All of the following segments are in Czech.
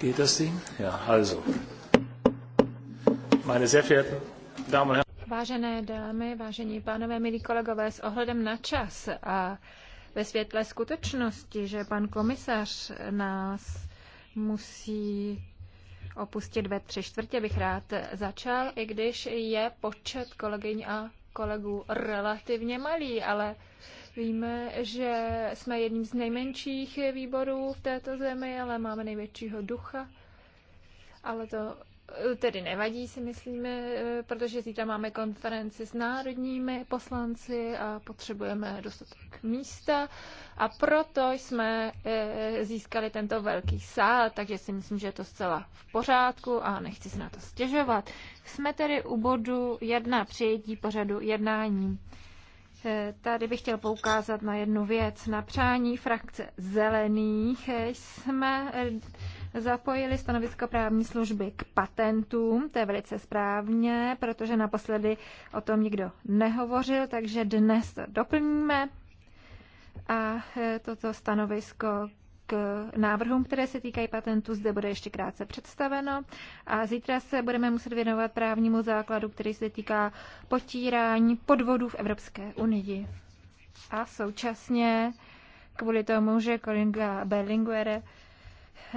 Geht das Ding? Ja, also. Meine sehr verehrten Damen und Herren. Vážené dámy, vážení pánové, milí kolegové, s ohledem na čas a ve světle skutečnosti, že pan komisař nás musí opustit ve tři čtvrtě, bych rád začal, i když je počet kolegyň a kolegů relativně malý, ale Víme, že jsme jedním z nejmenších výborů v této zemi, ale máme největšího ducha. Ale to eh, tedy nevadí, si myslíme, eh, protože zítra máme konferenci s národními poslanci a potřebujeme dostatek místa. A proto jsme eh, získali tento velký sál, takže si myslím, že je to zcela v pořádku a nechci se na to stěžovat. Jsme tedy u bodu jedna přijetí pořadu jednání. Eh, tady bych chtěl poukázat na jednu věc. Na přání frakce zelených eh, jsme eh, zapojili stanovisko právní služby k patentům. To je velice správně, protože naposledy o tom nikdo nehovořil, takže dnes to doplníme. A toto stanovisko k návrhům, které se týkají patentu, zde bude ještě krátce představeno. A zítra se budeme muset věnovat právnímu základu, který se týká potírání podvodů v Evropské unii. A současně kvůli tomu, že kolega Berlinguer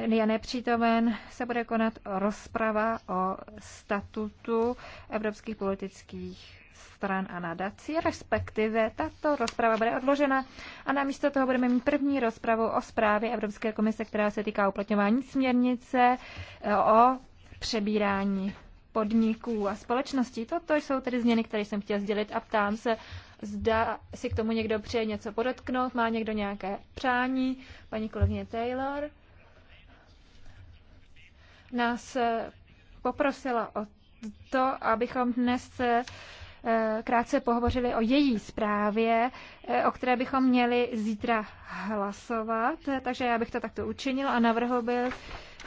je nepřítomen, se bude konat rozprava o statutu evropských politických stran a nadací, respektive tato rozprava bude odložena a namísto toho budeme mít první rozpravu o zprávě Evropské komise, která se týká uplatňování směrnice eh, o přebírání podniků a společností. Toto jsou tedy změny, které jsem chtěla sdělit a ptám se, zda si k tomu někdo přeje něco podotknout, má někdo nějaké přání, paní kolegyně Taylor nás eh, poprosila o to, abychom dnes eh, Eh, krátce pohovořili o její zprávě, eh, o které bychom měli zítra hlasovat. Takže já bych to takto učinil a navrhl byl,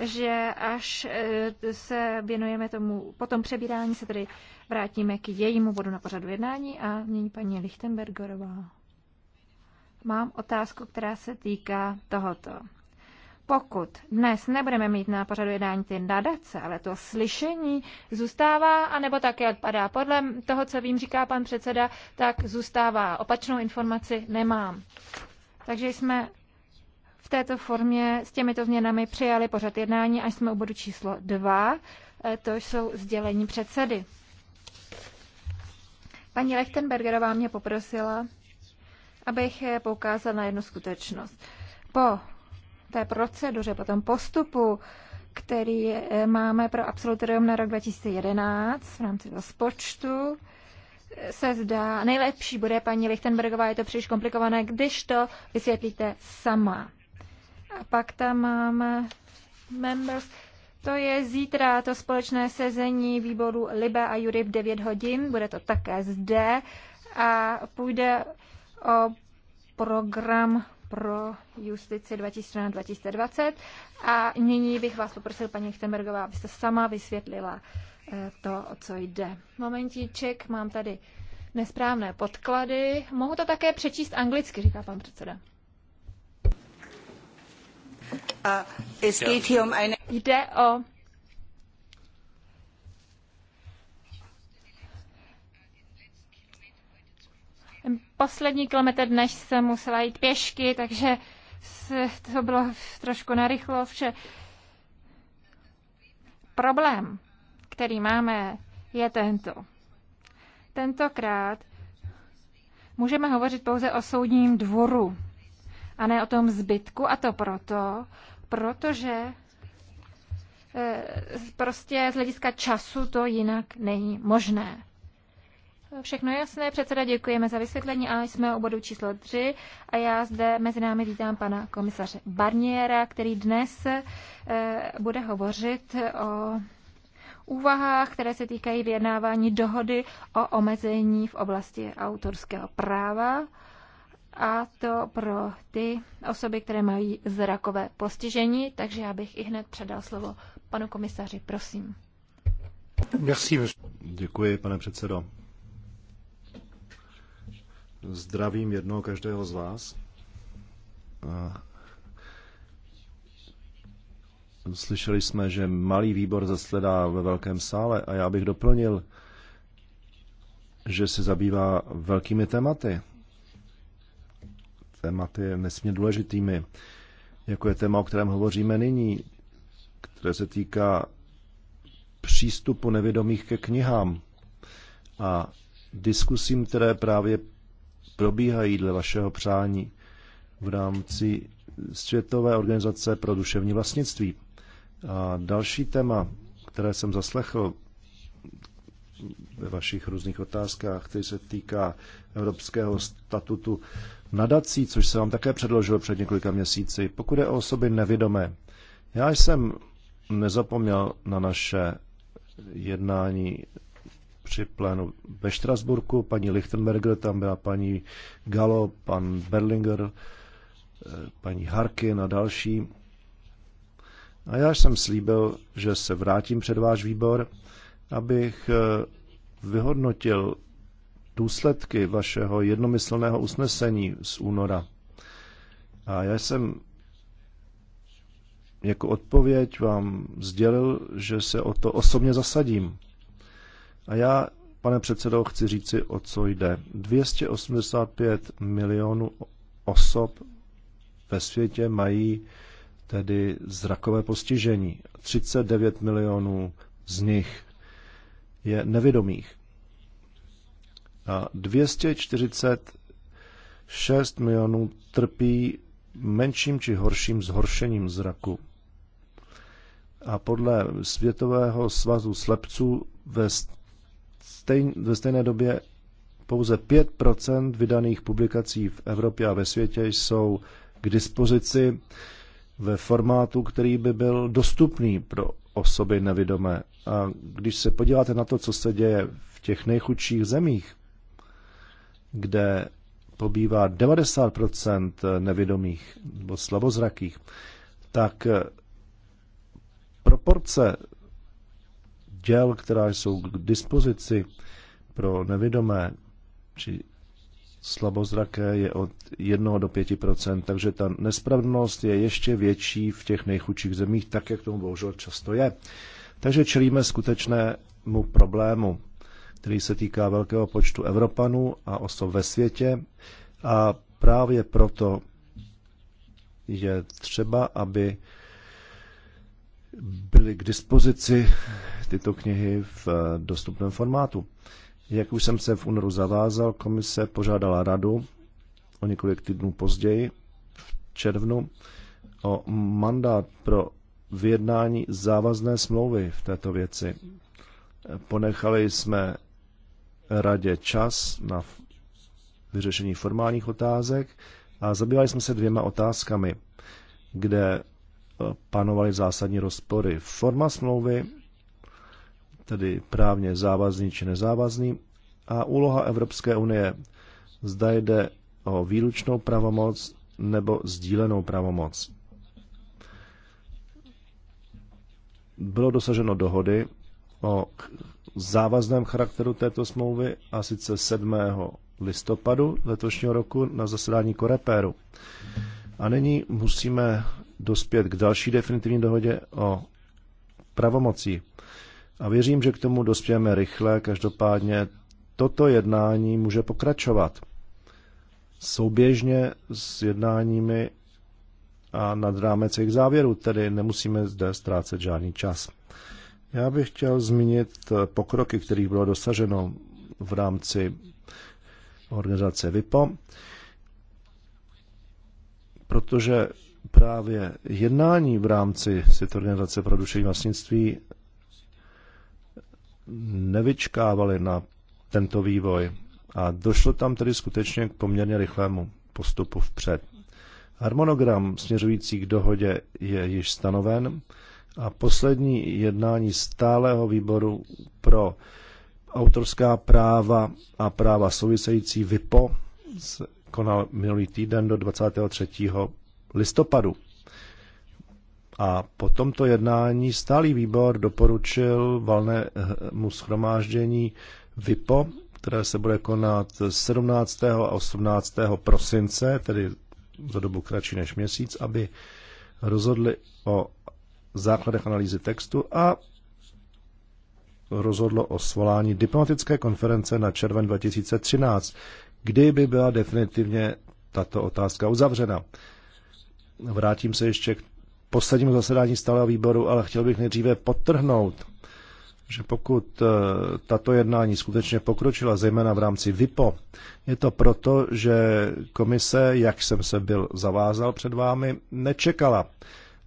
že až eh, se věnujeme tomu, potom přebírání se tedy vrátíme k jejímu bodu na pořadu jednání a nyní paní Lichtenbergerová. Mám otázku, která se týká tohoto. Pokud dnes nebudeme mít na pořadu jednání ty nadace, ale to slyšení zůstává, anebo také odpadá. Podle toho, co vím, říká pan předseda, tak zůstává. Opačnou informaci nemám. Takže jsme v této formě s těmito změnami přijali pořad jednání, až jsme u bodu číslo 2. E, to jsou sdělení předsedy. Paní Lechtenbergerová mě poprosila, abych poukázal na jednu skutečnost. Po té proceduře, po tom postupu, který eh, máme pro absolutorium na rok 2011 v rámci rozpočtu, eh, se zdá, nejlepší bude paní Lichtenbergová, je to příliš komplikované, když to vysvětlíte sama. A pak tam máme members. To je zítra to společné sezení výboru Libe a Jury v 9 hodin, bude to také zde a půjde o program pro justici 2014-2020. A nyní bych vás poprosil, paní Chtenbergová, abyste sama vysvětlila eh, to, o co jde. Momentíček, mám tady nesprávné podklady. Mohu to také přečíst anglicky, říká pan předseda. Uh, jde o poslední kilometr dnes jsem musela jít pěšky, takže to bylo trošku narychlo vše. Problém, který máme, je tento. Tentokrát můžeme hovořit pouze o soudním dvoru a ne o tom zbytku a to proto, protože eh, prostě z hlediska času to jinak není možné. Všechno jasné, předseda děkujeme za vysvětlení a jsme u bodu číslo 3 a já zde mezi námi vítám pana komisaře Barniera, který dnes eh, bude hovořit o úvahách, které se týkají vyjednávání dohody o omezení v oblasti autorského práva a to pro ty osoby, které mají zrakové postižení, takže já bych i hned předal slovo panu komisaři, prosím. Děkuji, pane předsedo zdravím jednoho každého z vás. Slyšeli jsme, že malý výbor zasledá ve velkém sále a já bych doplnil, že se zabývá velkými tématy. Tématy nesmírně důležitými, jako je téma, o kterém hovoříme nyní, které se týká přístupu nevědomých ke knihám a diskusím, které právě probíhají dle vašeho přání v rámci Světové organizace pro duševní vlastnictví. A další téma, které jsem zaslechl ve vašich různých otázkách, který se týká Evropského statutu nadací, což se vám také předložilo před několika měsíci, pokud je o osoby nevědomé. Já jsem nezapomněl na naše jednání při plénu ve Štrasburku, paní Lichtenberger, tam byla paní Galo, pan Berlinger, eh, paní Harkin a další. A já jsem slíbil, že se vrátím před váš výbor, abych eh, vyhodnotil důsledky vašeho jednomyslného usnesení z února. A já jsem jako odpověď vám sdělil, že se o to osobně zasadím. A já, pane předsedo, chci říci, o co jde. 285 milionů osob ve světě mají tedy zrakové postižení. 39 milionů z nich je nevidomých. A 246 milionů trpí menším či horším zhoršením zraku. A podle Světového svazu slepců ve stejn, ve stejné době pouze 5 vydaných publikací v Evropě a ve světě jsou k dispozici ve formátu, který by byl dostupný pro osoby nevidomé. A když se podíváte na to, co se děje v těch nejchudších zemích, kde pobývá 90 nevidomých nebo slabozrakých, tak proporce děl, která jsou k dispozici pro nevědomé či slabozraké je od 1 do 5 takže ta nespravedlnost je ještě větší v těch nejchudších zemích, tak jak tomu bohužel často je. Takže čelíme skutečnému problému, který se týká velkého počtu Evropanů a osob ve světě a právě proto je třeba, aby byly k dispozici tyto knihy v eh, dostupném formátu. Jak už jsem se v únoru zavázal, komise požádala radu o několik týdnů později, v červnu, o mandát pro vyjednání závazné smlouvy v této věci. Ponechali jsme radě čas na vyřešení formálních otázek a zabývali jsme se dvěma otázkami, kde eh, panovaly zásadní rozpory. Forma smlouvy tedy právně závazný či nezávazný, a úloha Evropské unie. Zda jde o výlučnou pravomoc nebo sdílenou pravomoc. Bylo dosaženo dohody o závazném charakteru této smlouvy a sice 7. listopadu letošního roku na zasedání Korepéru. A nyní musíme dospět k další definitivní dohodě o pravomocí. A věřím, že k tomu dospějeme rychle, každopádně toto jednání může pokračovat souběžně s jednáními a nad rámec jejich závěrů, tedy nemusíme zde ztrácet žádný čas. Já bych chtěl zmínit pokroky, kterých bylo dosaženo v rámci organizace VIPO, protože právě jednání v rámci světové organizace pro duševní vlastnictví nevyčkávali na tento vývoj a došlo tam tedy skutečně k poměrně rychlému postupu vpřed. Harmonogram směřující k dohodě je již stanoven a poslední jednání stáleho výboru pro autorská práva a práva související VIPO se konal minulý týden do 23. listopadu. A po tomto jednání stálý výbor doporučil valnému schromáždění VIPO, které se bude konat 17. a 18. prosince, tedy za dobu kratší než měsíc, aby rozhodli o základech analýzy textu a rozhodlo o svolání diplomatické konference na červen 2013, kdy by byla definitivně tato otázka uzavřena. Vrátím se ještě k posledním zasedání stáleho výboru, ale chtěl bych nejdříve podtrhnout, že pokud eh, tato jednání skutečně pokročila, zejména v rámci VIPO, je to proto, že komise, jak jsem se byl zavázal před vámi, nečekala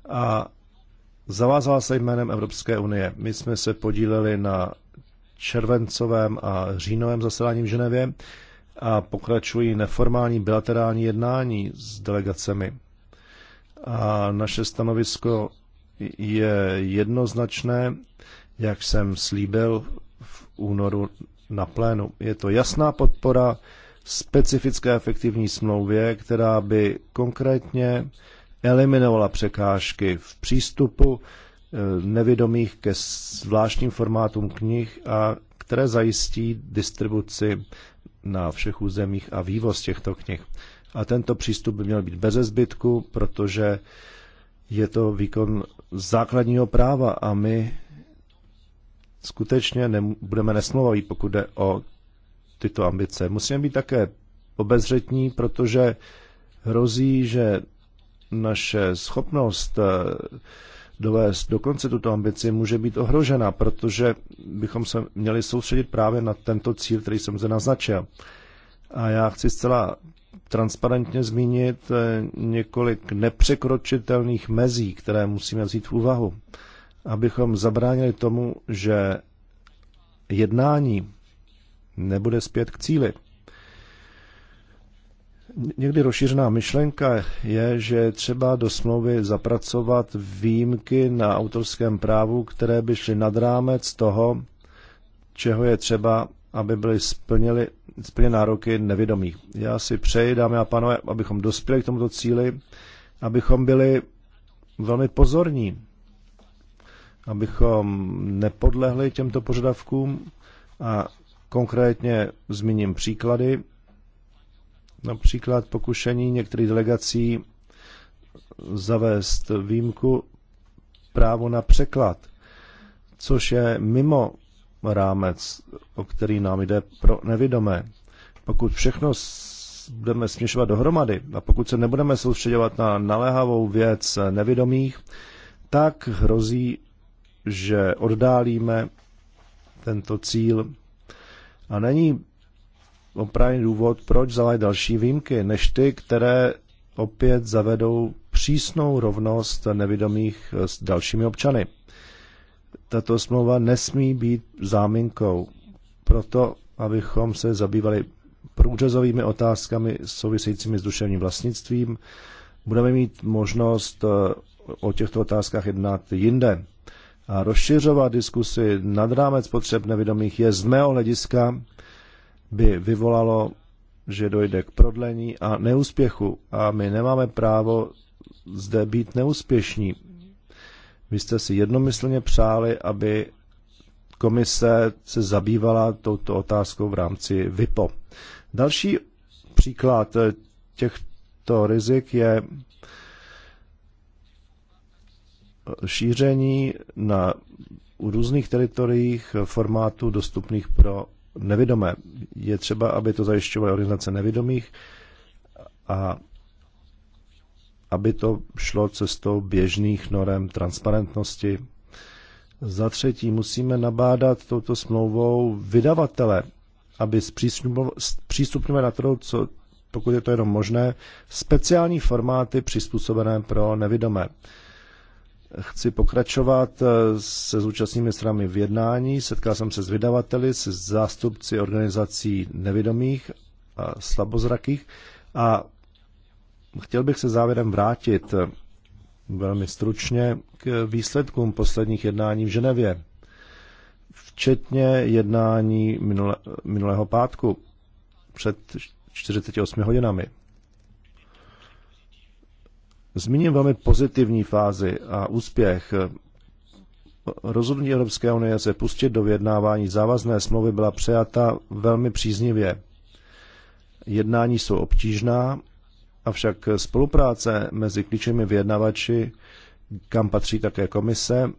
a zavázala se jménem Evropské unie. My jsme se podíleli na červencovém a říjnovém zasedání v Ženevě a pokračují neformální bilaterální jednání s delegacemi a naše stanovisko je jednoznačné, jak jsem slíbil v únoru na plénu. Je to jasná podpora specifické efektivní smlouvě, která by konkrétně eliminovala překážky v přístupu eh, nevědomých ke zvláštním formátům knih a které zajistí distribuci na všech územích a vývoz těchto knih. A tento přístup by měl být bez zbytku, protože je to výkon základního práva a my skutečně budeme nesmluvaví, pokud jde o tyto ambice. Musíme být také obezřetní, protože hrozí, že naše schopnost eh, dovést do konce tuto ambici může být ohrožena, protože bychom se měli soustředit právě na tento cíl, který jsem zde naznačil. A já chci zcela transparentně zmínit eh, několik nepřekročitelných mezí, které musíme vzít v úvahu, abychom zabránili tomu, že jednání nebude zpět k cíli. Někdy rozšířená myšlenka je, že třeba do smlouvy zapracovat výjimky na autorském právu, které by šly nad rámec toho, čeho je třeba, aby byly splněny splně nároky nevědomých. Já si přeji, dámy a pánové, abychom dospěli k tomuto cíli, abychom byli velmi pozorní, abychom nepodlehli těmto požadavkům a konkrétně zmíním příklady. Například pokušení některých delegací zavést výjimku právo na překlad, což je mimo rámec, o který nám jde pro nevidomé. Pokud všechno budeme směšovat dohromady a pokud se nebudeme soustředovat na naléhavou věc nevidomých, tak hrozí, že oddálíme tento cíl. A není opravdu důvod, proč zavádět další výjimky, než ty, které opět zavedou přísnou rovnost nevidomých s dalšími občany tato smlouva nesmí být záminkou pro to, abychom se zabývali průřezovými otázkami souvisejícími s duševním vlastnictvím. Budeme mít možnost eh, o těchto otázkách jednat jinde. A rozšiřovat diskusy nad rámec potřeb nevědomých je z mého hlediska by vyvolalo, že dojde k prodlení a neúspěchu. A my nemáme právo zde být neúspěšní. Vy jste si jednomyslně přáli, aby komise se zabývala touto otázkou v rámci VIPO. Další příklad těchto rizik je šíření na u různých teritoriích formátů dostupných pro nevidomé. Je třeba, aby to zajišťovaly organizace nevidomých a aby to šlo cestou běžných norem transparentnosti. Za třetí musíme nabádat touto smlouvou vydavatele, aby zpřístupňovali na trhu, co, pokud je to jenom možné, speciální formáty přizpůsobené pro nevidomé. Chci pokračovat eh, se zúčastnými stranami v jednání. Setkal jsem se s vydavateli, s zástupci organizací nevidomých a slabozrakých a Chtěl bych se závěrem vrátit eh, velmi stručně k výsledkům posledních jednání v Ženevě, včetně jednání minule, minulého pátku před 48 hodinami. Zmíním velmi pozitivní fázi a úspěch. Rozhodnutí Evropské unie se pustit do vyjednávání závazné smlouvy byla přijata velmi příznivě. Jednání jsou obtížná, Avšak spolupráce mezi klíčovými vyjednavači, kam patří také komise,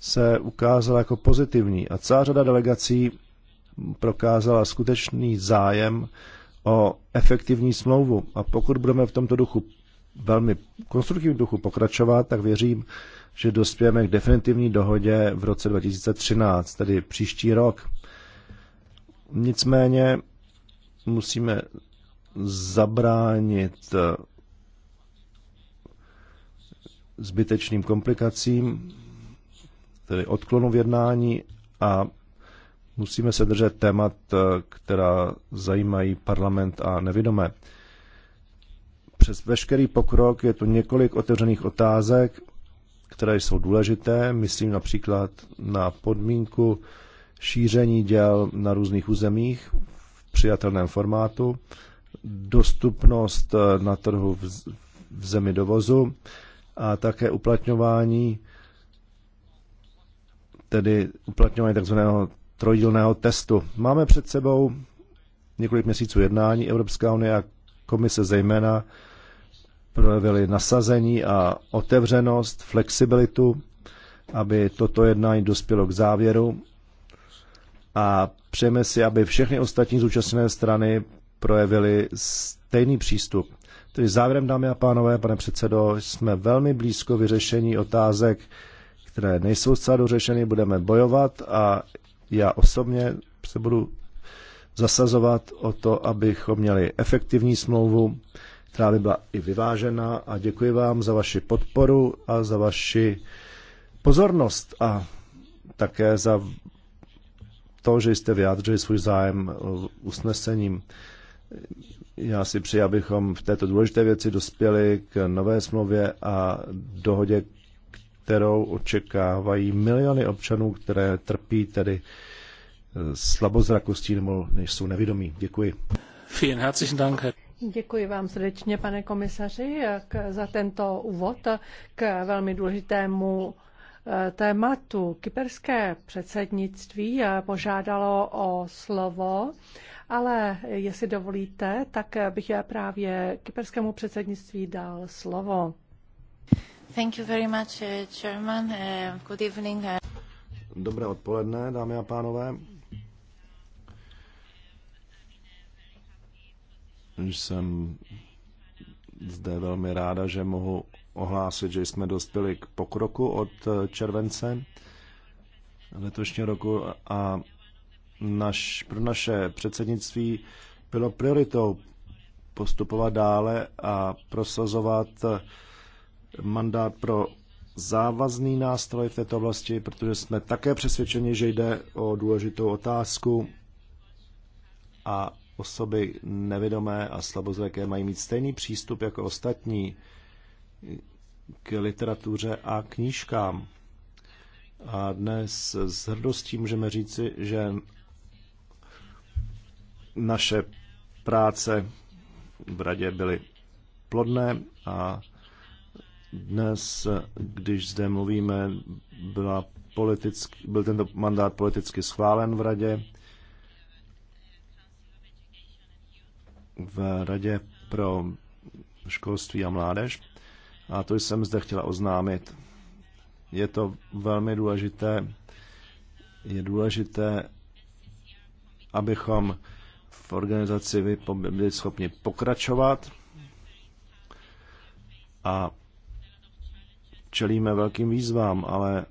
se ukázala jako pozitivní a celá řada delegací prokázala skutečný zájem o efektivní smlouvu. A pokud budeme v tomto duchu velmi konstruktivním duchu pokračovat, tak věřím, že dospějeme k definitivní dohodě v roce 2013, tedy příští rok. Nicméně musíme zabránit eh, zbytečným komplikacím, tedy odklonu v jednání a musíme se držet témat, eh, která zajímají parlament a nevidomé. Přes veškerý pokrok je tu několik otevřených otázek, které jsou důležité. Myslím například na podmínku šíření děl na různých územích v přijatelném formátu dostupnost eh, na trhu v zemi dovozu a také uplatňování tedy uplatňování takzvaného trojdílného testu. Máme před sebou několik měsíců jednání. Evropská unie a komise zejména projevily nasazení a otevřenost, flexibilitu, aby toto jednání dospělo k závěru a přejeme si, aby všechny ostatní zúčastněné strany projevili stejný přístup. Tedy závěrem, dámy a pánové, pane předsedo, jsme velmi blízko vyřešení otázek, které nejsou zcela dořešeny, budeme bojovat a já osobně se budu zasazovat o to, abychom měli efektivní smlouvu, která by byla i vyvážená a děkuji vám za vaši podporu a za vaši pozornost a také za to, že jste vyjádřili svůj zájem usnesením. Já si přeji, abychom v této důležité věci dospěli k nové smlouvě a dohodě, kterou očekávají miliony občanů, které trpí tedy slabozrakostí nebo jsou nevědomí. Děkuji. Vielen herzlichen Dank. Děkuji vám srdečně, pane komisaři, za tento úvod k velmi důležitému eh, tématu. Kyperské předsednictví eh, požádalo o slovo ale jestli dovolíte, tak bych já právě kyperskému předsednictví dal slovo. Thank you very much, eh, Chairman. Eh, good evening. Eh. Dobré odpoledne, dámy a pánové. Jsem zde velmi ráda, že mohu ohlásit, že jsme dospěli k pokroku od července letošního roku a naš, pro naše předsednictví bylo prioritou postupovat dále a prosazovat mandát pro závazný nástroj v této oblasti, protože jsme také přesvědčeni, že jde o důležitou otázku a osoby nevědomé a slabozraké mají mít stejný přístup jako ostatní k literatuře a knížkám. A dnes s hrdostí můžeme říci, že naše práce v radě byly plodné a dnes, když zde mluvíme, byla politicky, byl tento mandát politicky schválen v radě. v Radě pro školství a mládež. A to jsem zde chtěla oznámit. Je to velmi důležité, je důležité, abychom v organizaci by byli schopni pokračovat a čelíme velkým výzvám, ale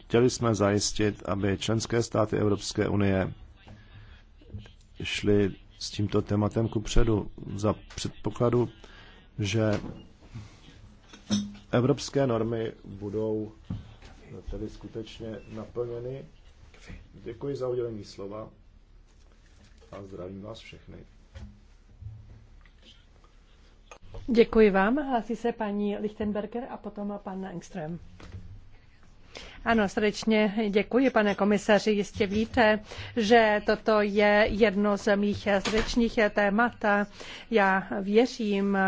chtěli jsme zajistit, aby členské státy Evropské unie šly s tímto tématem ku předu za předpokladu, že evropské normy budou tedy skutečně naplněny. Děkuji za udělení slova a zdravím vás všechny. Děkuji vám. Hlásí se paní Lichtenberger a potom pan Engström. Ano, srdečně děkuji, pane komisaři. Jistě víte, že toto je jedno z mých srdečních témat. Já věřím,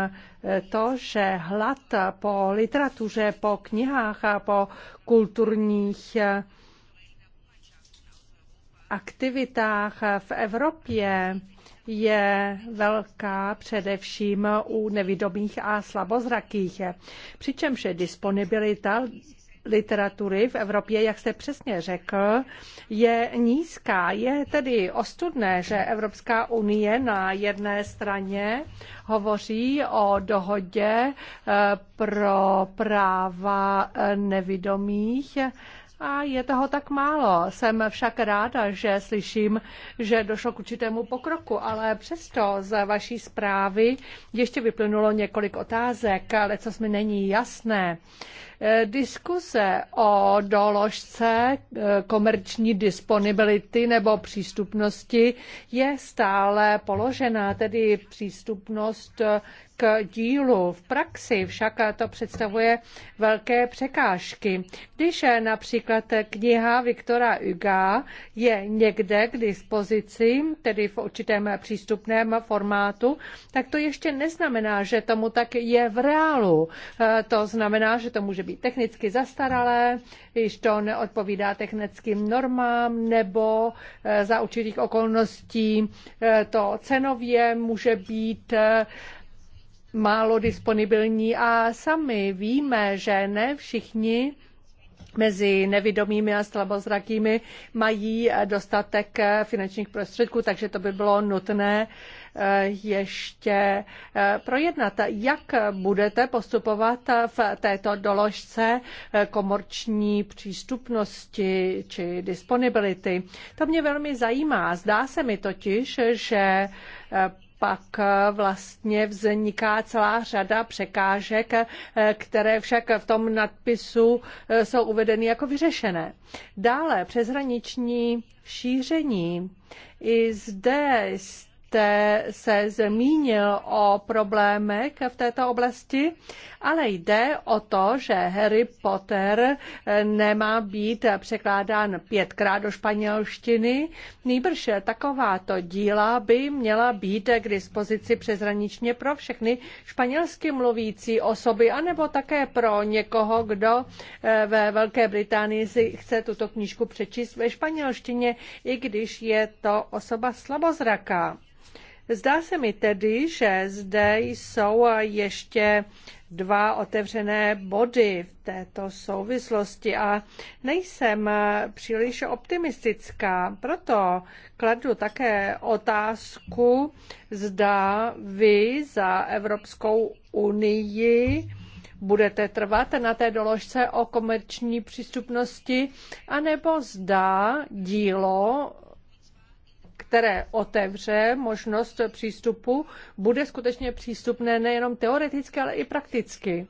to, že hlad po literatuře, po knihách a po kulturních aktivitách v Evropě je velká především u nevidomých a slabozrakých. Přičemž je disponibilita literatury v Evropě, jak jste přesně řekl, je nízká. Je tedy ostudné, že Evropská unie na jedné straně hovoří o dohodě eh, pro práva nevidomých a je toho tak málo. Jsem však ráda, že slyším, že došlo k určitému pokroku, ale přesto z vaší zprávy ještě vyplynulo několik otázek, ale co mi není jasné. Eh, diskuse o doložce eh, komerční disponibility nebo přístupnosti je stále položená, tedy přístupnost eh, k dílu. V praxi však to představuje velké překážky. Když například kniha Viktora Uga je někde k dispozici, tedy v určitém přístupném formátu, tak to ještě neznamená, že tomu tak je v reálu. To znamená, že to může být být technicky zastaralé, když to neodpovídá technickým normám nebo eh, za určitých okolností eh, to cenově může být eh, málo disponibilní a sami víme, že ne všichni mezi nevidomými a slabozrakými mají dostatek finančních prostředků, takže to by bylo nutné Eh, ještě eh, projednat. Jak budete postupovat v této doložce eh, komorční přístupnosti či disponibility? To mě velmi zajímá. Zdá se mi totiž, že pak vlastně vzniká celá řada překážek, které však v tom nadpisu jsou uvedeny jako vyřešené. Dále přeshraniční šíření. I zde jste se zmínil o problémech v této oblasti, ale jde o to, že Harry Potter eh, nemá být překládán pětkrát do španělštiny. Nýbrž takováto díla by měla být k dispozici přezraničně pro všechny španělsky mluvící osoby, anebo také pro někoho, kdo eh, ve Velké Británii si chce tuto knížku přečíst ve španělštině, i když je to osoba slabozraká. Zdá se mi tedy, že zde jsou ještě dva otevřené body v této souvislosti a nejsem příliš optimistická. Proto kladu také otázku, zda vy za Evropskou unii budete trvat na té doložce o komerční přístupnosti, anebo zda dílo které otevře možnost přístupu, bude skutečně přístupné nejenom teoreticky, ale i prakticky.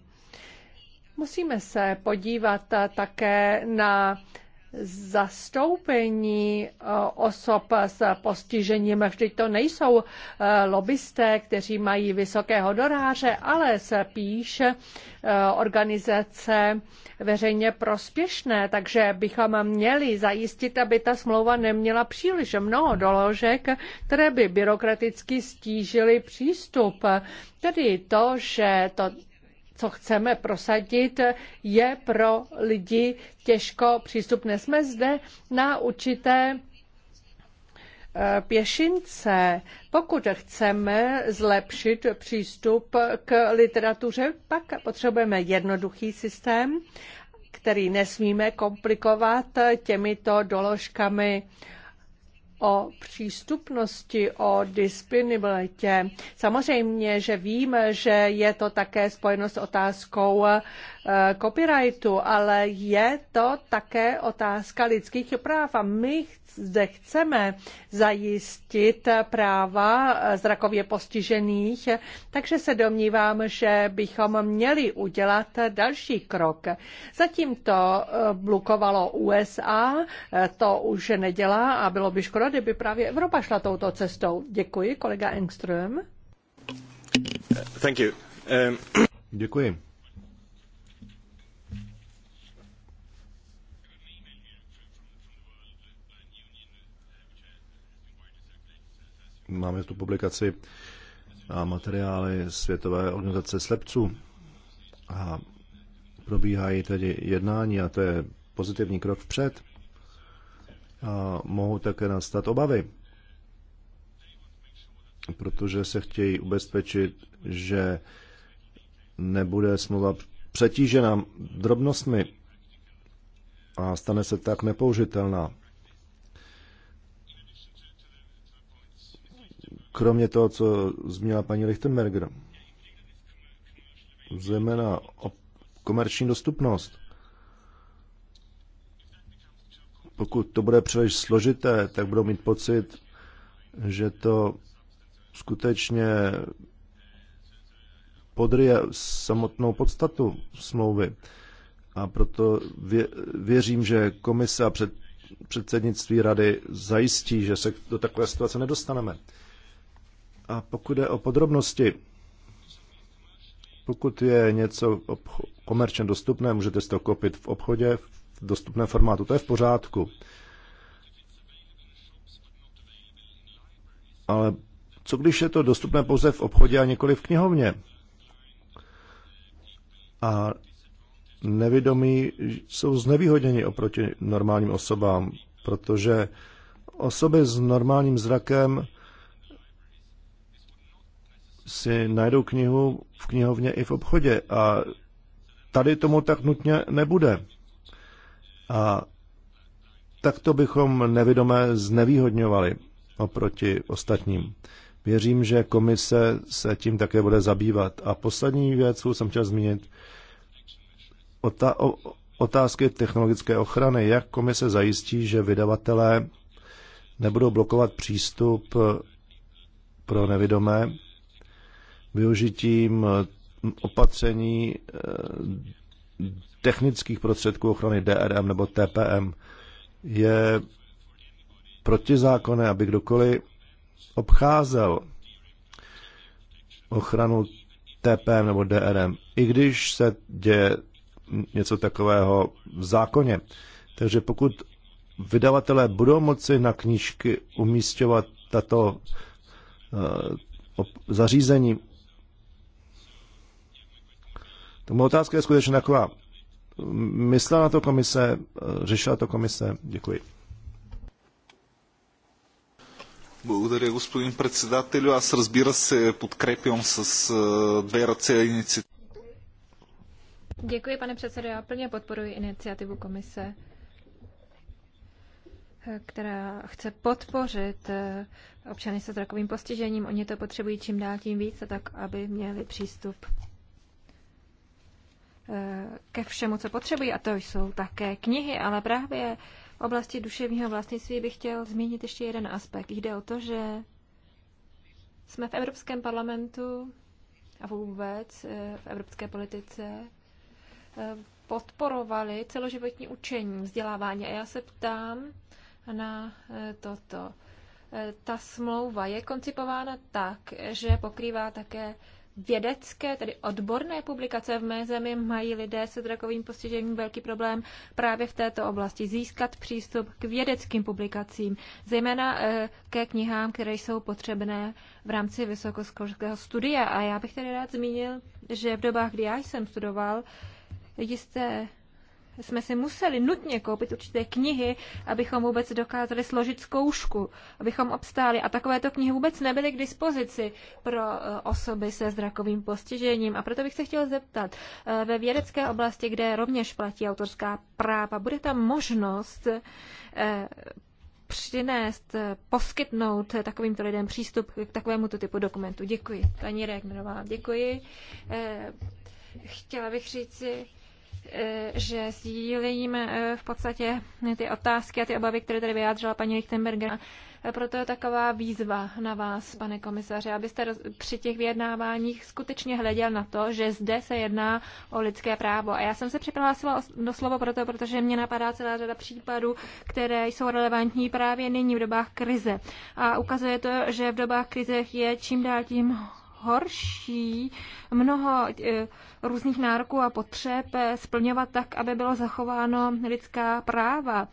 Musíme se podívat také na zastoupení eh, osob s postižením. Vždyť to nejsou eh, lobbysté, kteří mají vysoké honoráře, ale spíš eh, organizace veřejně prospěšné, takže bychom měli zajistit, aby ta smlouva neměla příliš mnoho doložek, které by byrokraticky stížily přístup. Tedy to, že to co chceme prosadit, je pro lidi těžko přístupné. Jsme zde na určité eh, pěšince. Pokud chceme zlepšit přístup k literatuře, pak potřebujeme jednoduchý systém, který nesmíme komplikovat těmito doložkami o přístupnosti, o disponibilitě. Samozřejmě, že vím, že je to také spojeno s otázkou eh, copyrightu, ale je to také otázka lidských práv a my zde chceme zajistit práva zrakově postižených, takže se domnívám, že bychom měli udělat další krok. Zatím to eh, blokovalo USA, eh, to už nedělá a bylo by škoda, kdyby právě Evropa šla touto cestou. Děkuji, kolega Engström. Thank you. Um, Děkuji. Máme tu publikaci a materiály Světové organizace slepců a probíhají tedy jednání a to je pozitivní krok vpřed. A mohou také nastat obavy, protože se chtějí ubezpečit, že nebude smlouva přetížena drobnostmi a stane se tak nepoužitelná. kromě toho, co zmínila paní Lichtenberger, zejména o komerční dostupnost. Pokud to bude příliš složité, tak budou mít pocit, že to skutečně podryje samotnou podstatu smlouvy. A proto věřím, že komise a předsednictví rady zajistí, že se do takové situace nedostaneme. A pokud je o podrobnosti, pokud je něco komerčně dostupné, můžete si to koupit v obchodě v dostupném formátu, to je v pořádku. Ale co když je to dostupné pouze v obchodě a nikoli v knihovně? A nevědomí jsou znevýhodněni oproti normálním osobám, protože osoby s normálním zrakem si najdou knihu v knihovně i v obchodě. A tady tomu tak nutně nebude. A takto bychom nevidomé znevýhodňovali oproti ostatním. Věřím, že komise se tím také bude zabývat. A poslední věc, kterou jsem chtěl zmínit, otázky technologické ochrany. Jak komise zajistí, že vydavatelé nebudou blokovat přístup pro nevidomé využitím eh, opatření eh, technických prostředků ochrany DRM nebo TPM je protizákonné, aby kdokoliv obcházel ochranu TPM nebo DRM, i když se děje něco takového v zákoně. Takže pokud vydavatelé budou moci na knížky umístěvat tato eh, zařízení, to moje otázka je skutečně taková. Myslela na to komise, eh, řešila to komise? Děkuji. Благодаря, господин председателю. Аз разбира се подкрепям с две ръце инициативата. Děkuji, pane předsedo. Já plně podporuji iniciativu komise, eh, která chce podpořit eh, občany se zrakovým postižením. Oni to potřebují čím dál tím více, tak aby měli přístup Eh, ke všemu, co potřebují, a to jsou také knihy, ale právě v oblasti duševního vlastnictví bych chtěl zmínit ještě jeden aspekt. Jde o to, že jsme v Evropském parlamentu a vůbec eh, v evropské politice eh, podporovali celoživotní učení, vzdělávání. A já se ptám na toto. Ta smlouva je koncipována tak, že pokrývá také vědecké, tedy odborné publikace v mé zemi mají lidé se zrakovým postižením velký problém právě v této oblasti získat přístup k vědeckým publikacím, zejména eh, ke knihám, které jsou potřebné v rámci vysokoškolského studia. A já bych tedy rád zmínil, že v dobách, kdy já jsem studoval, jisté jsme si museli nutně koupit určité knihy, abychom vůbec dokázali složit zkoušku, abychom obstáli. A takovéto knihy vůbec nebyly k dispozici pro e, osoby se zrakovým postižením. A proto bych se chtěl zeptat, e, ve vědecké oblasti, kde rovněž platí autorská práva, bude tam možnost e, přinést, poskytnout takovýmto lidem přístup k takovému typu dokumentu. Děkuji. Paní Regnerová, děkuji. Chtěla bych říci, že sdílím eh, v podstatě ty otázky a ty obavy, které tady vyjádřila paní Lichtenberger. Proto je taková výzva na vás, pane komisaře, abyste při těch vyjednáváních skutečně hleděl na to, že zde se jedná o lidské právo. A já jsem se připravila do slovo proto, protože mě napadá celá řada případů, které jsou relevantní právě nyní v dobách krize. A ukazuje to, že v dobách krize je čím dál tím horší mnoho eh, různých nároků a potřeb eh, splňovat tak, aby bylo zachováno lidská práva.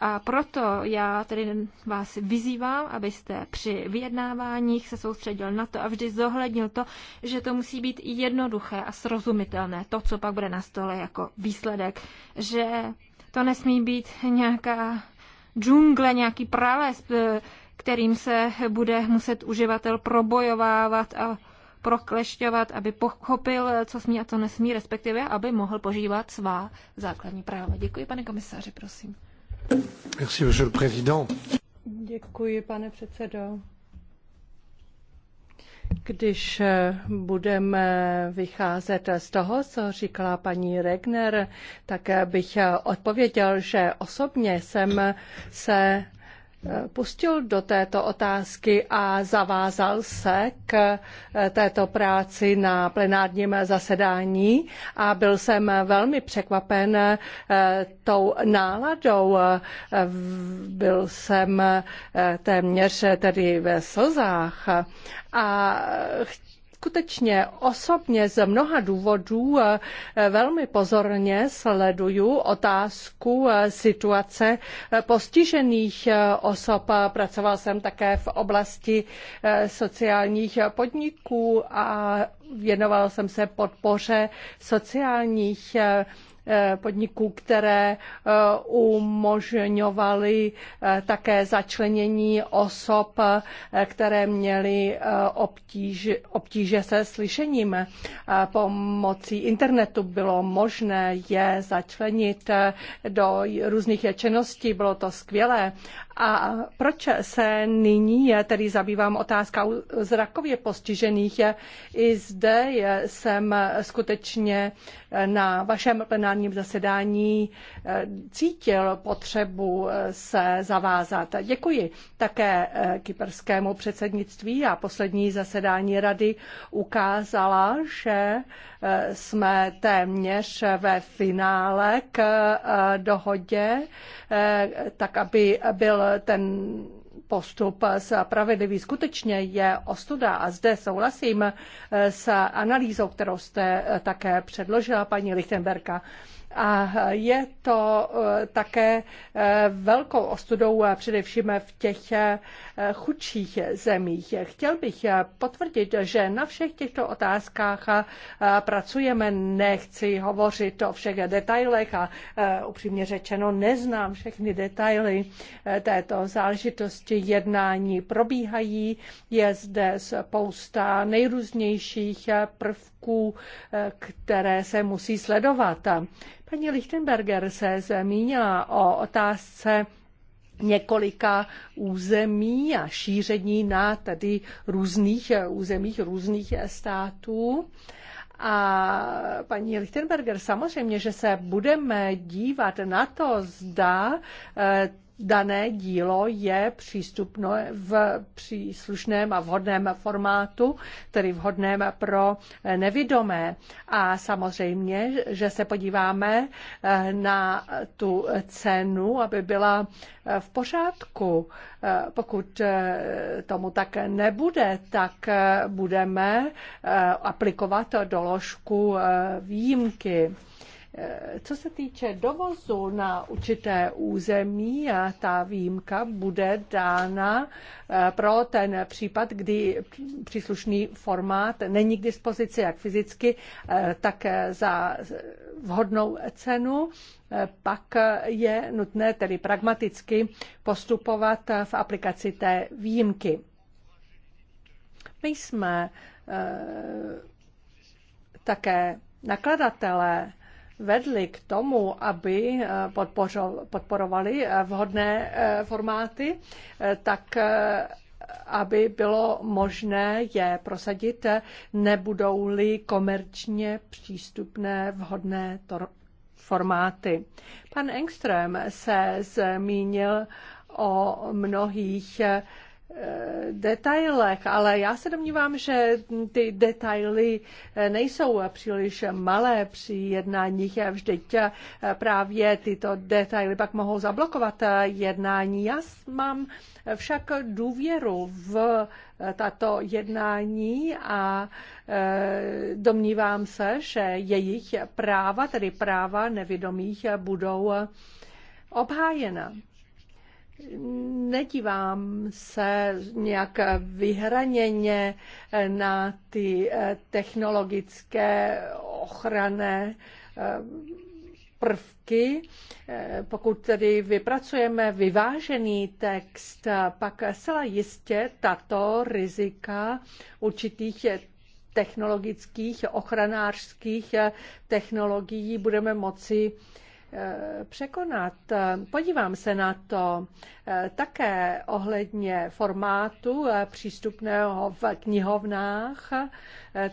A proto já tedy vás vyzývám, abyste při vyjednáváních se soustředil na to a vždy zohlednil to, že to musí být jednoduché a srozumitelné, to, co pak bude na stole jako výsledek, že to nesmí být nějaká džungle, nějaký prales, eh, kterým se bude muset uživatel probojovávat a proklešťovat, aby pochopil, co smí a co nesmí, respektive aby mohl požívat svá základní práva. Děkuji, pane komisaři, prosím. Merci, monsieur le président. Děkuji, pane předsedo. Když budeme vycházet z toho, co říkala paní Regner, tak bych odpověděl, že osobně jsem se pustil do této otázky a zavázal se k eh, této práci na plenárním zasedání a byl jsem velmi překvapen eh, tou náladou. Eh, byl jsem téměř tedy ve slzách a skutečně osobně z mnoha důvodů eh, velmi pozorně sleduju otázku eh, situace eh, postižených osob. Pracoval jsem také v oblasti sociálních podniků a věnoval jsem se podpoře sociálních podniků, které eh, umožňovaly eh, také začlenění osob, eh, které měly obtíž, obtíže se slyšením. Pomocí internetu bylo možné je začlenit do různých činností, bylo to skvělé a proč se nyní je tedy zabývám otázkou zrakově postižených? I zde jsem skutečně na vašem plenárním zasedání eh, cítil potřebu eh, se zavázat. Děkuji také eh, kyperskému předsednictví a poslední zasedání rady ukázala, že jsme téměř ve finále k eh, dohodě, eh, tak aby byl ten postup spravedlivý. Skutečně je ostuda a zde souhlasím eh, s analýzou, kterou jste také předložila, paní Lichtenberka. A je to eh, také eh, velkou ostudou eh, především v těch chudších zemích. Chtěl bych potvrdit, že na všech těchto otázkách pracujeme. Nechci hovořit o všech detailech a upřímně řečeno neznám všechny detaily této záležitosti. Jednání probíhají, je zde spousta nejrůznějších prvků kroků, eh, které se musí sledovat. Paní Lichtenberger se zmínila o otázce několika území a šíření na tedy různých eh, územích různých států. A paní Lichtenberger, samozřejmě, že se budeme dívat na to, zda eh, dané dílo je přístupno v příslušném a vhodném formátu, tedy vhodném pro nevidomé. A samozřejmě, že se podíváme eh, na tu cenu, aby byla eh, v pořádku. Eh, pokud tomu tak nebude, tak budeme aplikovat doložku výjimky. Eh, co se týče dovozu na určité území, eh, ta výjimka bude dána eh, pro ten případ, kdy příslušný formát není k dispozici jak fyzicky, tak za vhodnou cenu. Pak je nutné tedy pragmaticky postupovat v aplikaci té výjimky. My jsme také nakladatelé vedly k tomu, aby eh, podporovali eh, vhodné eh, formáty, tak aby bylo možné je prosadit, nebudou-li komerčně přístupné vhodné formáty. Pan Engström se zmínil o mnohých detailech, ale já se domnívám, že ty detaily nejsou příliš malé při jednáních. Vždyť právě tyto detaily pak mohou zablokovat jednání. Já mám však důvěru v tato jednání a e, domnívám se, že jejich práva, tedy práva nevědomých, budou obhájena. Nedívám se nějak vyhraněně na ty eh, technologické ochranné eh, prvky. Eh, pokud tedy vypracujeme vyvážený text, pak zcela jistě tato rizika určitých technologických, ochranářských technologií budeme moci Eh, překonat. Podívám se na to eh, také ohledně formátu eh, přístupného v knihovnách,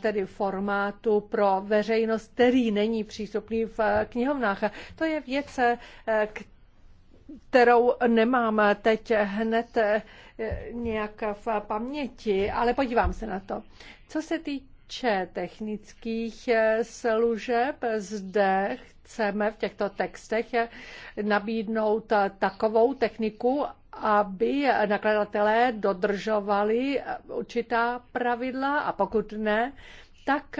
tedy formátu pro veřejnost, který není přístupný v knihovnách. To je věc, kterou nemám teď hned nějak v paměti, ale podívám se na to. Co se týče týče technických eh, služeb, zde chceme v těchto textech eh, nabídnout eh, takovou techniku, aby nakladatelé dodržovali určitá pravidla a pokud ne, tak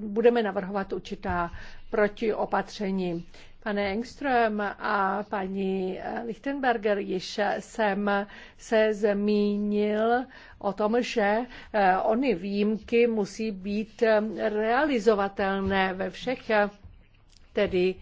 budeme navrhovat určitá protiopatření. Pane Engström a paní eh, Lichtenberger, již jsem se zmínil o tom, že eh, ony výjimky musí být eh, realizovatelné ve všech tedy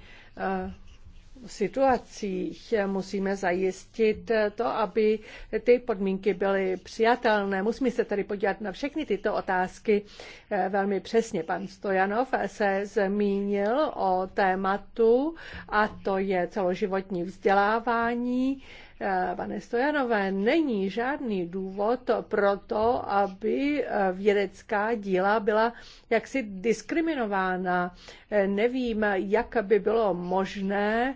situacích musíme zajistit to, aby ty podmínky byly přijatelné. Musíme se tady podívat na všechny tyto otázky eh, velmi přesně. Pan Stojanov se zmínil o tématu a to je celoživotní vzdělávání Eh, pane Stojanové, není žádný důvod pro to, aby eh, vědecká díla byla jaksi diskriminována. Eh, nevím, jak by bylo možné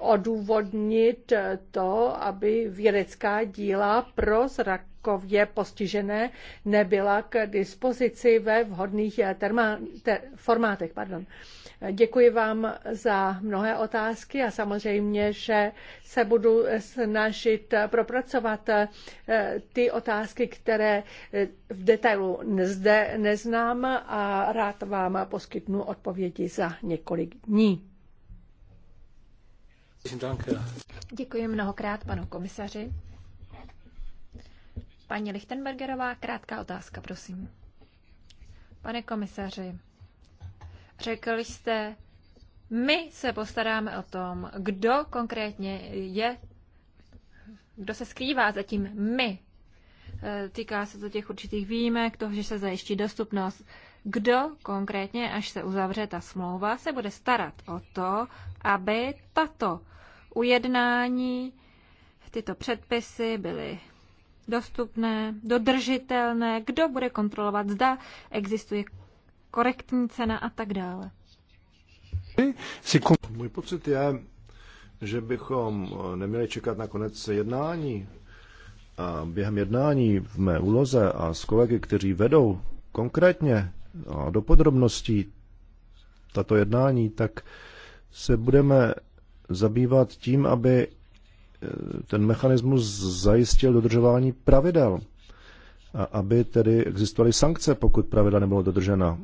odůvodnit to, aby vědecká díla pro zrak postižené nebyla k dispozici ve vhodných terma, te, formátech. Pardon. Děkuji vám za mnohé otázky a samozřejmě, že se budu snažit propracovat eh, ty otázky, které eh, v detailu zde neznám a rád vám poskytnu odpovědi za několik dní. Děkuji mnohokrát panu komisaři. Paní Lichtenbergerová, krátká otázka, prosím. Pane komisaři, Řekl jste, my se postaráme o tom, kdo konkrétně je, kdo se skrývá za tím my. E, týká se to těch určitých výjimek, toho, že se zajiští dostupnost. Kdo konkrétně, až se uzavře ta smlouva, se bude starat o to, aby tato ujednání, tyto předpisy byly dostupné, dodržitelné, kdo bude kontrolovat, zda existuje korektní cena a tak dále. Můj pocit je, že bychom eh, neměli čekat na konec jednání. A během jednání v mé úloze a s kolegy, kteří vedou konkrétně a do podrobností tato jednání, tak se budeme zabývat tím, aby eh, ten mechanismus zajistil dodržování pravidel a aby tedy existovaly sankce, pokud pravidla nebylo dodržena.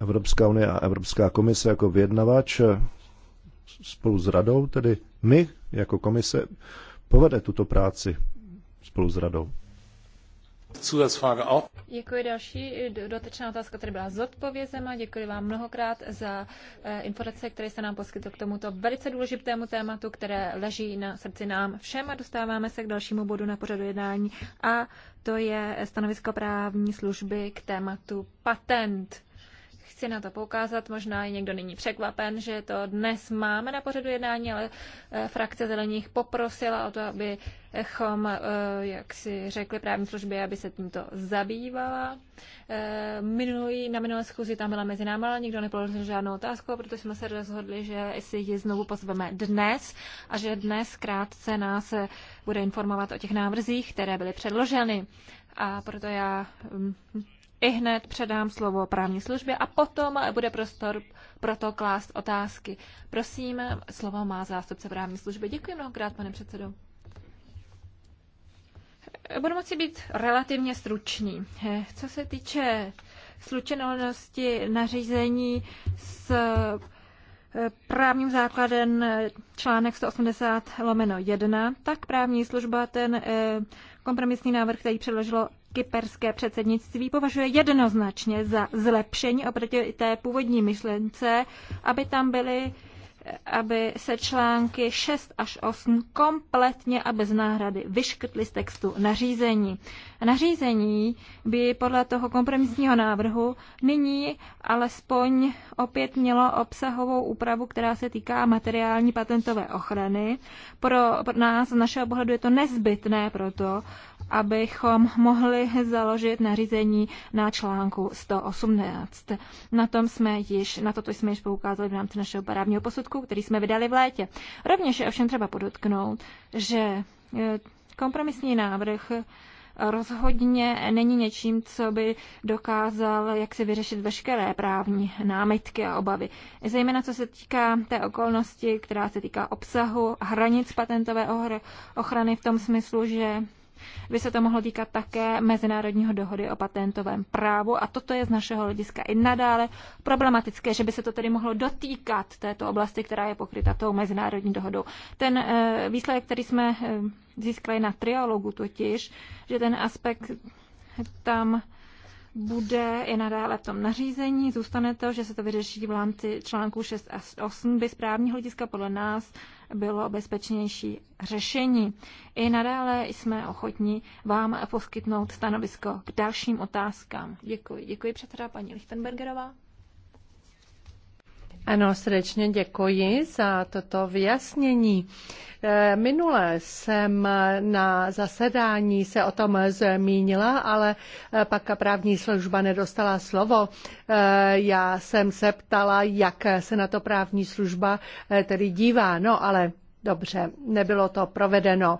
Evropská unie a Evropská komise jako vyjednavač spolu s radou, tedy my jako komise, povede tuto práci spolu s radou. Děkuji další. Dotečná otázka která byla zodpovězena. Děkuji vám mnohokrát za eh, informace, které jste nám poskytl k tomuto velice důležitému tématu, které leží na srdci nám všem a dostáváme se k dalšímu bodu na pořadu jednání a to je stanovisko právní služby k tématu patent chci na to poukázat, možná i někdo není překvapen, že to dnes máme na pořadu jednání, ale eh, frakce zelených poprosila o to, abychom, eh, jak si řekli právní služby, aby se tímto zabývala. Eh, minulý, na minulé schůzi tam byla mezi námi, ale nikdo nepoložil žádnou otázku, protože jsme se rozhodli, že si ji znovu pozveme dnes a že dnes krátce nás bude informovat o těch návrzích, které byly předloženy. A proto já hm, hm, i hned předám slovo právní službě a potom bude prostor pro to klást otázky. Prosím, slovo má zástupce právní služby. Děkuji mnohokrát, pane předsedo. Budu moci být relativně stručný. Co se týče slučenosti nařízení s eh, právním základem eh, článek 180 lomeno 1, tak právní služba ten eh, Kompromisní návrh, který předložilo kyperské předsednictví, považuje jednoznačně za zlepšení oproti té původní myšlence, aby tam byly aby se články 6 až 8 kompletně a bez náhrady vyškrtly z textu nařízení. Nařízení by podle toho kompromisního návrhu nyní alespoň opět mělo obsahovou úpravu, která se týká materiální patentové ochrany. Pro nás z našeho pohledu je to nezbytné proto, abychom mohli založit nařízení na článku 118. Na, tom jsme již, na toto jsme již poukázali v rámci našeho právního posudku příspěvku, který jsme vydali v létě. Rovněž je ovšem třeba podotknout, že e, kompromisní návrh rozhodně není něčím, co by dokázal jak si vyřešit veškeré právní námitky a obavy. Zejména co se týká té okolnosti, která se týká obsahu hranic patentové ochrany v tom smyslu, že by se to mohlo týkat také Mezinárodního dohody o patentovém právu a toto je z našeho hlediska i nadále problematické, že by se to tedy mohlo dotýkat této oblasti, která je pokryta tou Mezinárodní dohodou. Ten eh, výsledek, který jsme eh, získali na trialogu totiž, že ten aspekt tam bude i nadále v tom nařízení. Zůstane to, že se to vyřeší v rámci článku 6 a 8 by z právního hlediska podle nás bylo bezpečnější řešení. I nadále jsme ochotní vám poskytnout stanovisko k dalším otázkám. Děkuji. Děkuji předseda paní Lichtenbergerová. Ano, srdečně děkuji za toto vyjasnění. Eh, minule jsem na zasedání se o tom zmínila, ale eh, pak právní služba nedostala slovo. Eh, já jsem se ptala, jak se na to právní služba tedy dívá. No ale dobře, nebylo to provedeno.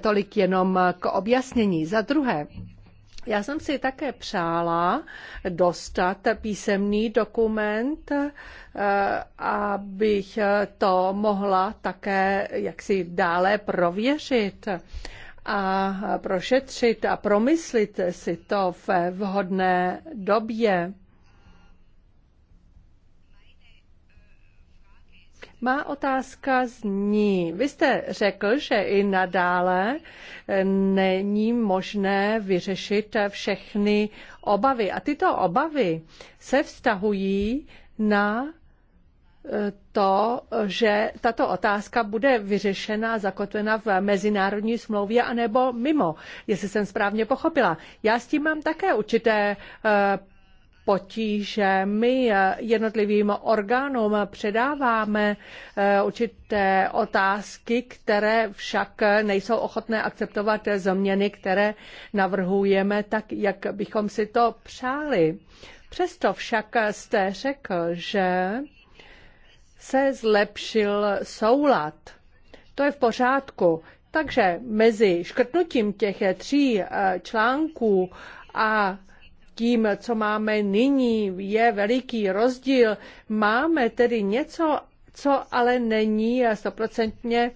Tolik jenom k objasnění. Za druhé, já jsem si také přála dostat písemný dokument, eh, abych to mohla také jaksi dále prověřit a prošetřit a promyslit si to ve vhodné době. Má otázka zní, vy jste řekl, že i nadále eh, není možné vyřešit všechny obavy. A tyto obavy se vztahují na eh, to, že tato otázka bude vyřešena, zakotvena v mezinárodní smlouvě anebo mimo, jestli jsem správně pochopila. Já s tím mám také určité eh, potíže. My eh, jednotlivým orgánům předáváme eh, určité otázky, které však nejsou ochotné akceptovat změny, které navrhujeme tak, jak bychom si to přáli. Přesto však jste řekl, že se zlepšil soulad. To je v pořádku. Takže mezi škrtnutím těch tří eh, článků a tím, co máme nyní, je veliký rozdíl. Máme tedy něco, co ale není stoprocentně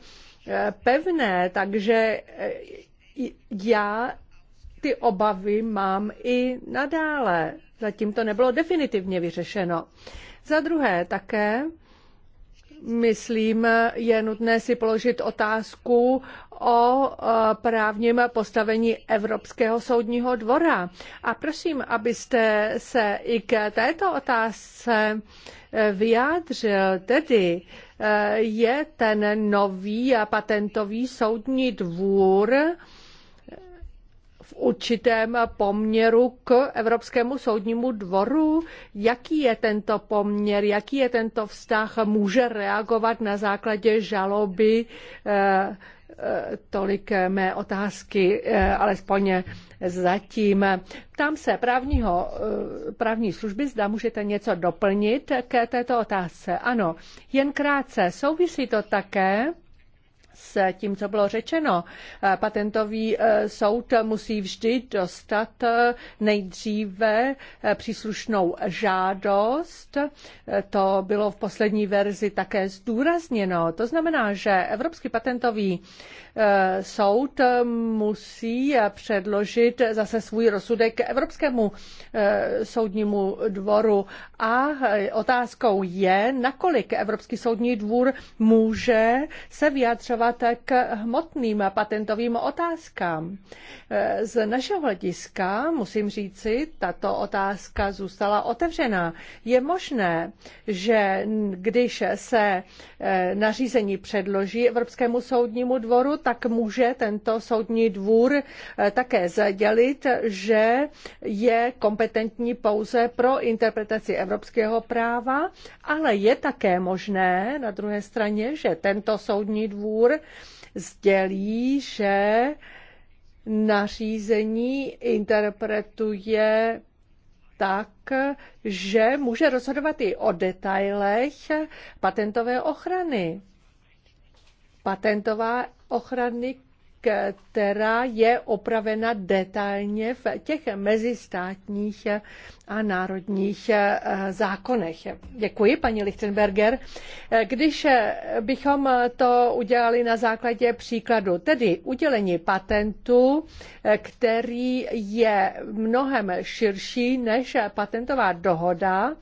eh, pevné, takže eh, já ty obavy mám i nadále. Zatím to nebylo definitivně vyřešeno. Za druhé také myslím, je nutné si položit otázku o e, právním postavení Evropského soudního dvora. A prosím, abyste se i k této otázce e, vyjádřil, tedy e, je ten nový patentový soudní dvůr v určitém poměru k Evropskému soudnímu dvoru. Jaký je tento poměr, jaký je tento vztah, může reagovat na základě žaloby eh, eh, tolik mé otázky, eh, alespoň zatím. Ptám se právního, právní služby, zda můžete něco doplnit k této otázce. Ano, jen krátce. Souvisí to také s tím, co bylo řečeno. Eh, patentový eh, soud musí vždy dostat eh, nejdříve příslušnou žádost. To bylo v poslední verzi také zdůrazněno. To znamená, že Evropský patentový Eh, soud eh, musí eh, předložit zase svůj rozsudek Evropskému soudnímu dvoru. A otázkou je, nakolik Evropský soudní dvůr může se vyjadřovat k hmotným patentovým otázkám. Z našeho hlediska, musím říci, tato otázka zůstala otevřená. Je možné, že když se nařízení předloží Evropskému soudnímu dvoru, tak může tento soudní dvůr eh, také zadělit, že je kompetentní pouze pro interpretaci evropského práva, ale je také možné na druhé straně, že tento soudní dvůr sdělí, že nařízení interpretuje tak, že může rozhodovat i o detailech patentové ochrany. Patentová ochrany, která je opravena detailně v těch mezistátních a národních eh, zákonech. Děkuji, paní Lichtenberger. Eh, když eh, bychom to udělali na základě příkladu, tedy udělení patentu, který je mnohem širší než patentová dohoda,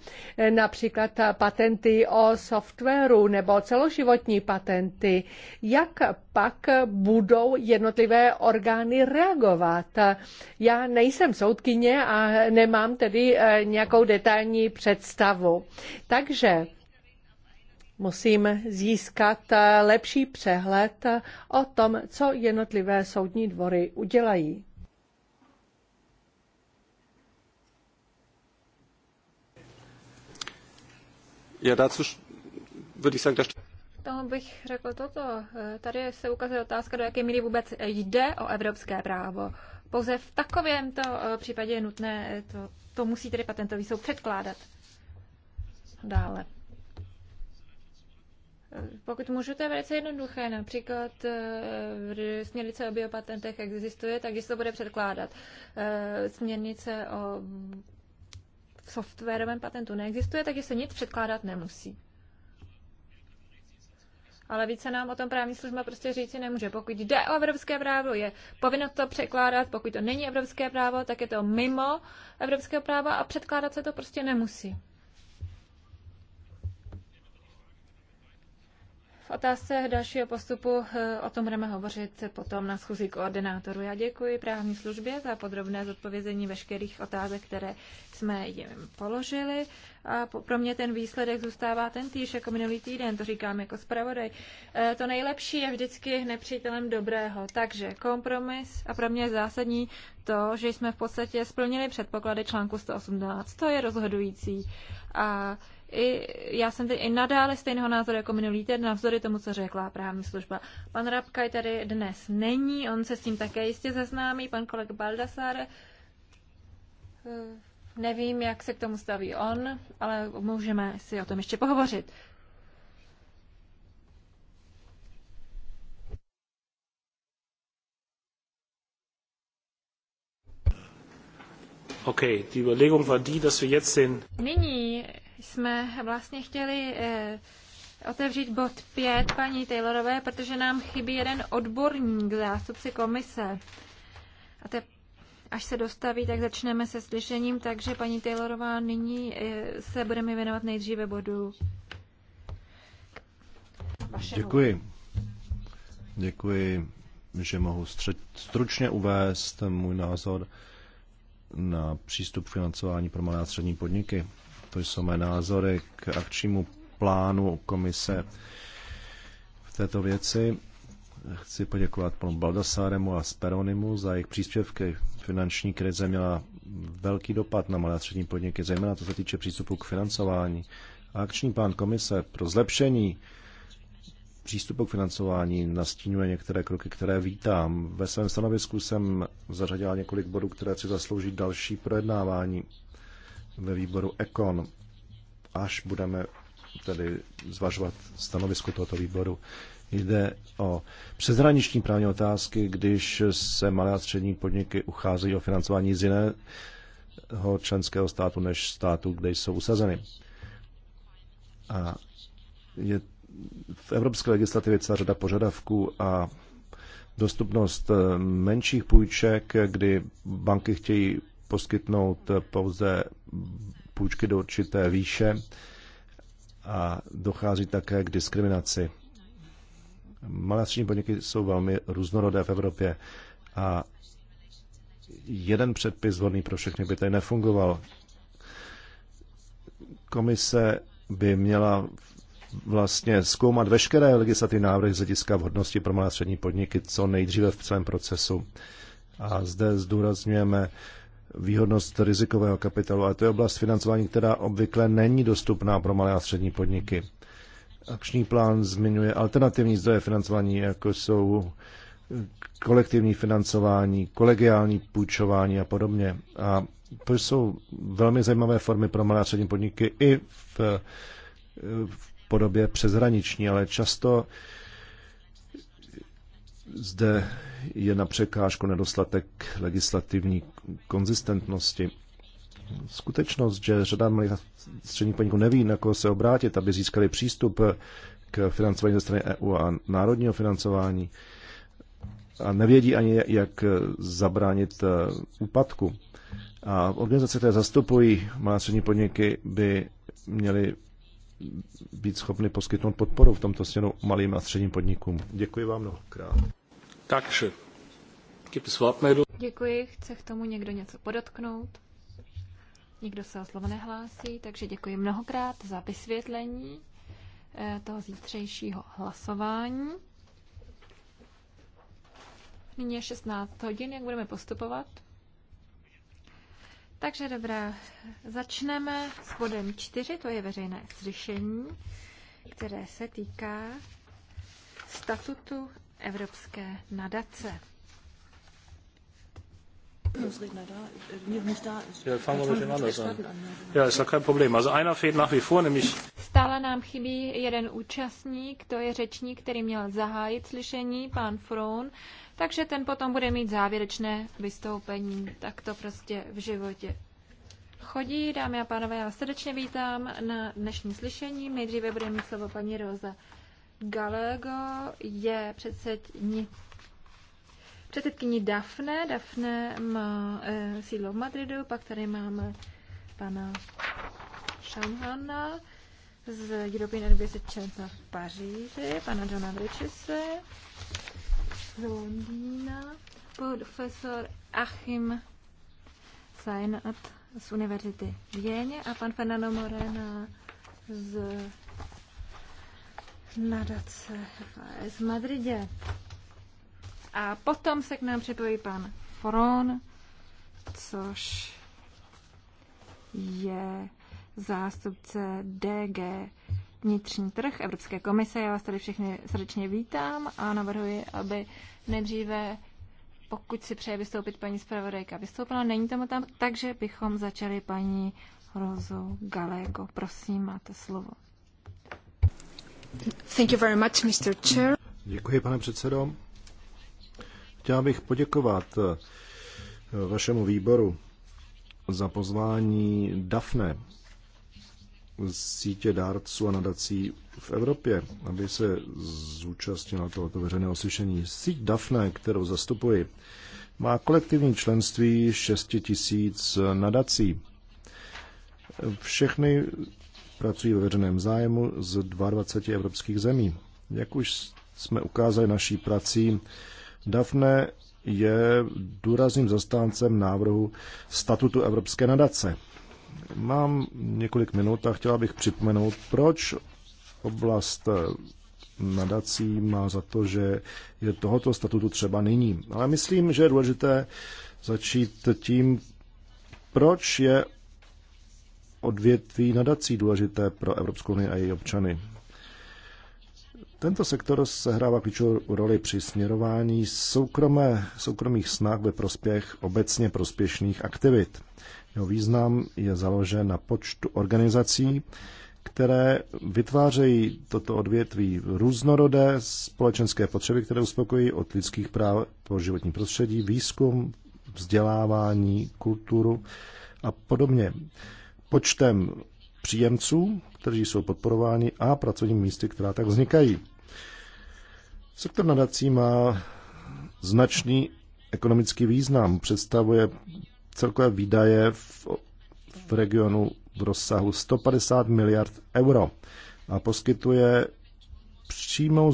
například patenty o softwaru nebo celoživotní patenty, jak pak budou jednotlivé orgány reagovat? Já nejsem soudkyně a nemám tedy Eh, nějakou detailní představu. Takže musím získat eh, lepší přehled o tom, co jednotlivé soudní dvory udělají. Ja, dazu würde ich sagen, da tomu bych řekl toto. Eh, tady se ukazuje otázka, do jaké míry vůbec jde o evropské právo. Pouze v takovémto eh, případě je nutné, eh, to, to musí tedy patentový soud předkládat dále. Eh, pokud můžu, to je velice jednoduché. Například v směrnice o biopatentech existuje, takže se to bude předkládat. Směrnice o softwarovém patentu neexistuje, takže se nic předkládat nemusí ale více nám o tom právní služba prostě říci nemůže. Pokud jde o evropské právo, je povinno to překládat, pokud to není evropské právo, tak je to mimo evropského práva a předkládat se to prostě nemusí. V otázce dalšího postupu eh, o tom budeme hovořit potom na schůzi koordinátoru. Já děkuji právní službě za podrobné zodpovězení veškerých otázek, které jsme jim položili a pro mě ten výsledek zůstává ten týž jako minulý týden, to říkám jako zpravodaj. E, to nejlepší je vždycky nepřítelem dobrého, takže kompromis a pro mě je zásadní to, že jsme v podstatě splnili předpoklady článku 118, to je rozhodující. A i, já jsem tedy i nadále stejného názoru jako minulý týden, navzory tomu, co řekla právní služba. Pan Rabkaj tady dnes není, on se s tím také jistě zeznámí, pan kolega Baldasare. E, Nevím, jak se k tomu staví on, ale můžeme si o tom ještě pohovořit. Okay, die Überlegung war die, dass wir jetzt den Nyní jsme vlastně chtěli eh, otevřít bod 5 paní Taylorové, protože nám chybí jeden odborník, zástupce komise. A to je až se dostaví, tak začneme se slyšením, takže paní Taylorová, nyní eh, se budeme věnovat nejdříve bodu. Vašemu. Děkuji. Děkuji, že mohu stručně uvést můj názor na přístup financování pro malé a střední podniky. To jsou mé názory k akčnímu plánu komise v této věci chci poděkovat panu Baldasáremu a Speronimu za jejich příspěvky. Finanční krize měla velký dopad na malé a střední podniky, zejména to se týče přístupu k financování. Akční plán komise pro zlepšení přístupu k financování nastínuje některé kroky, které vítám. Ve svém stanovisku jsem zařadil několik bodů, které si zaslouží další projednávání ve výboru EKON, až budeme tedy zvažovat stanovisko tohoto výboru. Jde o přezraniční právní otázky, když se malé a střední podniky ucházejí o financování z jiného členského státu než státu, kde jsou usazeny. A je v evropské legislativě celá řada požadavků a dostupnost menších půjček, kdy banky chtějí poskytnout pouze půjčky do určité výše a dochází také k diskriminaci Malé a střední podniky jsou velmi různorodé v Evropě a jeden předpis vhodný pro všechny by tady nefungoval. Komise by měla vlastně zkoumat veškeré legislativní návrhy z hlediska vhodnosti pro malé a střední podniky co nejdříve v celém procesu. A zde zdůrazňujeme výhodnost rizikového kapitálu, a to je oblast financování, která obvykle není dostupná pro malé a střední podniky. Akční plán zmiňuje alternativní zdroje financování, jako jsou kolektivní financování, kolegiální půjčování a podobně. A to jsou velmi zajímavé formy pro malé a střední podniky i v, v podobě přeshraniční, ale často zde je na překážku nedostatek legislativní konzistentnosti skutečnost, že řada malých a středních podniků neví, na koho se obrátit, aby získali přístup k financování ze strany EU a národního financování a nevědí ani, jak zabránit eh, úpadku. A organizace, které zastupují malé střední podniky, by měly být schopny poskytnout podporu v tomto směru malým a středním podnikům. Děkuji vám mnohokrát. Takže, Děkuji. Chce k tomu někdo něco podotknout? Nikdo se o slovo nehlásí, takže děkuji mnohokrát za vysvětlení eh, toho zítřejšího hlasování. Nyní je 16 hodin, jak budeme postupovat. Takže dobré, začneme s bodem 4, to je veřejné slyšení, které se týká statutu Evropské nadace. Stále nám chybí jeden účastník, to je řečník, který měl zahájit slyšení, pán Froun, takže ten potom bude mít závěrečné vystoupení. Tak to prostě v životě chodí. Dámy a pánové, já srdečně vítám na dnešní slyšení. Nejdříve bude mít slovo paní Roza Galego, je předsednice předsedkyni Dafne. Dafne má e, sídlo v Madridu, pak tady máme pana Šamhana z European University Center v Paříži, pana Johna Vričise z Londýna, profesor Achim Seinat z Univerzity v Věně a pan Fernando Morena z nadace z Madridě. A potom se k nám připojí pan Foron, což je zástupce DG vnitřní trh Evropské komise. Já vás tady všechny srdečně vítám a navrhuji, aby nejdříve, pokud si přeje vystoupit paní zpravodajka, vystoupila. Není tomu tam, takže bychom začali paní Rozu Galego. Prosím, máte slovo. Thank you very much, Mr. Chair. Děkuji, pane předsedo. Chtěl bych poděkovat eh, vašemu výboru za pozvání DAFNE z sítě dárců a nadací v Evropě, aby se zúčastnila tohoto veřejného slyšení. Síť DAFNE, kterou zastupuji, má kolektivní členství 6 tisíc nadací. Všechny pracují ve veřejném zájmu z 22 evropských zemí. Jak už jsme ukázali naší prací, Dafne je důrazným zastáncem návrhu statutu Evropské nadace. Mám několik minut a chtěla bych připomenout, proč oblast eh, nadací má za to, že je tohoto statutu třeba nyní. Ale myslím, že je důležité začít tím, proč je odvětví nadací důležité pro Evropskou unii a její občany. Tento sektor sehrává klíčovou roli při směrování soukromé, soukromých snah ve prospěch obecně prospěšných aktivit. Jeho význam je založen na počtu organizací, které vytvářejí toto odvětví různorodé společenské potřeby, které uspokojí od lidských práv po životní prostředí, výzkum, vzdělávání, kulturu a podobně. Počtem příjemců, kteří jsou podporováni a pracovními místy, která tak vznikají. Sektor nadací má značný ekonomický význam. Představuje celkové výdaje v, v regionu v rozsahu 150 miliard euro a poskytuje přímou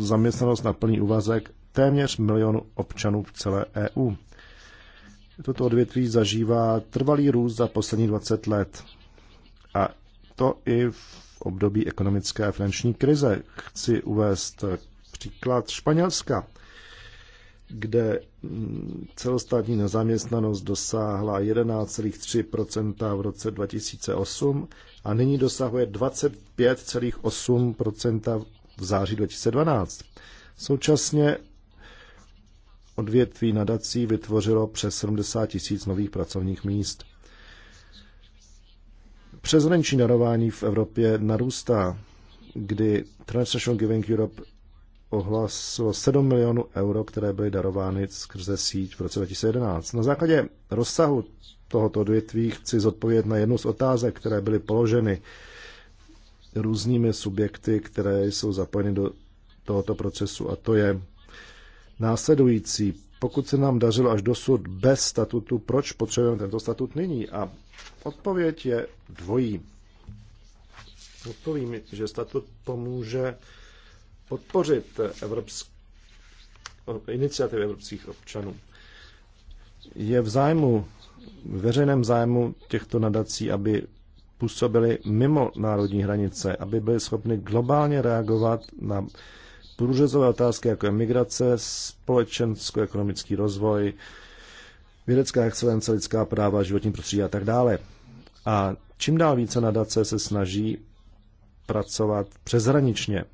zaměstnanost na plný úvazek téměř milionu občanů v celé EU. Toto odvětví zažívá trvalý růst za poslední 20 let. A to i v období ekonomické a finanční krize. Chci uvést příklad Španělska, kde mm, celostátní nezaměstnanost dosáhla 11,3 v roce 2008 a nyní dosahuje 25,8 v září 2012. Současně odvětví nadací vytvořilo přes 70 tisíc nových pracovních míst. Přezhraniční darování v Evropě narůstá, kdy Transnational Giving Europe ohlásilo 7 milionů euro, které byly darovány skrze síť v roce 2011. Na základě rozsahu tohoto odvětví chci zodpovědět na jednu z otázek, které byly položeny různými subjekty, které jsou zapojeny do tohoto procesu a to je následující. Pokud se nám dařilo až dosud bez statutu, proč potřebujeme tento statut nyní? A odpověď je dvojí. Odpovím, že statut pomůže podpořit evropsk... iniciativy evropských občanů. Je v zájmu, v veřejném zájmu těchto nadací, aby působili mimo národní hranice, aby byli schopni globálně reagovat na průřezové otázky, jako je migrace, společensko-ekonomický rozvoj, vědecká excelence, lidská práva, životní prostředí a tak dále. A čím dál více nadace se snaží pracovat přeshraničně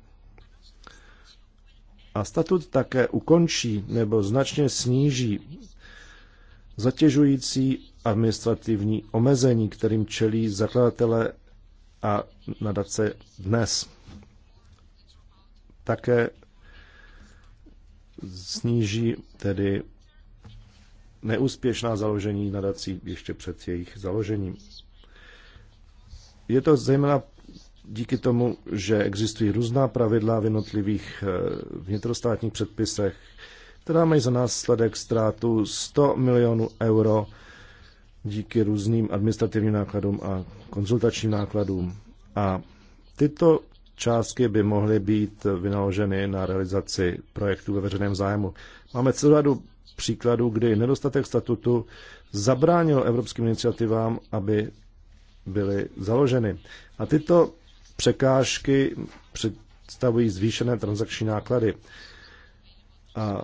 a statut také ukončí nebo značně sníží zatěžující administrativní omezení, kterým čelí zakladatele a nadace dnes. Také sníží tedy neúspěšná založení nadací ještě před jejich založením. Je to zejména díky tomu, že existují různá pravidla v jednotlivých eh, vnitrostátních předpisech, která mají za následek ztrátu 100 milionů euro díky různým administrativním nákladům a konzultačním nákladům. A tyto částky by mohly být vynaloženy na realizaci projektů ve veřejném zájmu. Máme celou řadu příkladů, kdy nedostatek statutu zabránil evropským iniciativám, aby byly založeny. A tyto překážky představují zvýšené transakční náklady. A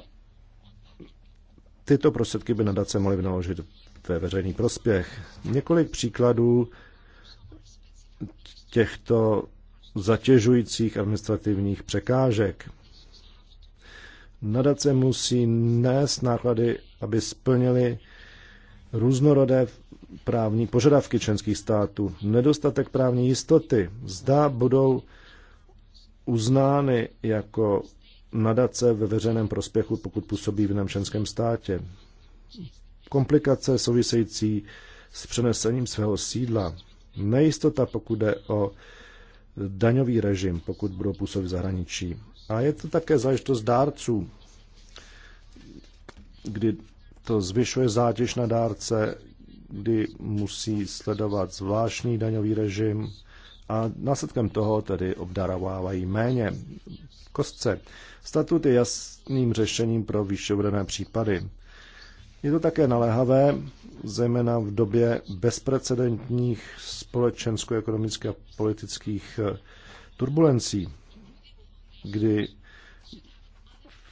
tyto prostředky by nadace mohly vynaložit ve veřejný prospěch. Několik příkladů těchto zatěžujících administrativních překážek. Nadace musí nést náklady, aby splnili různorodé právní požadavky členských států, nedostatek právní jistoty, zda budou uznány jako nadace ve veřejném prospěchu, pokud působí v jiném členském státě. Komplikace související s přenesením svého sídla, nejistota, pokud jde o daňový režim, pokud budou působit v zahraničí. A je to také záležitost dárců, kdy to zvyšuje zátěž na dárce, kdy musí sledovat zvláštní daňový režim a následkem toho tedy obdarovávají méně. Kostce. Statut je jasným řešením pro výše případy. Je to také naléhavé, zejména v době bezprecedentních společensko-ekonomických a politických eh, turbulencí, kdy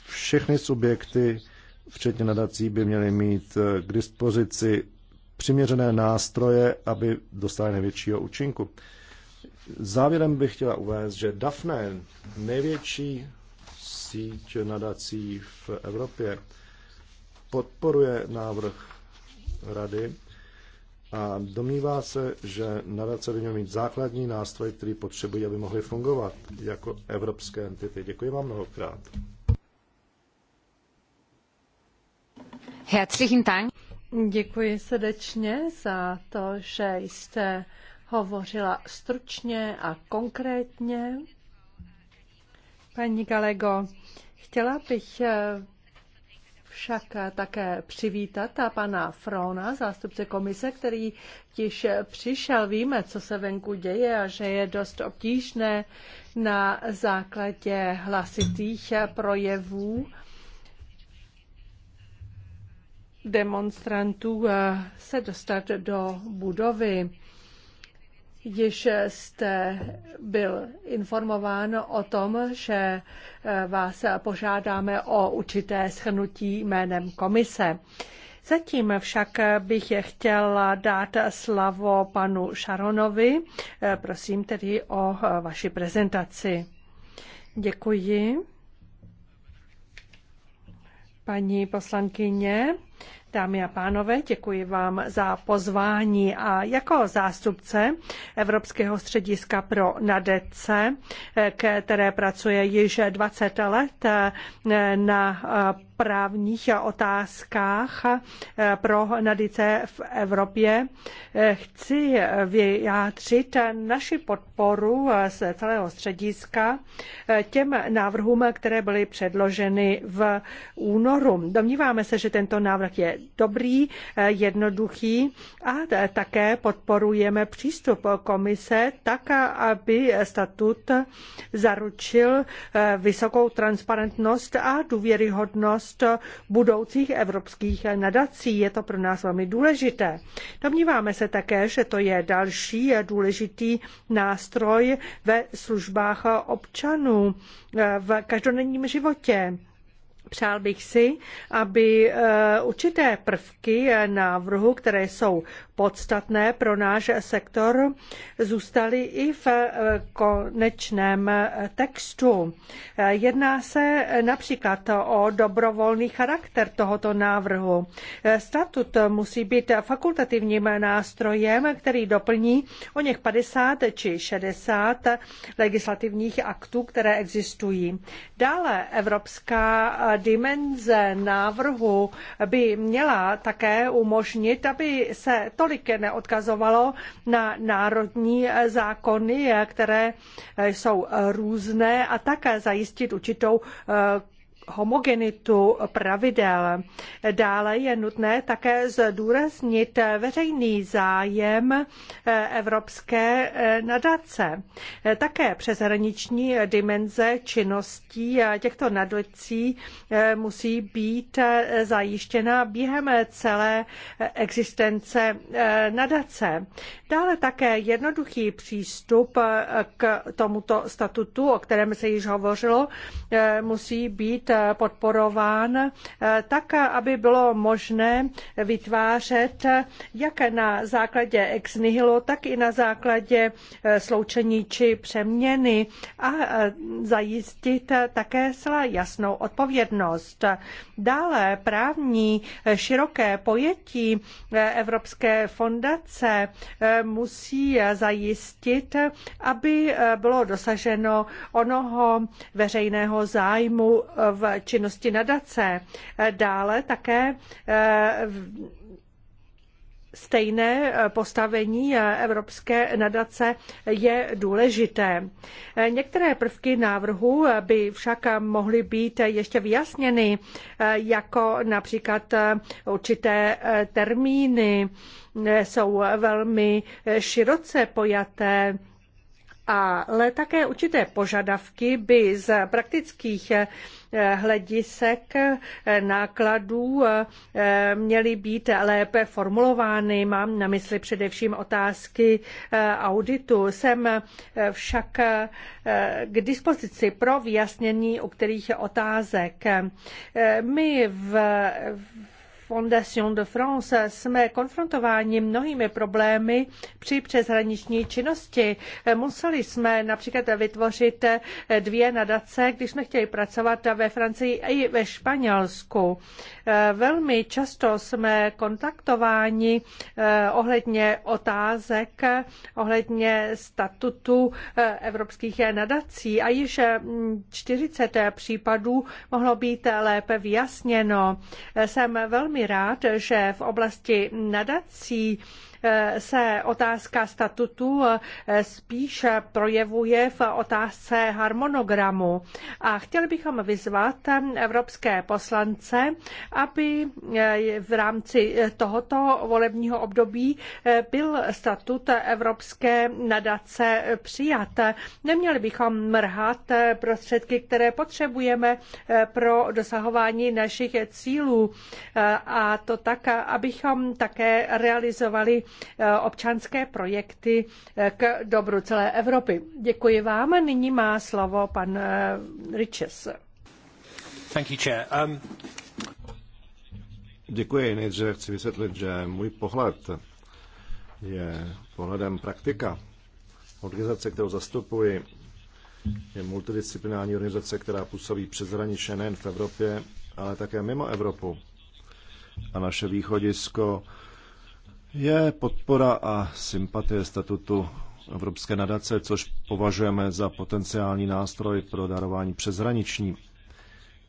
všechny subjekty, včetně nadací, by měly mít eh, k dispozici přiměřené nástroje, aby dostali největšího účinku. Závěrem bych chtěla uvést, že DAFNE, největší síť nadací v Evropě, podporuje návrh rady a domnívá se, že nadace by měla mít základní nástroj, který potřebují, aby mohly fungovat jako evropské entity. Děkuji vám mnohokrát. Herzlichen Dank. Děkuji srdečně za to, že jste hovořila stručně a konkrétně. Paní Galego, chtěla bych eh, však také přivítat a pana Frona, zástupce komise, který již přišel. Víme, co se venku děje a že je dost obtížné na základě hlasitých projevů demonstrantů eh, se dostat do budovy. Již jste byl informován o tom, že eh, vás požádáme o určité shrnutí jménem komise. Zatím však bych chtěla dát slavo panu Šaronovi. Eh, prosím tedy o vaši prezentaci. Děkuji. Paní poslankyně, Dámy a pánové, děkuji vám za pozvání a jako zástupce Evropského střediska pro nadece, které pracuje již 20 let eh, na eh, právních otázkách eh, pro nadice v Evropě. Eh, chci vyjádřit naši podporu eh, z celého střediska těm návrhům, které byly předloženy v únoru. Domníváme se, že tento návrh je dobrý, jednoduchý a také podporujeme přístup komise tak, aby statut zaručil vysokou transparentnost a důvěryhodnost budoucnost budoucích evropských nadací. Je to pro nás velmi důležité. Domníváme se také, že to je další důležitý nástroj ve službách občanů eh, v každodenním životě. Přál bych si, aby eh, určité prvky návrhu, které jsou podstatné pro náš sektor, zůstaly i v eh, konečném eh, textu. Jedná se například o dobrovolný charakter tohoto návrhu. Statut musí být fakultativním nástrojem, který doplní o něch 50 či 60 legislativních aktů, které existují. Dále Evropská dimenze návrhu by měla také umožnit, aby se tolik neodkazovalo na národní zákony, které jsou různé a také zajistit určitou eh, homogenitu pravidel. Dále je nutné také zdůraznit veřejný zájem eh, Evropské eh, nadace. Eh, také přeshraniční dimenze činností těchto nadací musí být zajištěna během celé existence nadace. Dále také jednoduchý přístup k tomuto statutu, o kterém se již hovořilo, musí být podporován tak, aby bylo možné vytvářet jak na základě ex nihilo, tak i na základě eh, sloučení či přeměny a eh, zajistit také zcela jasnou odpovědnost. Dále právní eh, široké pojetí Evropské fondace musí zajistit, aby bylo dosaženo onoho veřejného zájmu v činnosti nadace. Dále také eh, stejné postavení Evropské nadace je důležité. Eh, některé prvky návrhu by však mohly být ještě vyjasněny, eh, jako například určité termíny jsou velmi široce pojaté ale také určité požadavky by z praktických hledisek eh, nákladů eh, eh, měly být lépe formulovány. Mám na mysli především otázky auditu. Jsem však k dispozici pro vyjasnění u kterých otázek. My v Fondation de France jsme konfrontováni mnohými problémy při přeshraniční činnosti. Museli jsme například vytvořit dvě nadace, když jsme chtěli pracovat ve Francii i ve Španělsku. Velmi často jsme kontaktováni eh, ohledně otázek, ohledně statutu eh, evropských nadací a již 40 mm, případů mohlo být lépe vyjasněno. Jsem velmi velmi rád, že v oblasti nadací Eh, se otázka statutu eh, spíš projevuje v otázce harmonogramu. A chtěli bychom vyzvat eh, evropské poslance, aby v rámci tohoto volebního období byl statut Evropské nadace přijat. Neměli bychom mrhat prostředky, které potřebujeme pro dosahování našich cílů a to tak, abychom také realizovali Eh, občanské projekty eh, k dobru celé Evropy. Děkuji vám. Nyní má slovo pan eh, Riches. Thank you, Chair. Um... Děkuji. Nejdříve chci vysvětlit, že můj pohled je pohledem praktika. Organizace, kterou zastupuji, je multidisciplinární organizace, která působí přeshraničně nejen v Evropě, ale také mimo Evropu. A naše východisko je podpora a sympatie statutu Evropské nadace, což považujeme za potenciální nástroj pro darování přeshraniční.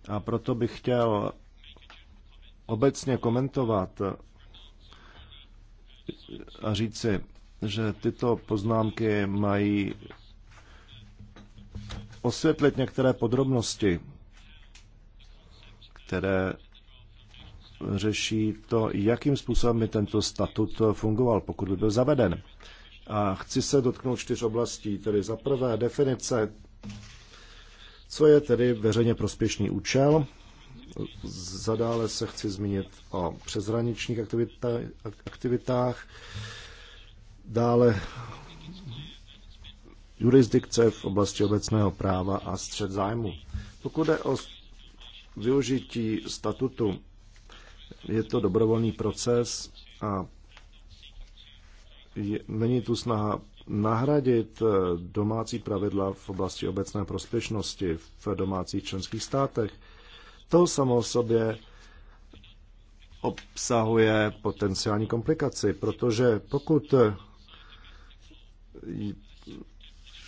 A proto bych chtěl obecně komentovat a říci, že tyto poznámky mají osvětlit některé podrobnosti, které řeší to, jakým způsobem by tento statut fungoval, pokud by byl zaveden. A chci se dotknout čtyř oblastí, tedy za prvé definice, co je tedy veřejně prospěšný účel. Zadále se chci zmínit o přeshraničních aktivita, aktivitách. Dále jurisdikce v oblasti obecného práva a střed zájmu. Pokud jde o využití statutu je to dobrovolný proces a je, není tu snaha nahradit eh, domácí pravidla v oblasti obecné prospěšnosti v domácích členských státech. To samo o sobě obsahuje potenciální komplikaci, protože pokud eh,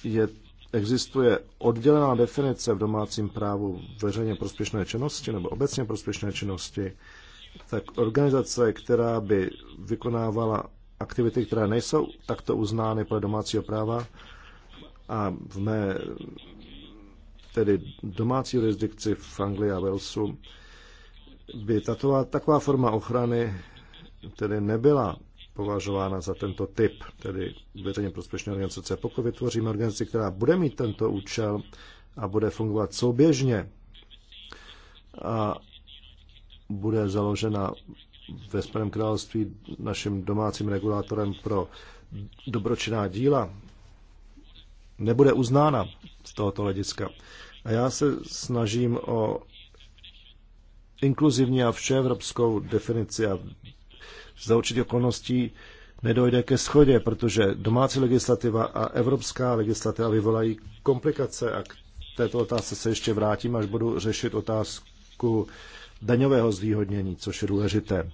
je, existuje oddělená definice v domácím právu veřejně prospěšné činnosti nebo obecně prospěšné činnosti, tak organizace, která by vykonávala aktivity, které nejsou takto uznány podle domácího práva a v mé tedy domácí jurisdikci v Anglii a Walesu, by tato, taková forma ochrany tedy nebyla považována za tento typ, tedy veřejně prospěšné organizace. Pokud vytvoříme organizaci, která bude mít tento účel a bude fungovat souběžně a bude založena ve Spojeném království naším domácím regulátorem pro dobročinná díla, nebude uznána z tohoto hlediska. A já se snažím o inkluzivní a všeevropskou definici a za určitých okolností nedojde ke schodě, protože domácí legislativa a evropská legislativa vyvolají komplikace a k této otázce se ještě vrátím, až budu řešit otázku daňového zvýhodnění, což je důležité.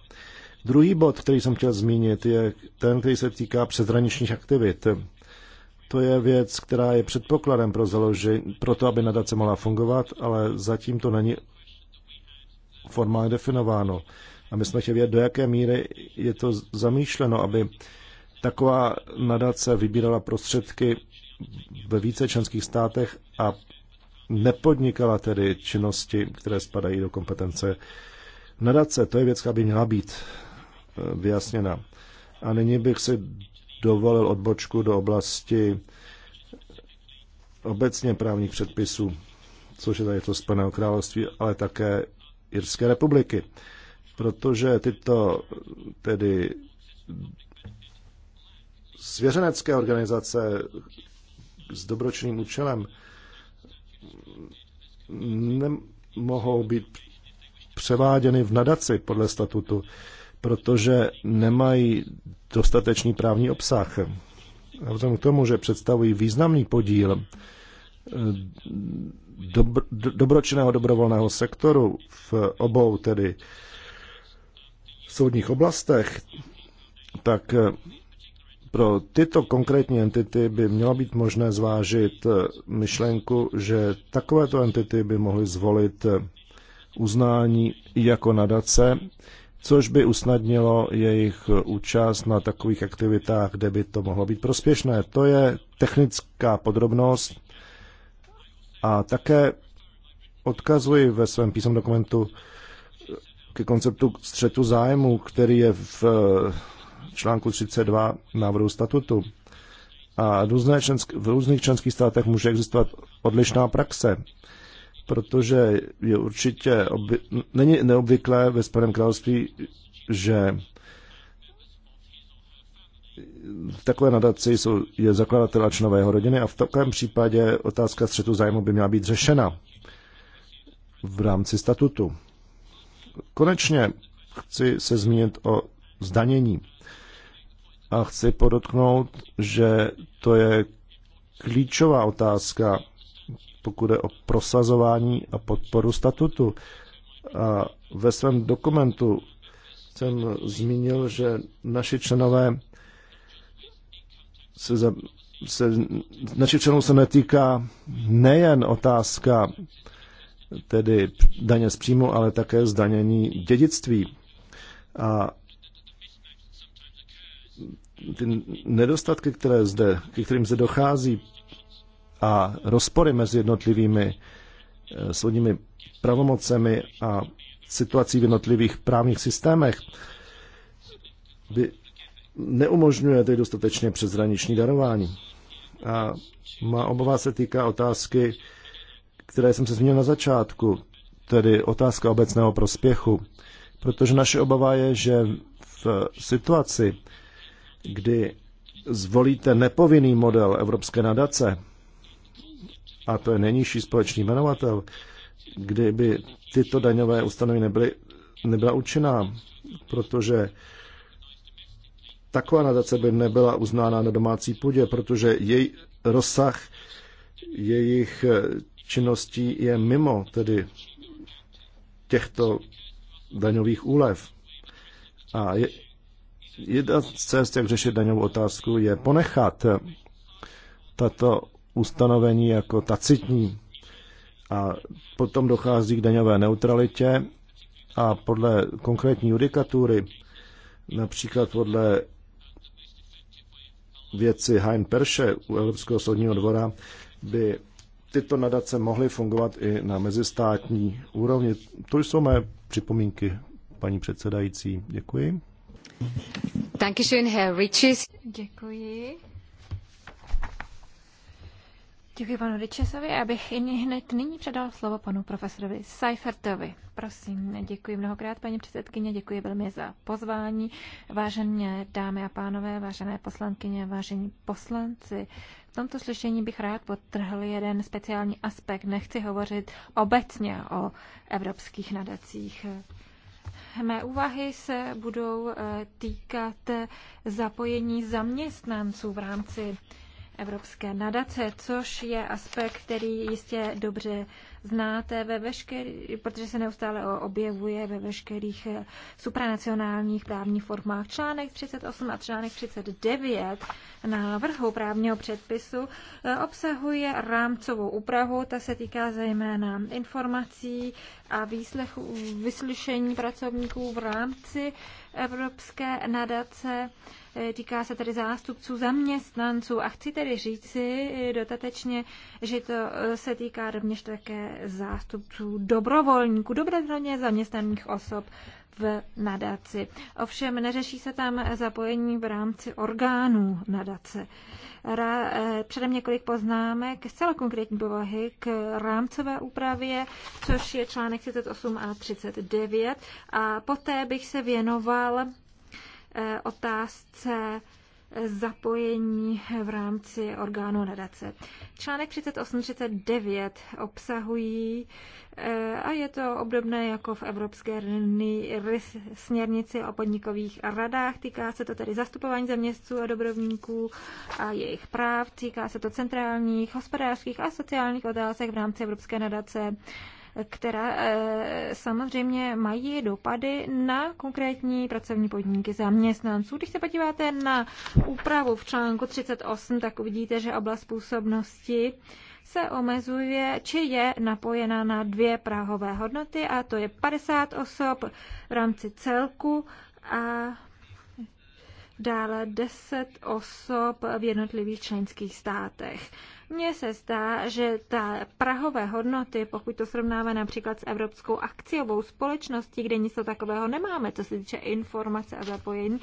Druhý bod, který jsem chtěl zmínit, je ten, který se týká přeshraničních aktivit. To je věc, která je předpokladem pro, založení, pro to, aby nadace mohla fungovat, ale zatím to není formálně definováno. A my jsme chtěli vědět, do jaké míry je to zamýšleno, aby taková nadace vybírala prostředky ve více členských státech a nepodnikala tedy činnosti, které spadají do kompetence nadace. To je věc, která by měla být eh, vyjasněna. A nyní bych si dovolil odbočku do oblasti obecně právních předpisů, což je tady to Spojeného království, ale také Irské republiky. Protože tyto tedy svěřenecké organizace s dobročným účelem nemohou být převáděny v nadaci podle statutu, protože nemají dostatečný právní obsah. A vzhledem k tomu, že představují významný podíl eh, dobr, dobročinného dobrovolného sektoru v obou tedy soudních oblastech, tak eh, pro tyto konkrétní entity by mělo být možné zvážit eh, myšlenku, že takovéto entity by mohly zvolit eh, uznání jako nadace, což by usnadnilo jejich účast na takových aktivitách, kde by to mohlo být prospěšné. To je technická podrobnost a také odkazuji ve svém písemném dokumentu eh, ke konceptu střetu zájmu, který je v článku 32 návrhu statutu. A různé člensk- v různých členských státech může existovat odlišná praxe, protože je určitě oby- není neobvyklé ve Spojeném království, že v takové nadaci jsou, je zakladatel a členové jeho rodiny a v takovém případě otázka střetu zájmu by měla být řešena v rámci statutu. Konečně chci se zmínit o zdanění a chci podotknout, že to je klíčová otázka, pokud je o prosazování a podporu statutu. A ve svém dokumentu jsem zmínil, že naši členové se, za, se naši členů se netýká nejen otázka tedy daně z příjmu, ale také zdanění dědictví. A ty nedostatky, které zde, ke kterým zde dochází a rozpory mezi jednotlivými eh, soudními pravomocemi a situací v jednotlivých právních systémech by neumožňuje tedy dostatečně přeshraniční darování. A má obava se týká otázky, které jsem se zmínil na začátku, tedy otázka obecného prospěchu. Protože naše obava je, že v situaci, kdy zvolíte nepovinný model Evropské nadace, a to je nejnižší společný jmenovatel, kdyby tyto daňové ustanovy nebyly, nebyla učená, protože taková nadace by nebyla uznána na domácí půdě, protože její rozsah jejich činností je mimo tedy těchto daňových úlev. A je, Jedna z cest, jak řešit daňovou otázku, je ponechat tato ustanovení jako tacitní. A potom dochází k daňové neutralitě a podle konkrétní judikatury, například podle věci Hein Perše u Evropského soudního dvora, by tyto nadace mohly fungovat i na mezistátní úrovni. To jsou mé připomínky, paní předsedající. Děkuji. Dankeschön, Herr Riches. Děkuji. panu Richesovi, abych hned nyní předal slovo panu profesorovi Seifertovi. Prosím, děkuji mnohokrát, paní předsedkyně, děkuji velmi za pozvání. Vážené dámy a pánové, vážené poslankyně, vážení poslanci, v tomto slyšení bych rád podtrhl jeden speciální aspekt. Nechci hovořit obecně o evropských nadacích. Mé úvahy se budou eh, týkat eh, zapojení zaměstnanců v rámci Evropské nadace, což je aspekt, který jistě dobře znáte ve veškerých, protože se neustále objevuje ve veškerých eh, supranacionálních právních formách. Článek 38 a článek 39 návrhu právního předpisu eh, obsahuje rámcovou úpravu, ta se týká zejména informací a výslechu, vyslyšení pracovníků v rámci Evropské nadace. Eh, týká se tedy zástupců zaměstnanců a chci tedy říci dotatečně, že to se týká rovněž také zástupců dobrovolníků, dobrovolně zaměstnaných osob v nadaci. Ovšem neřeší se tam zapojení v rámci orgánů nadace. Ra, eh, předem několik poznámek zcela konkrétní povahy k rámcové úpravě, což je článek 38 a 39. A poté bych se věnoval eh, otázce zapojení v rámci orgánu nadace. Článek 38-39 obsahují eh, a je to obdobné jako v Evropské směrnici o podnikových radách. Týká se to tedy zastupování zaměstců a dobrovníků a jejich práv. Týká se to centrálních, hospodářských a sociálních otázek v rámci Evropské nadace která eh, samozřejmě mají dopady na konkrétní pracovní podmínky zaměstnanců. Když se podíváte na úpravu v článku 38, tak uvidíte, že oblast působnosti se omezuje, či je napojena na dvě prahové hodnoty, a to je 50 osob v rámci celku a dále 10 osob v jednotlivých členských státech. Mně se zdá, že ta prahové hodnoty, pokud to srovnáme například s Evropskou akciovou společností, kde nic takového nemáme, co se týče informace a zapojení,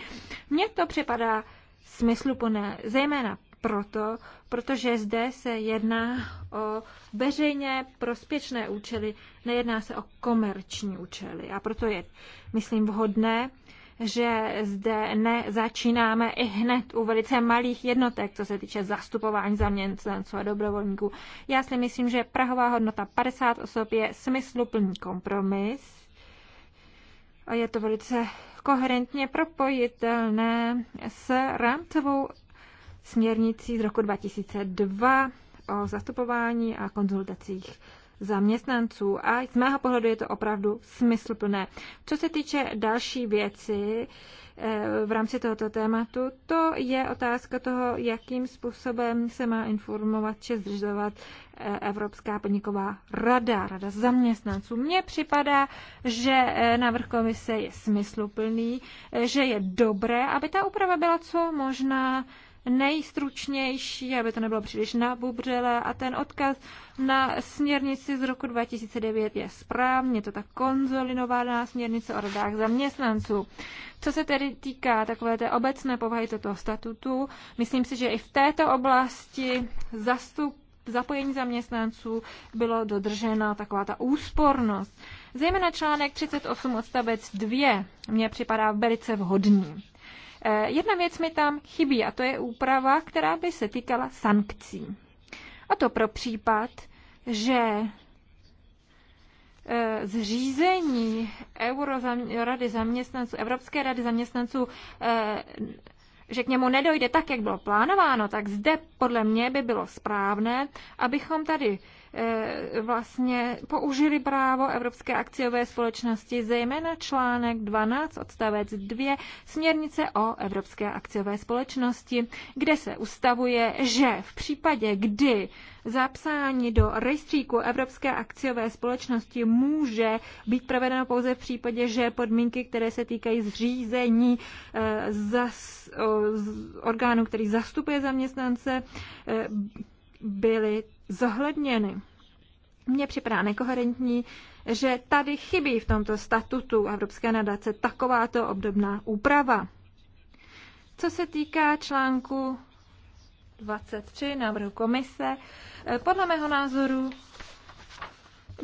mně to připadá smysluplné, zejména proto, protože zde se jedná o veřejně prospěšné účely, nejedná se o komerční účely. A proto je, myslím, vhodné, že zde nezačínáme i hned u velice malých jednotek, co se týče zastupování zaměstnanců a dobrovolníků. Já si myslím, že prahová hodnota 50 osob je smysluplný kompromis a je to velice koherentně propojitelné s rámcovou směrnicí z roku 2002 o zastupování a konzultacích zaměstnanců. A z mého pohledu je to opravdu smysluplné. Co se týče další věci eh, v rámci tohoto tématu, to je otázka toho, jakým způsobem se má informovat či zřizovat eh, Evropská podniková rada, rada zaměstnanců. Mně připadá, že eh, návrh komise je smysluplný, že je dobré, aby ta úprava byla co možná nejstručnější, aby to nebylo příliš nabubřelé a ten odkaz na směrnici z roku 2009 je správně, to ta konzolinovaná směrnice o radách zaměstnanců. Co se tedy týká takové té obecné povahy toho statutu, myslím si, že i v této oblasti zastup zapojení zaměstnanců bylo dodržena taková ta úspornost. Zejména článek 38 odstavec 2 mě připadá velice vhodný. Eh, jedna věc mi tam chybí a to je úprava, která by se týkala sankcí. A to pro případ, že eh, zřízení Euro rady zaměstnanců, Evropské rady zaměstnanců eh, že k němu nedojde tak, jak bylo plánováno, tak zde podle mě by bylo správné, abychom tady Eh, vlastně použili právo Evropské akciové společnosti, zejména článek 12 odstavec 2 směrnice o Evropské akciové společnosti, kde se ustavuje, že v případě, kdy zapsání do rejstříku Evropské akciové společnosti může být provedeno pouze v případě, že podmínky, které se týkají zřízení eh, zas, orgánu, který zastupuje zaměstnance, eh, byly zohledněny. Mně připadá nekoherentní, že tady chybí v tomto statutu Evropské nadace takováto obdobná úprava. Co se týká článku 23 návrhu komise, eh, podle mého názoru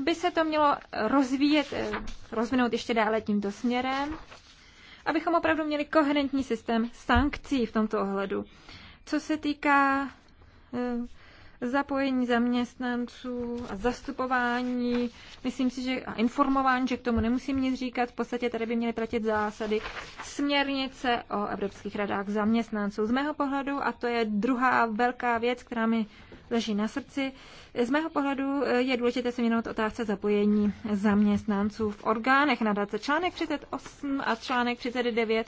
by se to mělo rozvíjet, eh, rozvinout ještě dále tímto směrem, abychom opravdu měli koherentní systém sankcí v tomto ohledu. Co se týká eh, zapojení zaměstnanců a zastupování. Myslím si, že a informování, že k tomu nemusím nic říkat. V podstatě tady by měly platit zásady směrnice o Evropských radách zaměstnanců. Z mého pohledu, a to je druhá velká věc, která mi leží na srdci, z mého pohledu je důležité se měnout otázce zapojení zaměstnanců v orgánech nadace. Článek 38 a článek 39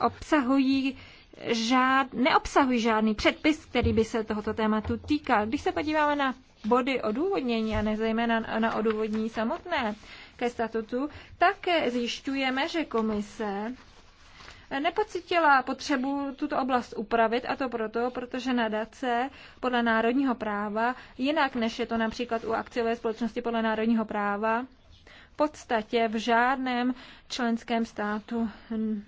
obsahují žád, neobsahují žádný předpis, který by se tohoto tématu týkal. Když se podíváme na body odůvodnění a nezejména na odůvodní samotné ke statutu, tak zjišťujeme, že komise nepocitila potřebu tuto oblast upravit a to proto, protože nadace podle národního práva, jinak než je to například u akciové společnosti podle národního práva, podstatě v žádném členském státu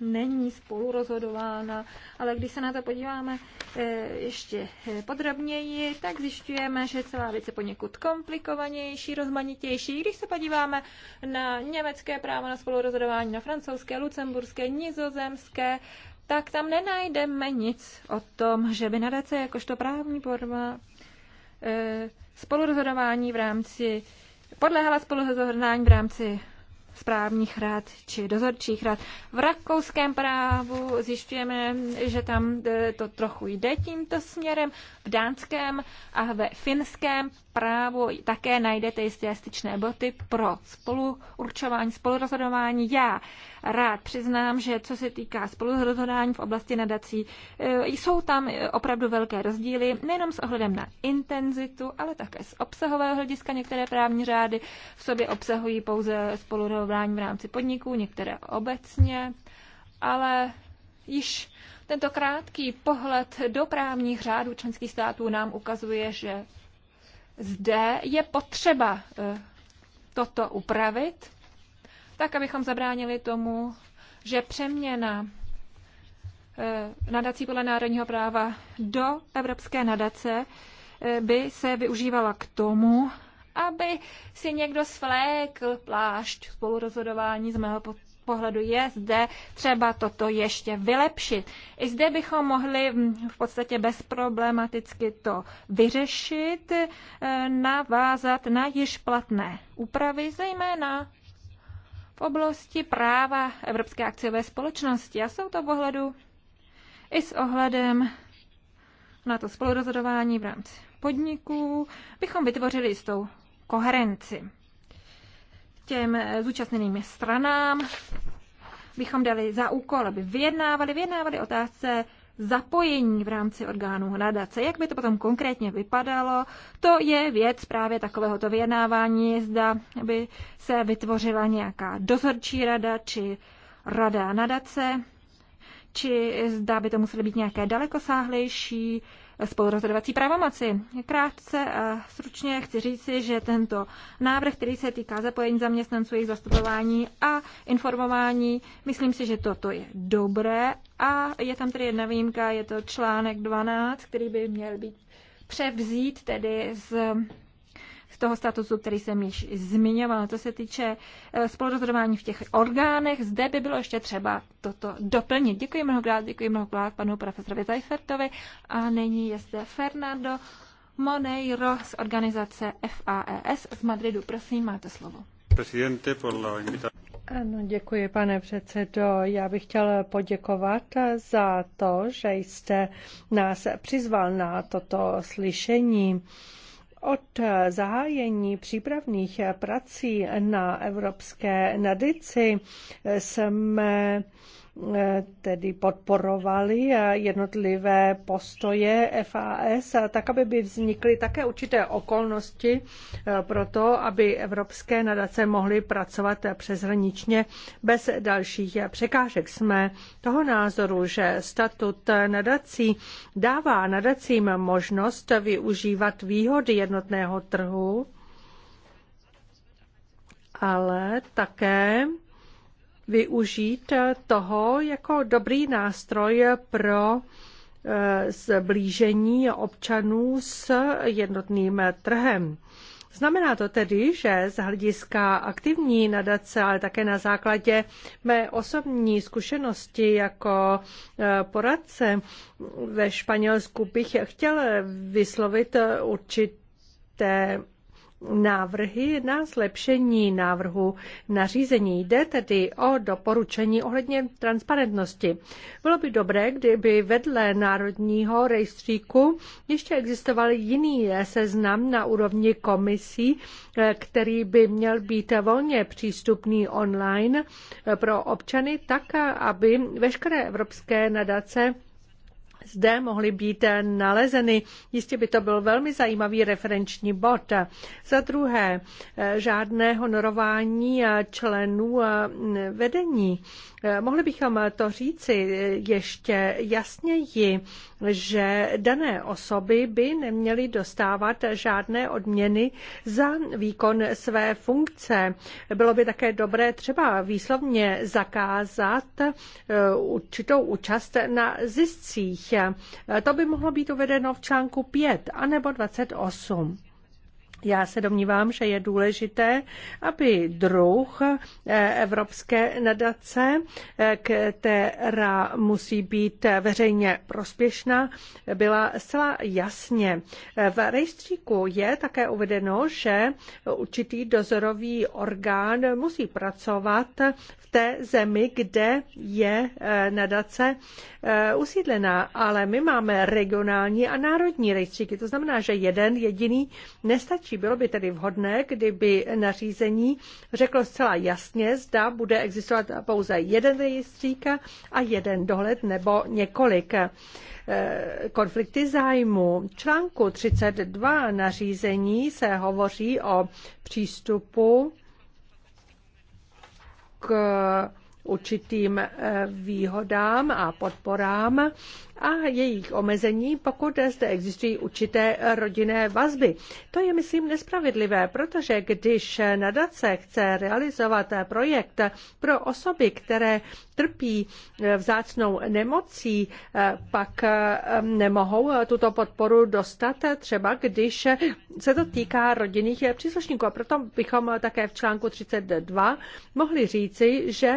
není spolurozhodována, ale když se na to podíváme eh, ještě eh, podrobněji, tak zjišťujeme, že celá věc je poněkud komplikovanější, rozmanitější. Když se podíváme na německé právo na spolurozhodování, na francouzské, lucemburské, nizozemské, tak tam nenajdeme nic o tom, že by nadace jakožto právní forma eh, spolurozhodování v rámci podléhala spoluhodnání v rámci správních rad či dozorčích rad. V rakouském právu zjišťujeme, že tam e, to trochu jde tímto směrem. V dánském a ve finském právu také najdete jisté styčné boty pro spoluurčování, spolurozhodování. Já rád přiznám, že co se týká spolurozhodování v oblasti nadací, e, jsou tam opravdu velké rozdíly, nejenom s ohledem na intenzitu, ale také z obsahového hlediska. Některé právní řády v sobě obsahují pouze spolurozhodování povolování v rámci podniků, některé obecně, ale již tento krátký pohled do právních řádů členských států nám ukazuje, že zde je potřeba eh, toto upravit, tak abychom zabránili tomu, že přeměna eh, nadací podle národního práva do evropské nadace eh, by se využívala k tomu, aby si někdo svlékl plášť spolurozhodování z mého pohledu je zde třeba toto ještě vylepšit. I zde bychom mohli mm, v podstatě bezproblematicky to vyřešit, eh, navázat na již platné úpravy, zejména v oblasti práva Evropské akciové společnosti. A jsou to ohledu i s ohledem na to spolurozhodování v rámci podniků, bychom vytvořili jistou koherenci. Těm zúčastněným stranám bychom dali za úkol, aby vyjednávali, vyjednávali otázce zapojení v rámci orgánů nadace. Jak by to potom konkrétně vypadalo, to je věc právě takovéhoto vyjednávání, zda by se vytvořila nějaká dozorčí rada či rada nadace, či zda by to musely být nějaké dalekosáhlejší spolurozhodovací pravomoci. Krátce a stručně chci říci, že tento návrh, který se týká zapojení zaměstnanců, jejich zastupování a informování, myslím si, že toto je dobré a je tam tedy jedna výjimka, je to článek 12, který by měl být převzít tedy z z toho statusu, který jsem již zmiňovala. To se týče eh, spolurozhodování v těch orgánech, zde by bylo ještě třeba toto doplnit. Děkuji mnohokrát, děkuji mnohokrát panu profesorovi Zajfertovi a nyní je zde Fernando Moneiro z organizace FAES z Madridu. Prosím, máte slovo. Ano, děkuji, pane předsedo. Já bych chtěl poděkovat za to, že jste nás přizval na toto slyšení. Od zahájení přípravných prací na evropské nadici jsme tedy podporovali jednotlivé postoje FAS, tak aby by vznikly také určité okolnosti pro to, aby evropské nadace mohly pracovat přeshraničně bez dalších překážek. Jsme toho názoru, že statut nadací dává nadacím možnost využívat výhody jednotného trhu, ale také využít toho jako dobrý nástroj pro eh, zblížení občanů s jednotným trhem. Znamená to tedy, že z hlediska aktivní nadace, ale také na základě mé osobní zkušenosti jako eh, poradce ve Španělsku bych chtěl vyslovit určité návrhy na zlepšení návrhu nařízení. Jde tedy o doporučení ohledně transparentnosti. Bylo by dobré, kdyby vedle národního rejstříku ještě existoval jiný seznam na úrovni komisí, který by měl být volně přístupný online pro občany, tak aby veškeré evropské nadace zde mohly být nalezeny. Jistě by to byl velmi zajímavý referenční bod. Za druhé, žádné honorování členů vedení. Mohli bychom to říci ještě jasněji, že dané osoby by neměly dostávat žádné odměny za výkon své funkce. Bylo by také dobré třeba výslovně zakázat určitou účast na ziscích místě. To by mohlo být uvedeno v článku 5 anebo 28. Já se domnívám, že je důležité, aby druh eh, Evropské nadace, eh, která musí být eh, veřejně prospěšná, byla zcela jasně. V rejstříku je také uvedeno, že určitý dozorový orgán musí pracovat v té zemi, kde je nadace usídlená, ale my máme regionální a národní rejstříky. To znamená, že jeden jediný nestačí nejlepší Bylo by tedy vhodné, kdyby nařízení řeklo zcela jasně, zda bude existovat pouze jeden rejstřík a jeden dohled nebo několik eh, konflikty zájmu. Článku 32 nařízení se hovoří o přístupu k určitým eh, výhodám a podporám a jejich omezení, pokud zde existují určité rodinné vazby. To je, myslím, nespravedlivé, protože když nadace chce realizovat projekt pro osoby, které trpí eh, vzácnou nemocí, eh, pak eh, nemohou tuto podporu dostat třeba, když se to týká rodinných příslušníků. A proto bychom také v článku 32 mohli říci, že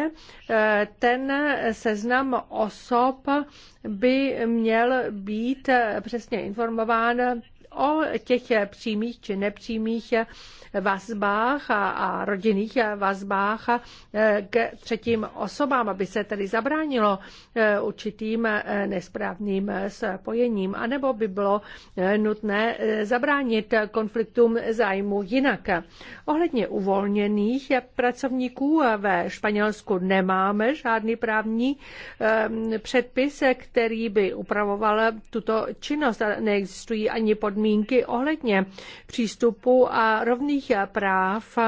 ten seznam osob by měl být přesně informován o těch přímých či nepřímých vazbách a, a rodinných vazbách k třetím osobám, aby se tedy zabránilo e, určitým e, nesprávným spojením, anebo by bylo e, nutné zabránit konfliktům zájmu jinak. Ohledně uvolněných pracovníků ve Španělsku nemáme žádný právní předpis, který by upravoval tuto činnost. Neexistují ani podmínky podmínky ohledně přístupu a rovných práv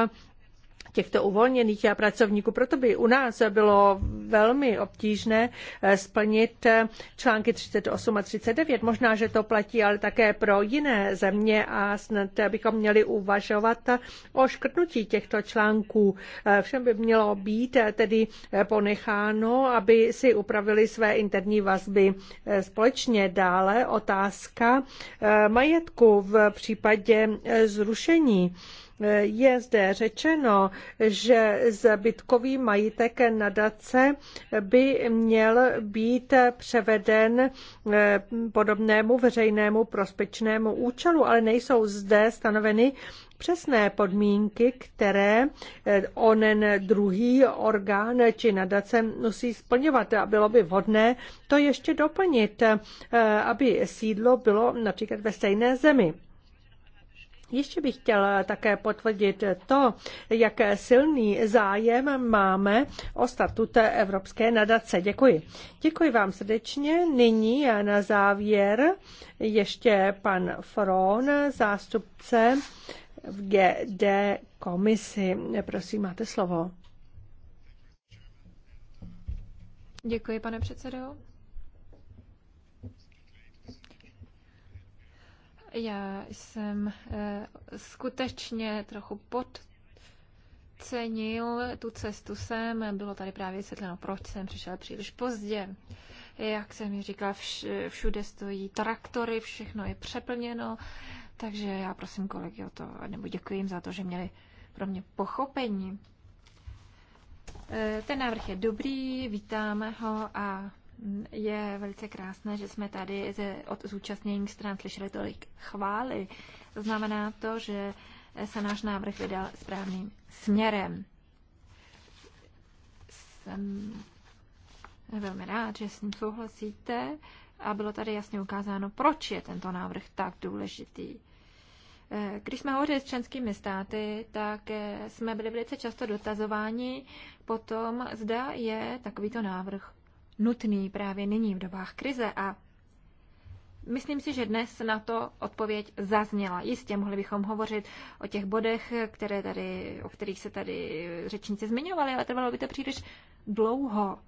těchto uvolněných pracovníků. Proto by u nás bylo velmi obtížné eh, splnit eh, články 38 a 39. Možná, že to platí ale také pro jiné země a snad bychom měli uvažovat o škrtnutí těchto článků. Eh, všem by mělo být tedy ponecháno, aby si upravili své interní vazby společně. Dále otázka majetku v případě zrušení. Je zde řečeno, že zbytkový majitek nadace by měl být převeden eh, podobnému veřejnému prospečnému účelu, ale nejsou zde stanoveny přesné podmínky, které eh, onen druhý orgán či nadace musí splňovat. A bylo by vhodné to ještě doplnit, eh, aby sídlo bylo například ve stejné zemi. Ještě bych chtěla také potvrdit to, jak silný zájem máme o statut Evropské nadace. Děkuji. Děkuji vám srdečně. Nyní na závěr ještě pan Fron, zástupce v GD komisi. Prosím, máte slovo. Děkuji, pane předsedo. Já jsem eh, skutečně trochu podcenil tu cestu sem. Bylo tady právě vysvětleno, proč jsem přišel příliš pozdě. Jak jsem mi říkala, všude stojí traktory, všechno je přeplněno, takže já prosím kolegy o to, nebo děkuji jim za to, že měli pro mě pochopení. Eh, ten návrh je dobrý, vítáme ho a je velice krásné, že jsme tady ze, od zúčastněných stran slyšeli tolik chvály. Znamená to, že se náš návrh vydal správným směrem. Jsem velmi rád, že s ním souhlasíte a bylo tady jasně ukázáno, proč je tento návrh tak důležitý. Eh, když jsme hovořili s členskými státy, tak eh, jsme byli velice často dotazováni potom, zda je takovýto návrh nutný právě nyní v dobách krize a Myslím si, že dnes na to odpověď zazněla. Jistě mohli bychom hovořit o těch bodech, které tady, o kterých se tady řečníci zmiňovali, ale trvalo by to příliš dlouho,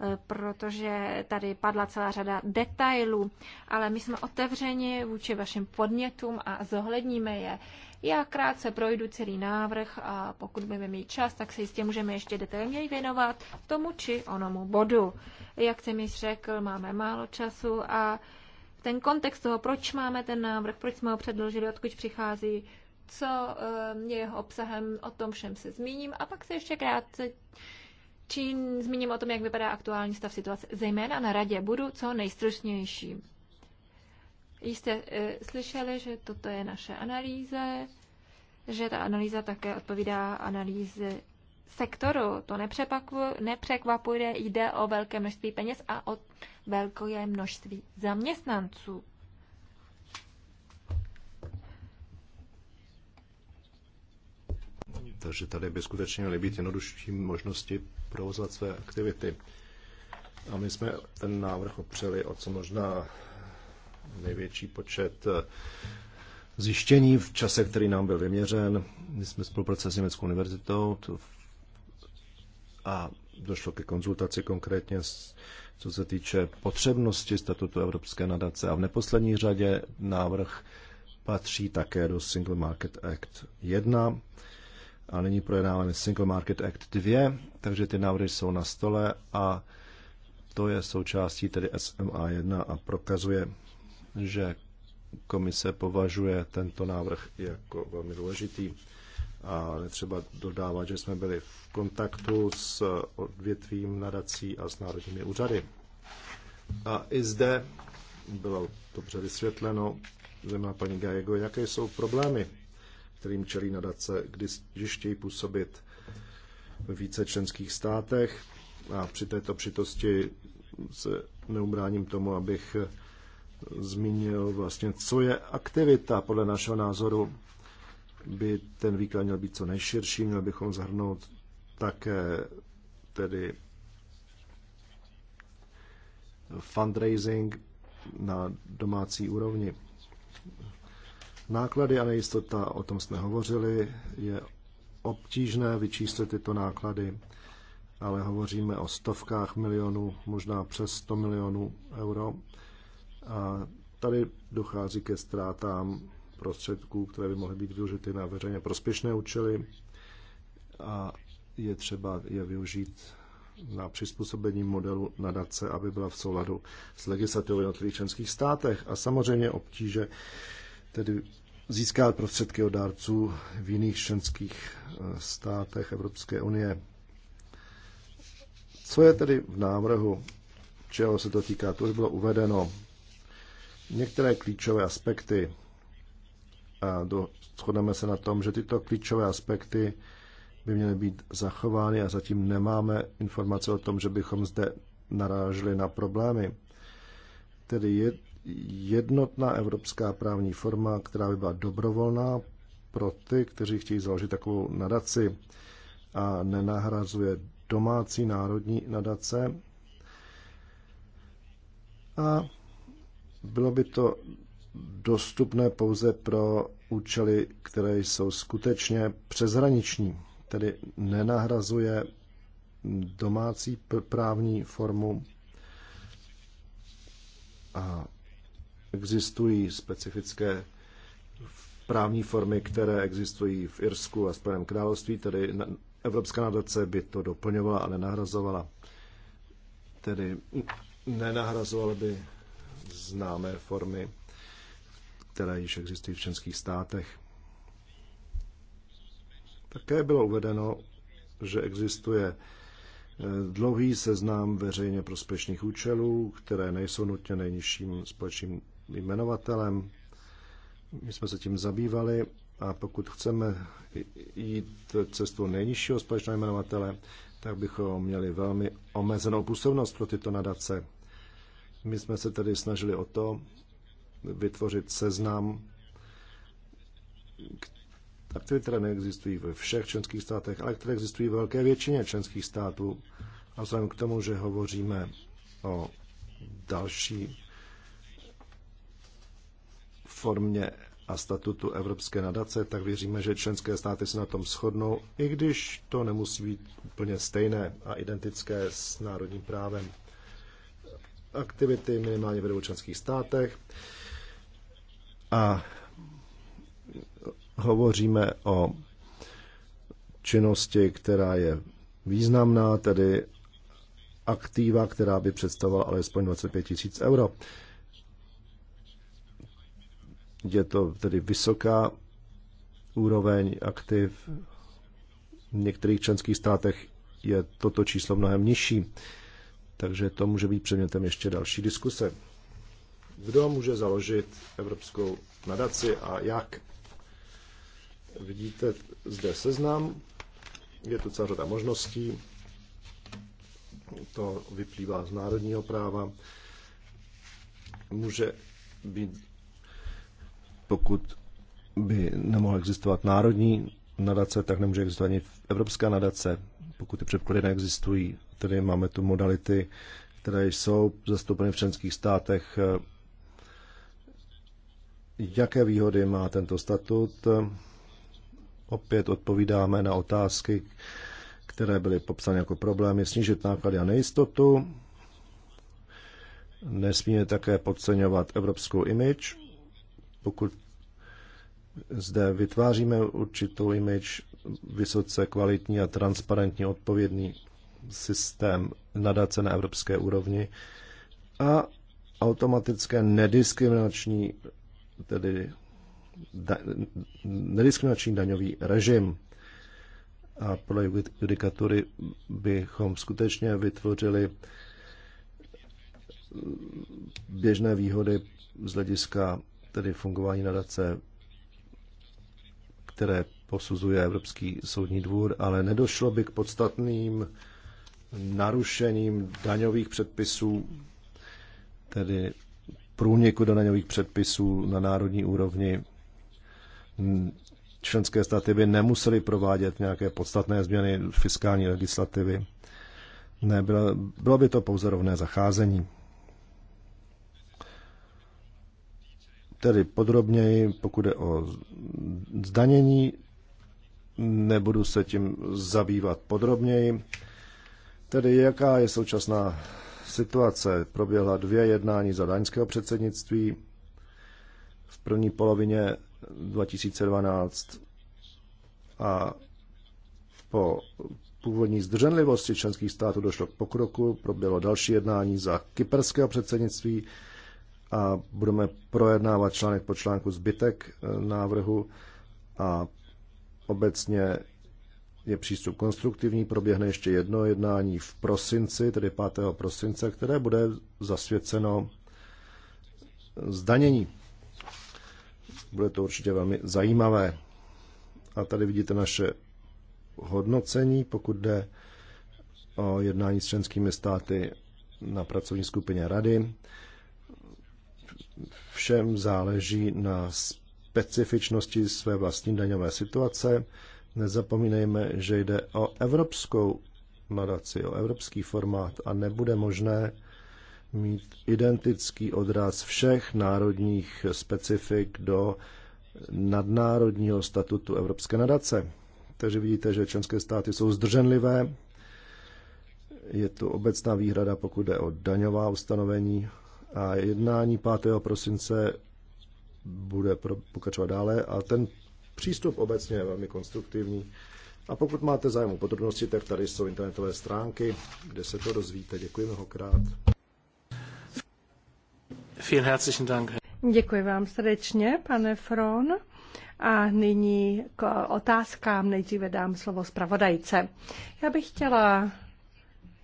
e, protože tady padla celá řada detailů, ale my jsme otevřeni vůči vašim podnětům a zohledníme je. Já krátce projdu celý návrh a pokud budeme mít čas, tak se jistě můžeme ještě detailněji věnovat tomu či onomu bodu. Jak jsem již řekl, máme málo času a ten kontext toho, proč máme ten návrh, proč jsme ho předložili, odkud přichází, co eh, je jeho obsahem, o tom všem se zmíním a pak se ještě krátce čím zmíním o tom, jak vypadá aktuální stav situace, zejména na radě. Budu co nejstručnější. Jste eh, slyšeli, že toto je naše analýza, že ta analýza také odpovídá analýze sektoru. To nepřekvapuje, jde o velké množství peněz a o velké množství zaměstnanců. Takže tady by skutečně měly být jednodušší možnosti provozovat své aktivity. A my jsme ten návrh opřeli o co možná největší počet eh, zjištění v čase, který nám byl vyměřen. My jsme spolupracovali s Německou univerzitou a došlo ke konzultaci konkrétně, co se týče potřebnosti statutu Evropské nadace. A v neposlední řadě návrh patří také do Single Market Act 1 a nyní projednáváme Single Market Act 2, takže ty návrhy jsou na stole a to je součástí tedy SMA 1 a prokazuje že komise považuje tento návrh jako velmi důležitý. A netřeba dodávat, že jsme byli v kontaktu s odvětvím nadací a s národními úřady. A i zde bylo dobře vysvětleno, zejména paní Gajego, jaké jsou problémy, kterým čelí nadace, když chtějí působit v více členských státech. A při této přitosti se neumráním tomu, abych zmínil vlastně, co je aktivita. Podle našeho názoru by ten výklad měl být co nejširší, měl bychom zhrnout také tedy fundraising na domácí úrovni. Náklady a nejistota, o tom jsme hovořili, je obtížné vyčíslit tyto náklady, ale hovoříme o stovkách milionů, možná přes 100 milionů euro a tady dochází ke ztrátám prostředků, které by mohly být využity na veřejně prospěšné účely a je třeba je využít na přizpůsobení modelu nadace, aby byla v souladu s legislativou v jednotlivých členských státech. A samozřejmě obtíže tedy získat prostředky od dárců v jiných členských eh, státech Evropské unie. Co je tedy v návrhu, čeho se to týká? To už bylo uvedeno některé klíčové aspekty a shodneme se na tom, že tyto klíčové aspekty by měly být zachovány a zatím nemáme informace o tom, že bychom zde narážili na problémy. Tedy jednotná evropská právní forma, která by byla dobrovolná pro ty, kteří chtějí založit takovou nadaci a nenahrazuje domácí národní nadace. A bylo by to dostupné pouze pro účely, které jsou skutečně přeshraniční, tedy nenahrazuje domácí právní formu a existují specifické právní formy, které existují v Irsku a Spojeném království, tedy Evropská nadace by to doplňovala a nenahrazovala. Tedy nenahrazovala by známé formy, které již existují v členských státech. Také bylo uvedeno, že existuje eh, dlouhý seznam veřejně prospěšných účelů, které nejsou nutně nejnižším společným jmenovatelem. My jsme se tím zabývali a pokud chceme jít cestou nejnižšího společného jmenovatele, tak bychom měli velmi omezenou působnost pro tyto nadace. My jsme se tedy snažili o to vytvořit seznam aktivit, které neexistují ve všech členských státech, ale které existují ve velké většině členských států. A vzhledem k tomu, že hovoříme o další formě a statutu Evropské nadace, tak věříme, že členské státy se na tom shodnou, i když to nemusí být úplně stejné a identické s národním právem aktivity minimálně v dvou státech. A hovoříme o činnosti, která je významná, tedy aktiva, která by představovala alespoň 25 tisíc euro. Je to tedy vysoká úroveň aktiv. V některých členských státech je toto číslo mnohem nižší takže to může být předmětem ještě další diskuse. Kdo může založit Evropskou nadaci a jak? Vidíte zde seznam, je tu celá řada možností, to vyplývá z národního práva. Může být, pokud by nemohla existovat národní nadace, tak nemůže existovat ani evropská nadace, pokud ty předklady neexistují tedy máme tu modality, které jsou zastoupeny v členských státech. Jaké výhody má tento statut? Opět odpovídáme na otázky, které byly popsány jako problémy, snížit náklady a nejistotu, nesmíme také podceňovat evropskou image. Pokud zde vytváříme určitou image vysoce kvalitní a transparentně odpovědný systém nadace na evropské úrovni a automatické nediskriminační, tedy da, nediskriminační daňový režim. A podle judikatury bychom skutečně vytvořili běžné výhody z hlediska tedy fungování nadace, které posuzuje Evropský soudní dvůr, ale nedošlo by k podstatným narušením daňových předpisů, tedy průniku do daňových předpisů na národní úrovni. Členské státy by nemusely provádět nějaké podstatné změny fiskální legislativy. Ne, bylo, bylo by to pouze rovné zacházení. Tedy podrobněji, pokud je o zdanění, nebudu se tím zabývat podrobněji. Tedy jaká je současná situace? Proběhla dvě jednání za daňského předsednictví v první polovině 2012 a po původní zdrženlivosti členských států došlo k pokroku, proběhlo další jednání za kyperského předsednictví a budeme projednávat článek po článku zbytek eh, návrhu a obecně je přístup konstruktivní, proběhne ještě jedno jednání v prosinci, tedy 5. prosince, které bude zasvěceno zdanění. Bude to určitě velmi zajímavé. A tady vidíte naše hodnocení, pokud jde o jednání s členskými státy na pracovní skupině rady. Všem záleží na specifičnosti své vlastní daňové situace Nezapomínejme, že jde o evropskou nadaci, o evropský formát a nebude možné mít identický odraz všech národních specifik do nadnárodního statutu Evropské nadace. Takže vidíte, že členské státy jsou zdrženlivé. Je tu obecná výhrada, pokud jde o daňová ustanovení. A jednání 5. prosince bude pokračovat dále a ten Přístup obecně je velmi konstruktivní. A pokud máte zájem o podrobnosti, tak tady jsou internetové stránky, kde se to dozvíte. Děkuji mnohokrát. Vielen herzlichen Dank. Děkuji vám srdečně, pane Fron. A nyní k otázkám. Nejdříve dám slovo zpravodajce. Já bych chtěla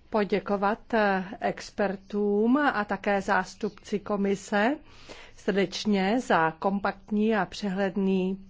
poděkovat eh, expertům a také zástupci komise srdečně za kompaktní a přehledný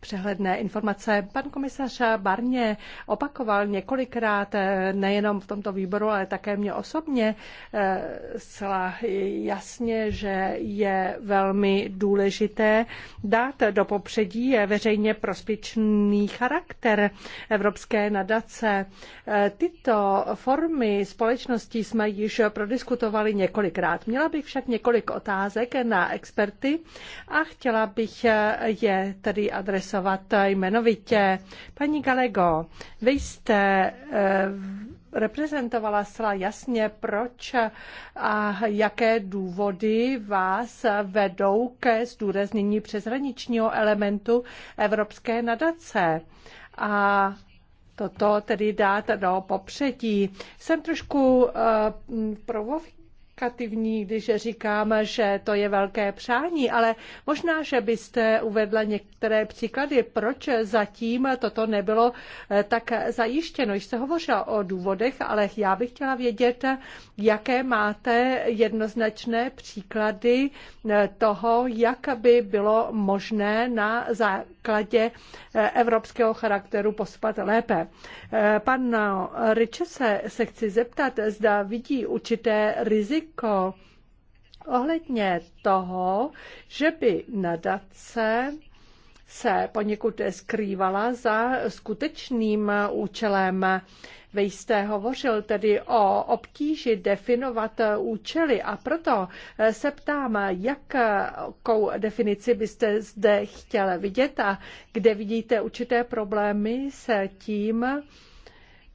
přehledné informace. Pan komisař Barně opakoval několikrát, eh, nejenom v tomto výboru, ale také mě osobně, eh, zcela jasně, že je velmi důležité dát do popředí veřejně prospěšný charakter Evropské nadace. Eh, tyto formy společností jsme již prodiskutovali několikrát. Měla bych však několik otázek na experty a chtěla bych je tedy adresovat adresovat jmenovitě. Paní Galego, vy jste eh, reprezentovala zcela jasně, proč a jaké důvody vás vedou ke zdůraznění přeshraničního elementu Evropské nadace. A toto tedy dát do popředí. Jsem trošku uh, eh, provokativní provokativní, když říkám, že to je velké přání, ale možná, že byste uvedla některé příklady, proč zatím toto nebylo eh, tak zajištěno. Jste hovořila o důvodech, ale já bych chtěla vědět, jaké máte jednoznačné příklady eh, toho, jak by bylo možné na základě eh, evropského charakteru pospat lépe. Eh, pan Ričese se chci zeptat, zda vidí určité riziko ohledně toho, že by nadace se poněkud skrývala za skutečným účelem vy jste hovořil tedy o obtíži definovat účely a proto eh, se ptám, jakou definici byste zde chtěl vidět a kde vidíte určité problémy se tím,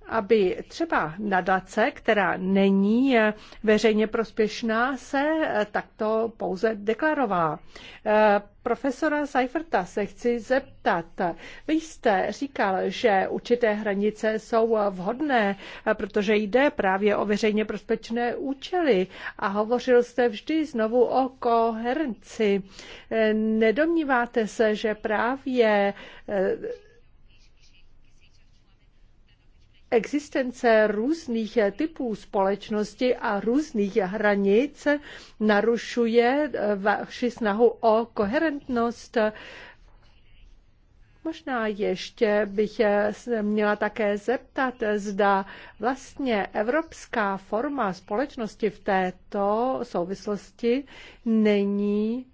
aby třeba nadace, která není eh, veřejně prospěšná, se eh, takto pouze deklarovala. Eh, profesora Seiferta se chci zeptat. Vy jste říkal, že určité hranice jsou vhodné, protože jde právě o veřejně prospečné účely a hovořil jste vždy znovu o koherenci. Nedomníváte se, že právě existence různých typů společnosti a různých hranic narušuje eh, vaši snahu o koherentnost Možná ještě bych eh, se měla také zeptat, zda vlastně evropská forma společnosti v této souvislosti není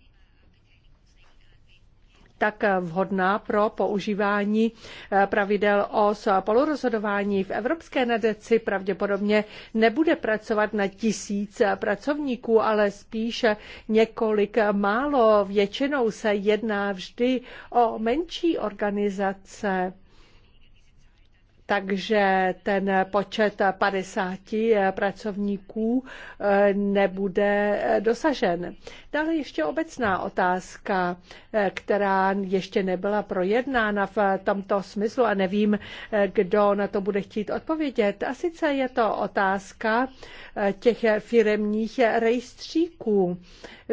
tak vhodná pro používání eh, pravidel o spolurozhodování. V Evropské nadeci pravděpodobně nebude pracovat na tisíc eh, pracovníků, ale spíše několik málo. Většinou se jedná vždy o menší organizace takže ten počet 50 eh, pracovníků eh, nebude dosažen. Dále ještě obecná otázka, eh, která ještě nebyla projednána v tomto smyslu a nevím, kdo na to bude chtít odpovědět. A sice je to otázka těch firemních rejstříků.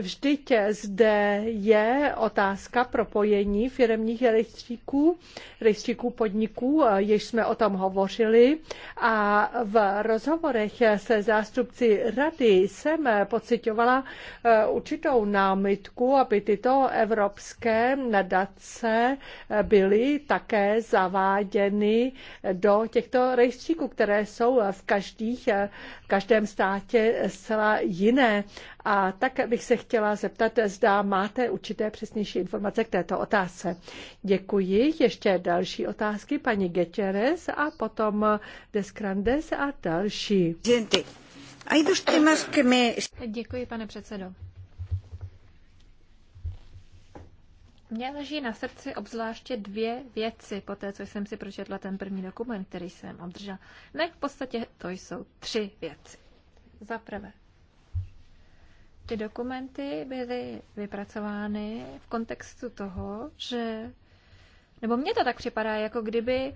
Vždyť zde je otázka propojení firmních rejstříků, rejstříků podniků, jež jsme o tom hovořili a v rozhovorech se zástupci rady jsem pocitovala eh, určitou námitku, aby tyto evropské nadace eh, byly také zaváděny do těchto rejstříků, které jsou v, každých, eh, v každém státě zcela jiné a tak bych se chtěla zeptat, zda máte určité přesnější informace k této otázce. Děkuji. Ještě další otázky, paní Getěres a potom Deskrandes a další. Děkuji, pane předsedo. Mně leží na srdci obzvláště dvě věci, po té, co jsem si pročetla ten první dokument, který jsem obdržela. Ne, v podstatě to jsou tři věci. Za prvé, ty dokumenty byly vypracovány v kontextu toho, že nebo mně to tak připadá, jako kdyby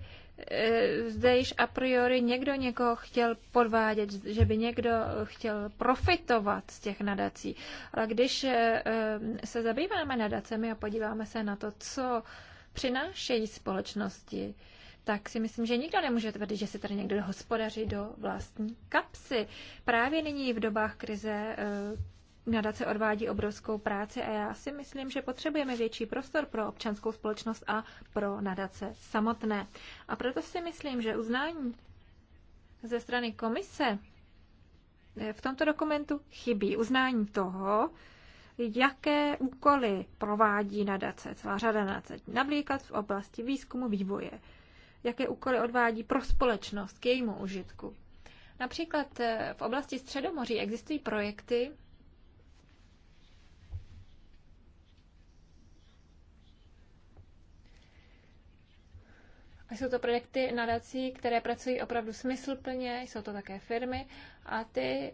e, zde již a priori někdo někoho chtěl podvádět, že by někdo chtěl profitovat z těch nadací. Ale když e, e se zabýváme nadacemi a podíváme se na to, co přinášejí společnosti, tak si myslím, že nikdo nemůže tvrdit, že se tady někdo hospodaří do vlastní kapsy. Právě nyní v dobách krize e, nadace odvádí obrovskou práci a já si myslím, že potřebujeme větší prostor pro občanskou společnost a pro nadace samotné. A proto si myslím, že uznání ze strany komise eh, v tomto dokumentu chybí uznání toho, jaké úkoly provádí nadace, celá řada nadace, například v oblasti výzkumu vývoje, jaké úkoly odvádí pro společnost k jejímu užitku. Například eh, v oblasti Středomoří existují projekty, A jsou to projekty nadací, které pracují opravdu smysluplně, jsou to také firmy a ty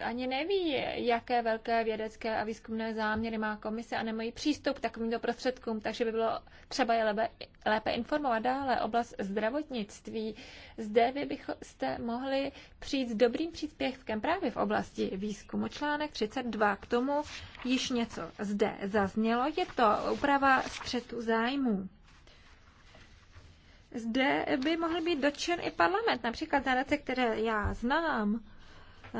ani neví, jaké velké vědecké a výzkumné záměry má komise a nemají přístup k takovýmto prostředkům, takže by bylo třeba je lépe, lépe informovat dále. Oblast zdravotnictví. Zde vy byste mohli přijít s dobrým příspěvkem právě v oblasti výzkumu. Článek 32 k tomu již něco zde zaznělo. Je to úprava střetu zájmů zde by mohl být dotčen i parlament. Například nadace, které já znám,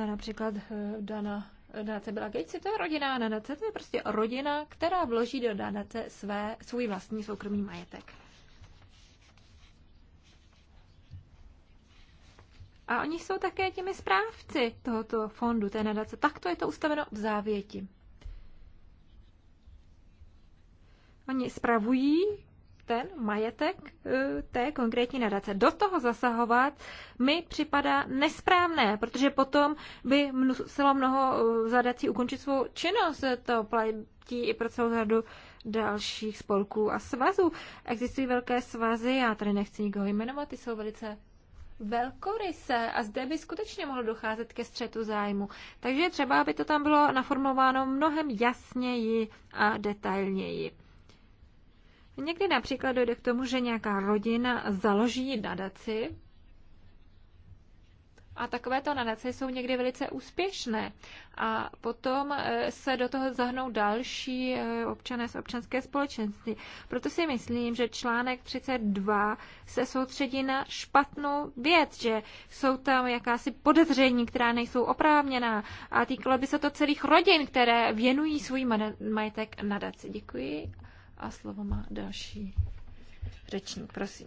například eh, Dana nadace byla Gatesy, to je rodinná nadace, to je prostě rodina, která vloží do nadace své, svůj vlastní soukromý majetek. A oni jsou také těmi správci tohoto fondu, té nadace. Takto je to ustaveno v závěti. Oni spravují ten majetek eh, té konkrétní nadace. Do toho zasahovat mi připadá nesprávné, protože potom by muselo mnoho eh, zadací ukončit svou činnost. To platí i pro celou řadu dalších spolků a svazů. Existují velké svazy, já tady nechci nikoho jmenovat, ty jsou velice velkoryse a zde by skutečně mohlo docházet ke střetu zájmu. Takže třeba, aby to tam bylo naformováno mnohem jasněji a detailněji. Někdy například dojde k tomu, že nějaká rodina založí nadaci a takovéto nadace jsou někdy velice úspěšné. A potom e, se do toho zahnou další e, občané z občanské společenství. Proto si myslím, že článek 32 se soustředí na špatnou věc, že jsou tam jakási podezření, která nejsou oprávněná. A týkalo by se to celých rodin, které věnují svůj majetek nadaci. Děkuji. A slovo má další řečník, prosím.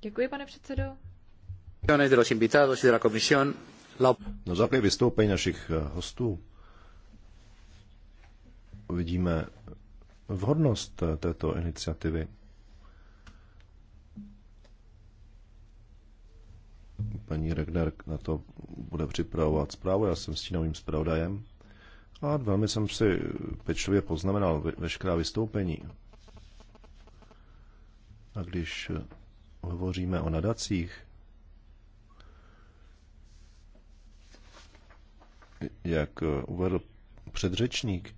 Děkuji, pane předsedo. Na základě vystoupení našich eh, hostů vidíme vhodnost eh, této iniciativy. Paní Regner na to bude připravovat zprávu, já jsem s tím novým zpravodajem. A velmi jsem si pečlivě poznamenal ve, veškerá vystoupení. A když hovoříme o nadacích, jak uvedl předřečník,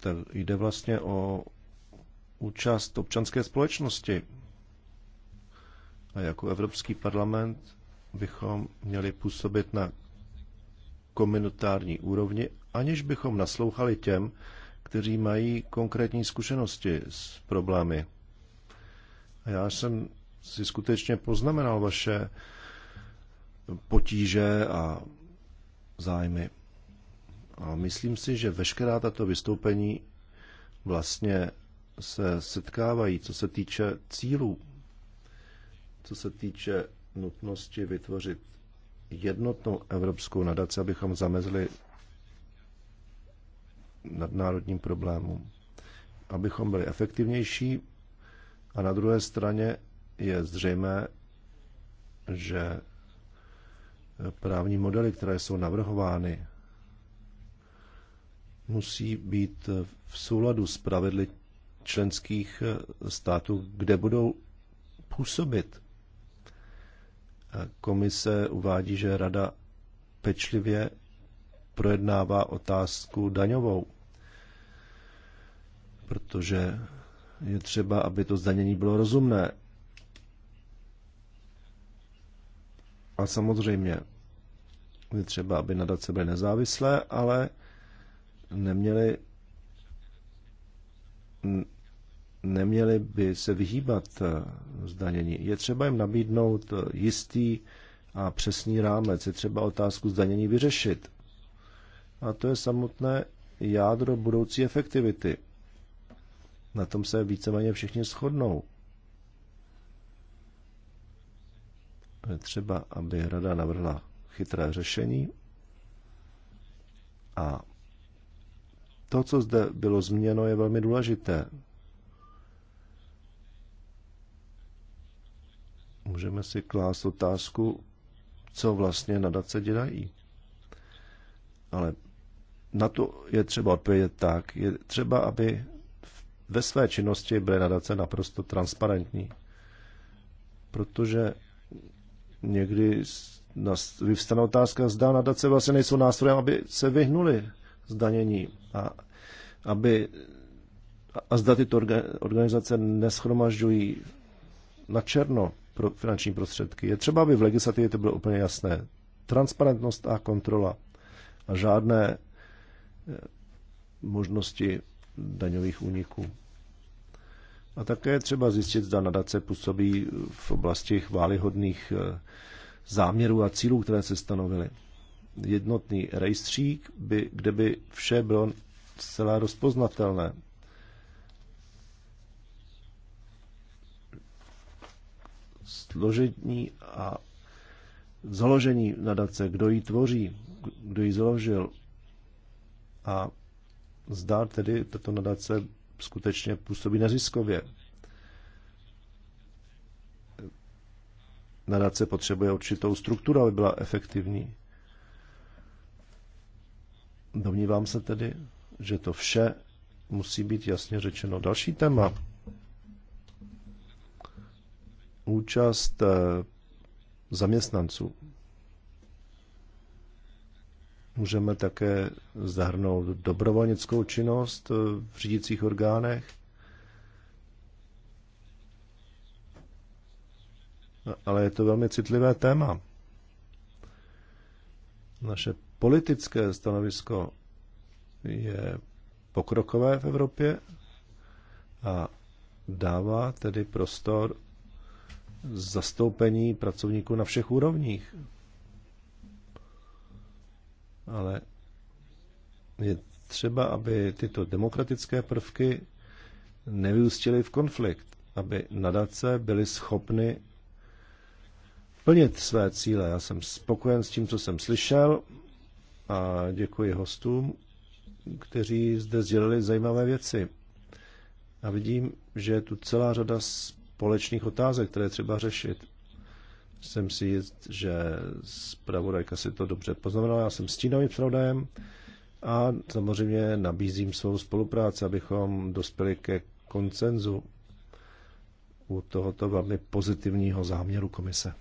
tak jde vlastně o účast občanské společnosti. A jako Evropský parlament bychom měli působit na komunitární úrovni aniž bychom naslouchali těm, kteří mají konkrétní zkušenosti s problémy. A já jsem si skutečně poznamenal vaše potíže a zájmy. A myslím si, že veškerá tato vystoupení vlastně se setkávají, co se týče cílů, co se týče nutnosti vytvořit jednotnou evropskou nadaci, abychom zamezli nadnárodním problémům. Abychom byli efektivnější a na druhé straně je zřejmé, že právní modely, které jsou navrhovány, musí být v souladu s pravidly členských států, kde budou působit. Komise uvádí, že rada pečlivě projednává otázku daňovou, protože je třeba, aby to zdanění bylo rozumné. A samozřejmě je třeba, aby nadace byly nezávislé, ale neměly neměli by se vyhýbat eh, zdanění. Je třeba jim nabídnout eh, jistý a přesný rámec. Je třeba otázku zdanění vyřešit. A to je samotné jádro budoucí efektivity. Na tom se víceméně všichni shodnou. Je třeba, aby rada navrhla chytré řešení a to, co zde bylo změněno je velmi důležité. Můžeme si klást otázku, co vlastně nadace dělají. Ale na to je třeba odpovědět tak. Je třeba, aby ve své činnosti byly nadace naprosto transparentní. Protože někdy vyvstane otázka, zda nadace vlastně nejsou nástrojem, aby se vyhnuli zdanění a aby a zda tyto organizace neschromažďují na černo pro finanční prostředky. Je třeba, aby v legislativě to bylo úplně jasné. Transparentnost a kontrola a žádné možnosti daňových úniků. A také třeba zjistit, zda nadace působí v oblasti chválihodných eh, záměrů a cílů, které se stanovily. Jednotný rejstřík, by, kde by vše bylo zcela rozpoznatelné. Složení a založení nadace, kdo ji tvoří, kdo ji založil, a zdá tedy tato nadace skutečně působí neziskově. Nadace potřebuje určitou strukturu, aby byla efektivní. Domnívám se tedy, že to vše musí být jasně řečeno. Další téma. Účast eh, zaměstnanců. Můžeme také zahrnout dobrovolnickou činnost eh, v řídících orgánech. Ale je to velmi citlivé téma. Naše politické stanovisko je pokrokové v Evropě a dává tedy prostor zastoupení pracovníků na všech úrovních ale je třeba, aby tyto demokratické prvky nevyústily v konflikt, aby nadace byly schopny plnit své cíle. Já jsem spokojen s tím, co jsem slyšel a děkuji hostům, kteří zde sdělili zajímavé věci. A vidím, že je tu celá řada společných otázek, které třeba řešit. Jsem si jist, že zpravodajka si to dobře poznamenala. Já jsem stínovým zpravodajem a samozřejmě nabízím svou spolupráci, abychom dospěli ke koncenzu u tohoto velmi pozitivního záměru komise.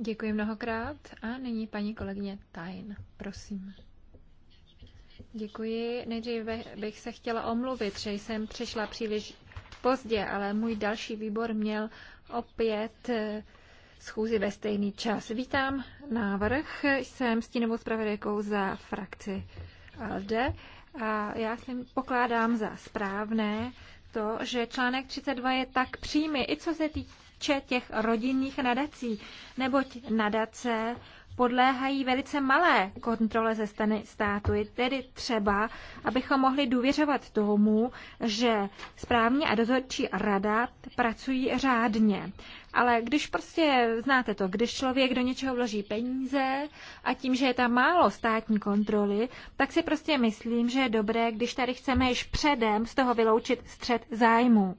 Děkuji mnohokrát a nyní paní kolegyně Tajn, prosím. Děkuji. Nejdříve bych se chtěla omluvit, že jsem přišla příliš pozdě, ale můj další výbor měl opět eh, schůzi ve stejný čas. Vítám návrh, jsem stínovou zpravodajkou za frakci ALDE a já si pokládám za správné to, že článek 32 je tak přímý, i co se týče těch rodinných nadací, neboť nadace podléhají velice malé kontrole ze strany státu. Je tedy třeba, abychom mohli důvěřovat tomu, že správní a dozorčí rada pracují řádně. Ale když prostě, znáte to, když člověk do něčeho vloží peníze a tím, že je tam málo státní kontroly, tak si prostě myslím, že je dobré, když tady chceme již předem z toho vyloučit střed zájmů.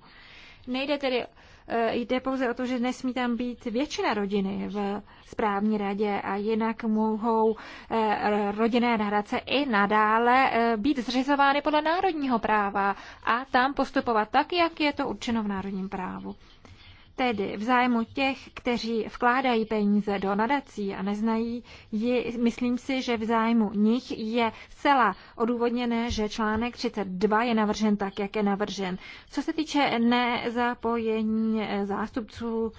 Nejde tedy Eh, jde pouze o to, že nesmí tam být většina rodiny v správní radě a jinak mohou eh, rodinné nadace i nadále eh, být zřizovány podle národního práva a tam postupovat tak, jak je to určeno v národním právu. Tedy v zájmu těch, kteří vkládají peníze do nadací a neznají ji, myslím si, že v zájmu nich je zcela odůvodněné, že článek 32 je navržen tak, jak je navržen. Co se týče nezapojení eh, zástupců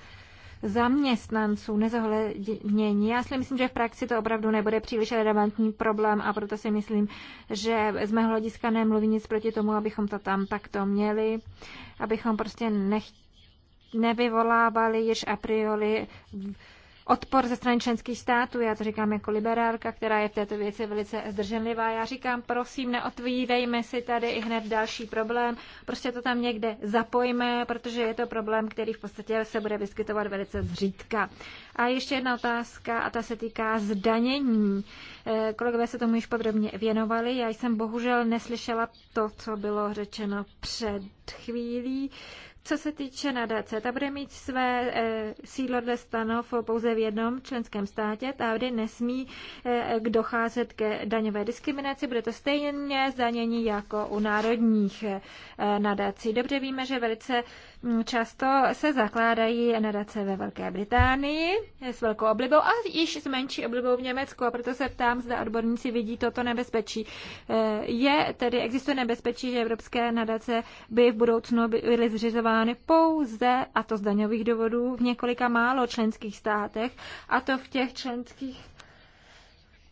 zaměstnanců nezohlednění. Já si myslím, že v praxi to opravdu nebude příliš relevantní problém a proto si myslím, že z mého hlediska nemluví nic proti tomu, abychom to tam takto měli, abychom prostě nechtěli nevyvolávaly již a priori odpor ze strany členských států. Já to říkám jako liberálka, která je v této věci velice zdrženlivá. Já říkám, prosím, neotvírejme si tady i hned další problém. Prostě to tam někde zapojme, protože je to problém, který v podstatě se bude vyskytovat velice zřídka. A ještě jedna otázka, a ta se týká zdanění. Eh, kolegové se tomu již podrobně věnovali. Já jsem bohužel neslyšela to, co bylo řečeno před chvílí. Co se týče nadace, ta bude mít své e, sídlo dle stanov pouze v jednom členském státě, tady nesmí e, docházet ke daňové diskriminaci, bude to stejně zdanění jako u národních e, eh, nadací. Dobře víme, že velice mm, často se zakládají nadace ve Velké Británii s velkou oblibou a již s menší oblibou v Německu a proto se ptám, zda odborníci vidí toto nebezpečí. E, je tedy, existuje nebezpečí, že evropské nadace by v budoucnu byly zřizovány aplikovány pouze, a to z daňových důvodů, v několika málo členských státech, a to v těch členských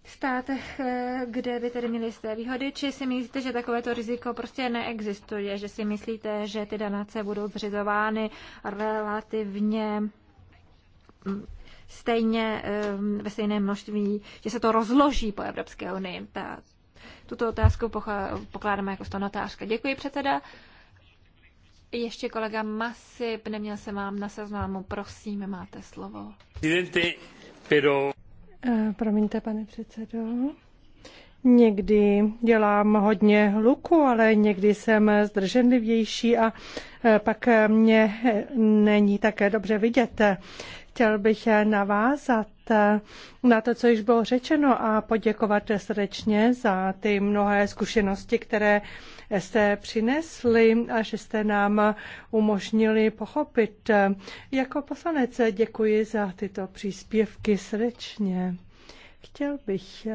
státech, eh, kde by tedy měli jisté výhody, či si myslíte, že takovéto riziko prostě neexistuje, že si myslíte, že ty danace budou zřizovány relativně mm, stejně ehm, ve stejném množství, že se to rozloží po Evropské unii. Ta, tuto otázku pokládáme jako stanotářka. Děkuji předseda ještě kolega Masip, neměl jsem vám na seznamu, prosím, máte slovo. Eh, promiňte, pane předsedo. Někdy dělám hodně hluku, ale někdy jsem zdrženlivější a eh, pak mě eh, není také dobře vidět. Chtěl bych navázat Eh, na to, co již bylo řečeno a poděkovat srdečně za ty mnohé zkušenosti, které jste přinesli a že jste nám umožnili pochopit. Jako poslanec děkuji za tyto příspěvky srdečně. Chtěl bych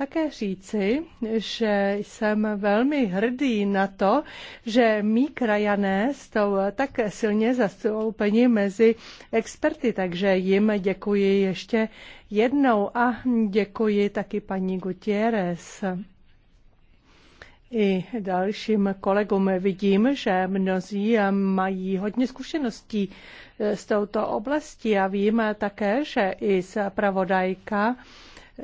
také říci, že jsem velmi hrdý na to, že mý krajané jsou tak silně zastoupeni mezi experty, takže jim děkuji ještě jednou a děkuji taky paní Gutierrez i dalším kolegům vidím, že mnozí mají hodně zkušeností z touto oblasti a vím také, že i zpravodajka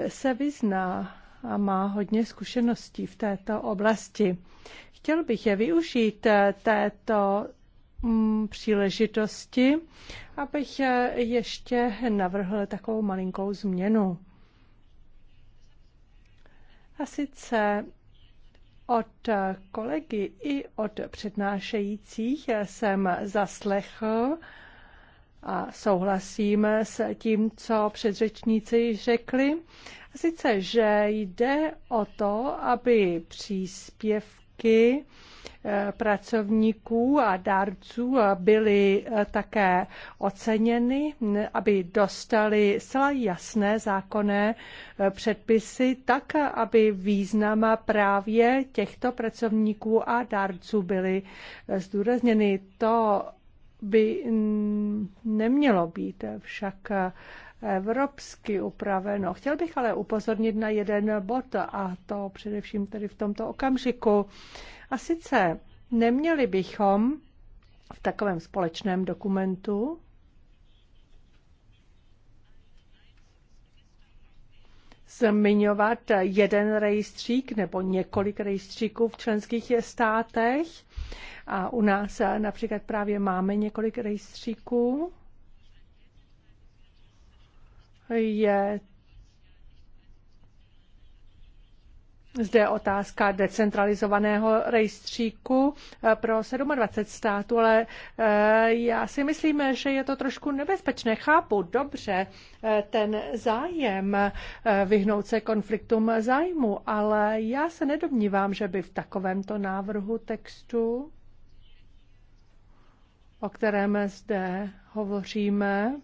se vyzná a má hodně zkušeností v této oblasti. Chtěl bych je využít eh, této mm, příležitosti, abych eh, ještě navrhl takovou malinkou změnu. A sice od eh, kolegy i od přednášejících jsem zaslechl a souhlasím s tím, co předřečníci řekli, sice, že jde o to, aby příspěvky eh, pracovníků a dárců byly eh, také oceněny, aby dostali zcela jasné zákonné eh, předpisy, tak aby význama právě těchto pracovníků a dárců byly zdůrazněny. To by nemělo být však evropsky upraveno. Chtěl bych ale upozornit na jeden bod, a to především tedy v tomto okamžiku. A sice neměli bychom v takovém společném dokumentu zmiňovat jeden rejstřík nebo několik rejstříků v členských státech. A u nás například právě máme několik rejstříků je zde otázka decentralizovaného rejstříku eh, pro 27 států, ale eh, já si myslím, že je to trošku nebezpečné. Chápu dobře eh, ten zájem vyhnout se konfliktům zájmu, ale já se nedomnívám, že by v takovémto návrhu textu, o kterém zde hovoříme,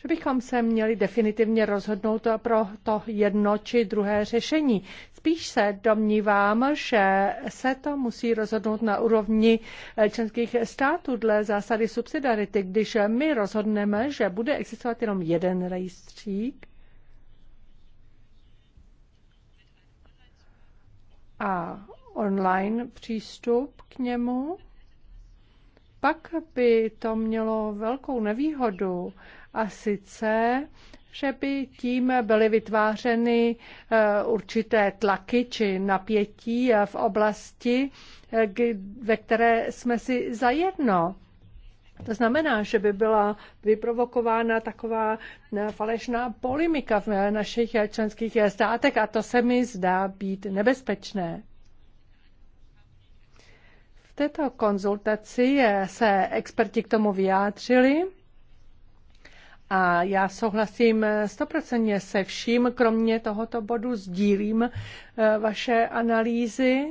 že bychom se měli definitivně rozhodnout pro to jedno či druhé řešení. Spíš se domnívám, že se to musí rozhodnout na úrovni eh, členských států dle zásady subsidiarity. Když my rozhodneme, že bude existovat jenom jeden rejstřík, a online přístup k němu, pak by to mělo velkou nevýhodu a sice že by tím byly vytvářeny eh, určité tlaky či napětí eh, v oblasti, eh, ve které jsme si zajedno. To znamená, že by byla vyprovokována taková falešná polemika v našich členských státech a to se mi zdá být nebezpečné V této konzultaci se experti k tomu vyjádřili a já souhlasím stoprocentně se vším, kromě tohoto bodu sdílím eh, vaše analýzy.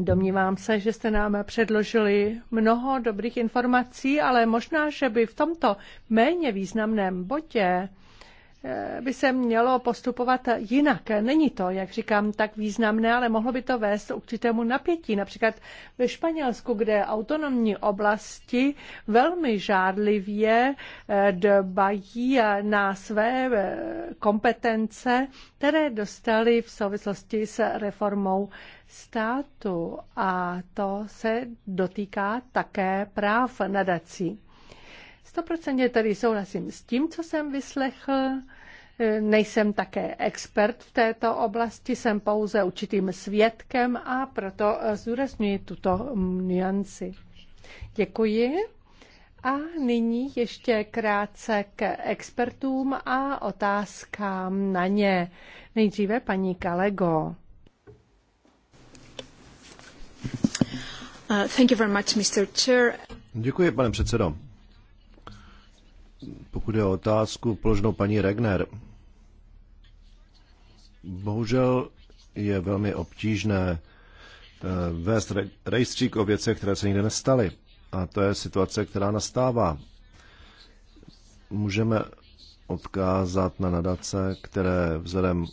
Domnívám se, že jste nám předložili mnoho dobrých informací, ale možná, že by v tomto méně významném bodě Eh, by se mělo postupovat jinak. Není to, jak říkám, tak významné, ale mohlo by to vést určitému napětí. Například ve Španělsku, kde autonomní oblasti velmi žádlivě eh, dbají na své eh, kompetence, které dostali v souvislosti s reformou státu. A to se dotýká také práv nadací. 100% tedy souhlasím s tím, co jsem vyslechl Nejsem také expert v této oblasti, jsem pouze určitým svědkem a proto eh, zdůrazňuji tuto nuanci. Děkuji. A nyní ještě krátce k expertům a otázkám na ně. Nejdříve paní Kalego. Uh, thank you very much, Mr. Chair. Děkuji, pane předsedo pokud je o otázku položenou paní Regner, bohužel je velmi obtížné eh, vést rejstřík o věcech, které se nikdy nestaly. A to je situace, která nastává. Můžeme odkázat na nadace, které vzhledem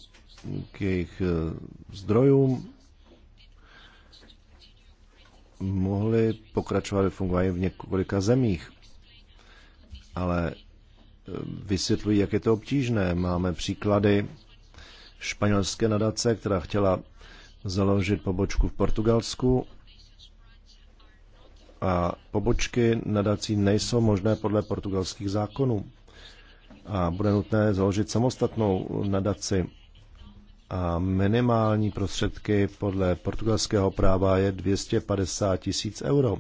k jejich eh, zdrojům mohly pokračovat v fungování v několika zemích ale eh, vysvětlují, jak je to obtížné. Máme příklady španělské nadace, která chtěla založit pobočku v Portugalsku a pobočky nadací nejsou možné podle portugalských zákonů. A bude nutné založit samostatnou nadaci. A minimální prostředky podle portugalského práva je 250 tisíc euro.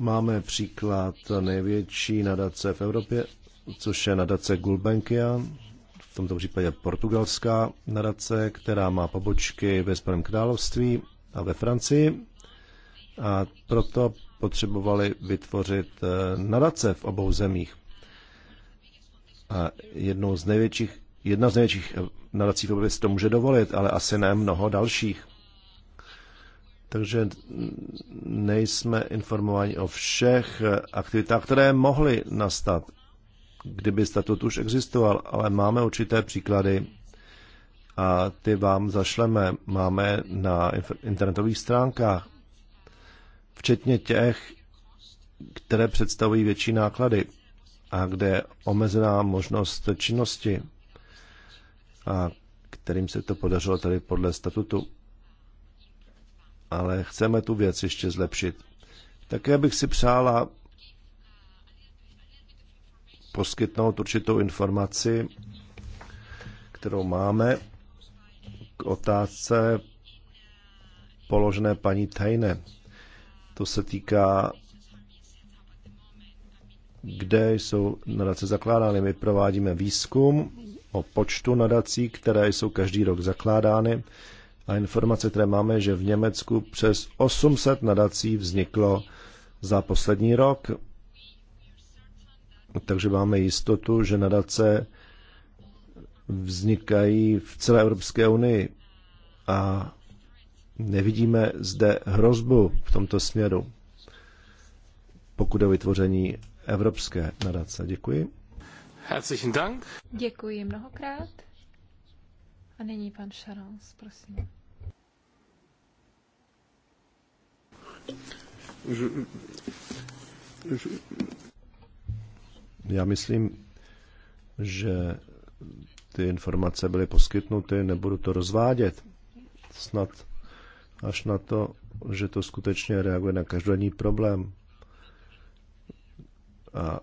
Máme příklad největší nadace v Evropě, což je nadace Gulbenkian, v tomto případě portugalská nadace, která má pobočky ve Spojeném království a ve Francii. A proto potřebovali vytvořit eh, nadace v obou zemích. A jednou z největších, jedna z největších eh, nadací v Evropě si to může dovolit, ale asi ne mnoho dalších takže nejsme informováni o všech aktivitách, které mohly nastat, kdyby statut už existoval, ale máme určité příklady a ty vám zašleme. Máme na internetových stránkách, včetně těch, které představují větší náklady a kde je omezená možnost činnosti, a kterým se to podařilo tady podle statutu ale chceme tu věc ještě zlepšit. Také bych si přála poskytnout určitou informaci, kterou máme k otázce položené paní Tajne. To se týká, kde jsou nadace zakládány. My provádíme výzkum o počtu nadací, které jsou každý rok zakládány. A informace, které máme, že v Německu přes 800 nadací vzniklo za poslední rok. Takže máme jistotu, že nadace vznikají v celé Evropské unii a nevidíme zde hrozbu v tomto směru, pokud je o vytvoření Evropské nadace. Děkuji. Herzlichen Dank. Děkuji mnohokrát. A nyní pan Šarons, prosím. Já myslím, že ty informace byly poskytnuty, nebudu to rozvádět. Snad až na to, že to skutečně reaguje na každodenní problém. A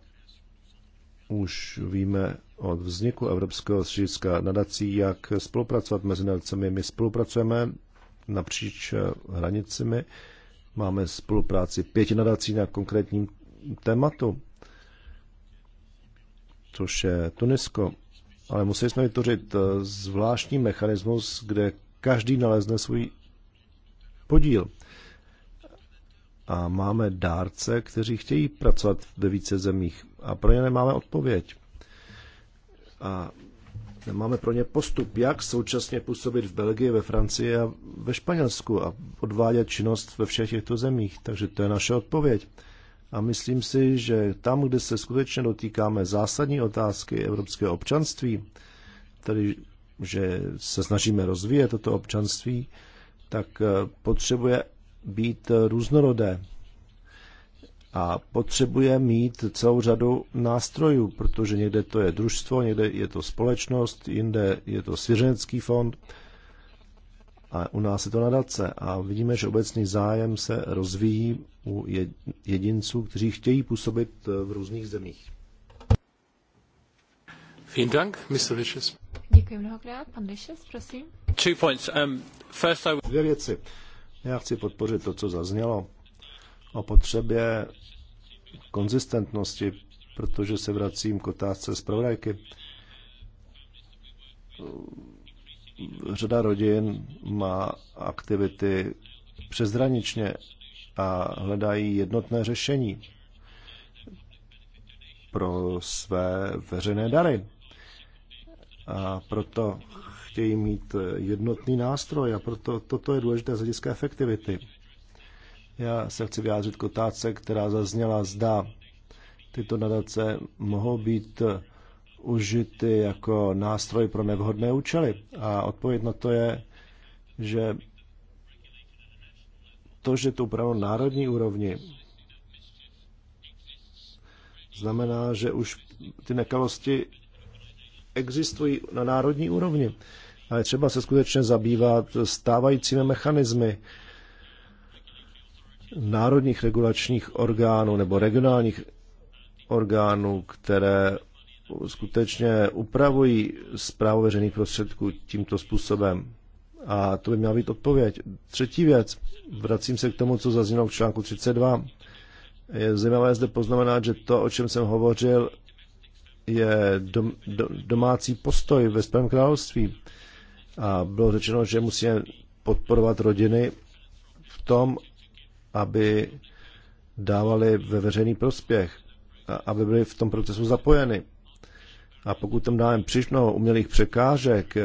už víme od vzniku Evropského střediska nadací, jak spolupracovat mezi nadacemi. My spolupracujeme napříč hranicemi Máme spolupráci pěti nadací na konkrétním tématu, což je Tunisko. Ale museli jsme vytvořit eh, zvláštní mechanismus, kde každý nalezne svůj podíl. A máme dárce, kteří chtějí pracovat ve více zemích a pro ně nemáme odpověď. A Máme pro ně postup, jak současně působit v Belgii, ve Francii a ve Španělsku a odvádět činnost ve všech těchto zemích. Takže to je naše odpověď. A myslím si, že tam, kde se skutečně dotýkáme zásadní otázky evropského občanství, tedy že se snažíme rozvíjet toto občanství, tak eh, potřebuje být eh, různorodé a potřebuje mít celou řadu nástrojů, protože někde to je družstvo, někde je to společnost, jinde je to svěřenecký fond a u nás je to nadace. A vidíme, že obecný zájem se rozvíjí u jedinců, kteří chtějí působit eh, v různých zemích. Vielen Dank, Mr. Lisches. Děkuji mnohokrát. Pan Lisches, prosím. Two points. Um, first I... Dvě věci. Já chci podpořit to, co zaznělo o potřebě konzistentnosti, protože se vracím k otázce zpravodajky. Řada rodin má aktivity přezraničně a hledají jednotné řešení pro své veřejné dary. A proto chtějí mít jednotný nástroj a proto toto je důležité z hlediska efektivity. Já se chci vyjádřit k otázce, která zazněla, zda tyto nadace mohou být užity jako nástroj pro nevhodné účely. A odpověď na to je, že to, že to upravo národní úrovni, znamená, že už ty nekalosti existují na národní úrovni. Ale třeba se skutečně zabývat stávajícími mechanismy, národních regulačních orgánů nebo regionálních orgánů, které skutečně upravují zprávu veřejných prostředků tímto způsobem. A to by měla být odpověď. Třetí věc, vracím se k tomu, co zaznělo v článku 32. Je zajímavé zde poznamenat, že to, o čem jsem hovořil, je dom, dom, domácí postoj ve Spém království. A bylo řečeno, že musíme podporovat rodiny v tom, aby dávali ve veřejný prospěch, aby byli v tom procesu zapojeny. A pokud tam dáme přišno umělých překážek,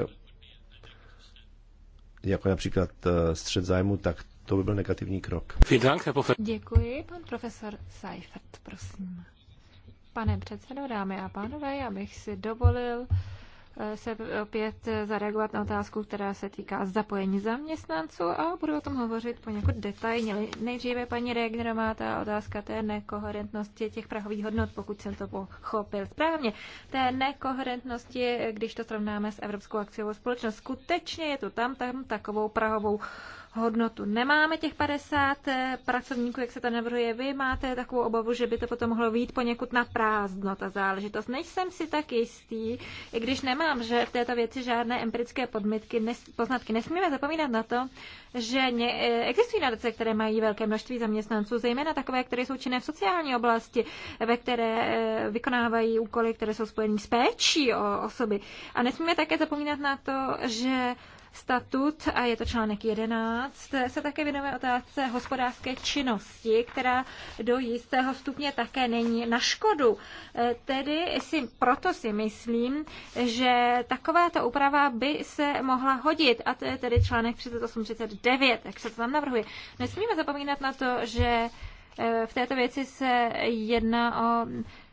jako například eh, střed zájmu, tak to by byl negativní krok. Děkuji, pan profesor Seifert, prosím. Pane předsedo, dámy a pánové, já bych si dovolil se opět zareagovat na otázku, která se týká zapojení zaměstnanců a budu o tom hovořit poněkud detailně. Nejdříve paní Regnerová, ta otázka té nekoherentnosti těch prahových hodnot, pokud jsem to pochopil správně. Té nekoherentnosti, když to srovnáme s Evropskou akciovou společnost, skutečně je to tam, tam takovou prahovou hodnotu. Nemáme těch 50 eh, pracovníků, jak se to navrhuje. Vy máte takovou obavu, že by to potom mohlo být poněkud na prázdno, ta záležitost. Nejsem si tak jistý, i když nemám že v této věci žádné empirické podmitky, nes, poznatky. Nesmíme zapomínat na to, že ně, eh, existují nadace, které mají velké množství zaměstnanců, zejména takové, které jsou činné v sociální oblasti, ve které eh, vykonávají úkoly, které jsou spojené s péčí o osoby. A nesmíme také zapomínat na to, že statut, a je to článek 11, se také věnuje otázce hospodářské činnosti, která do jistého stupně také není na škodu. E, tedy si, proto si myslím, že takováto úprava by se mohla hodit, a to je tedy článek 38 jak se to tam navrhuje. Nesmíme zapomínat na to, že e, v této věci se jedná o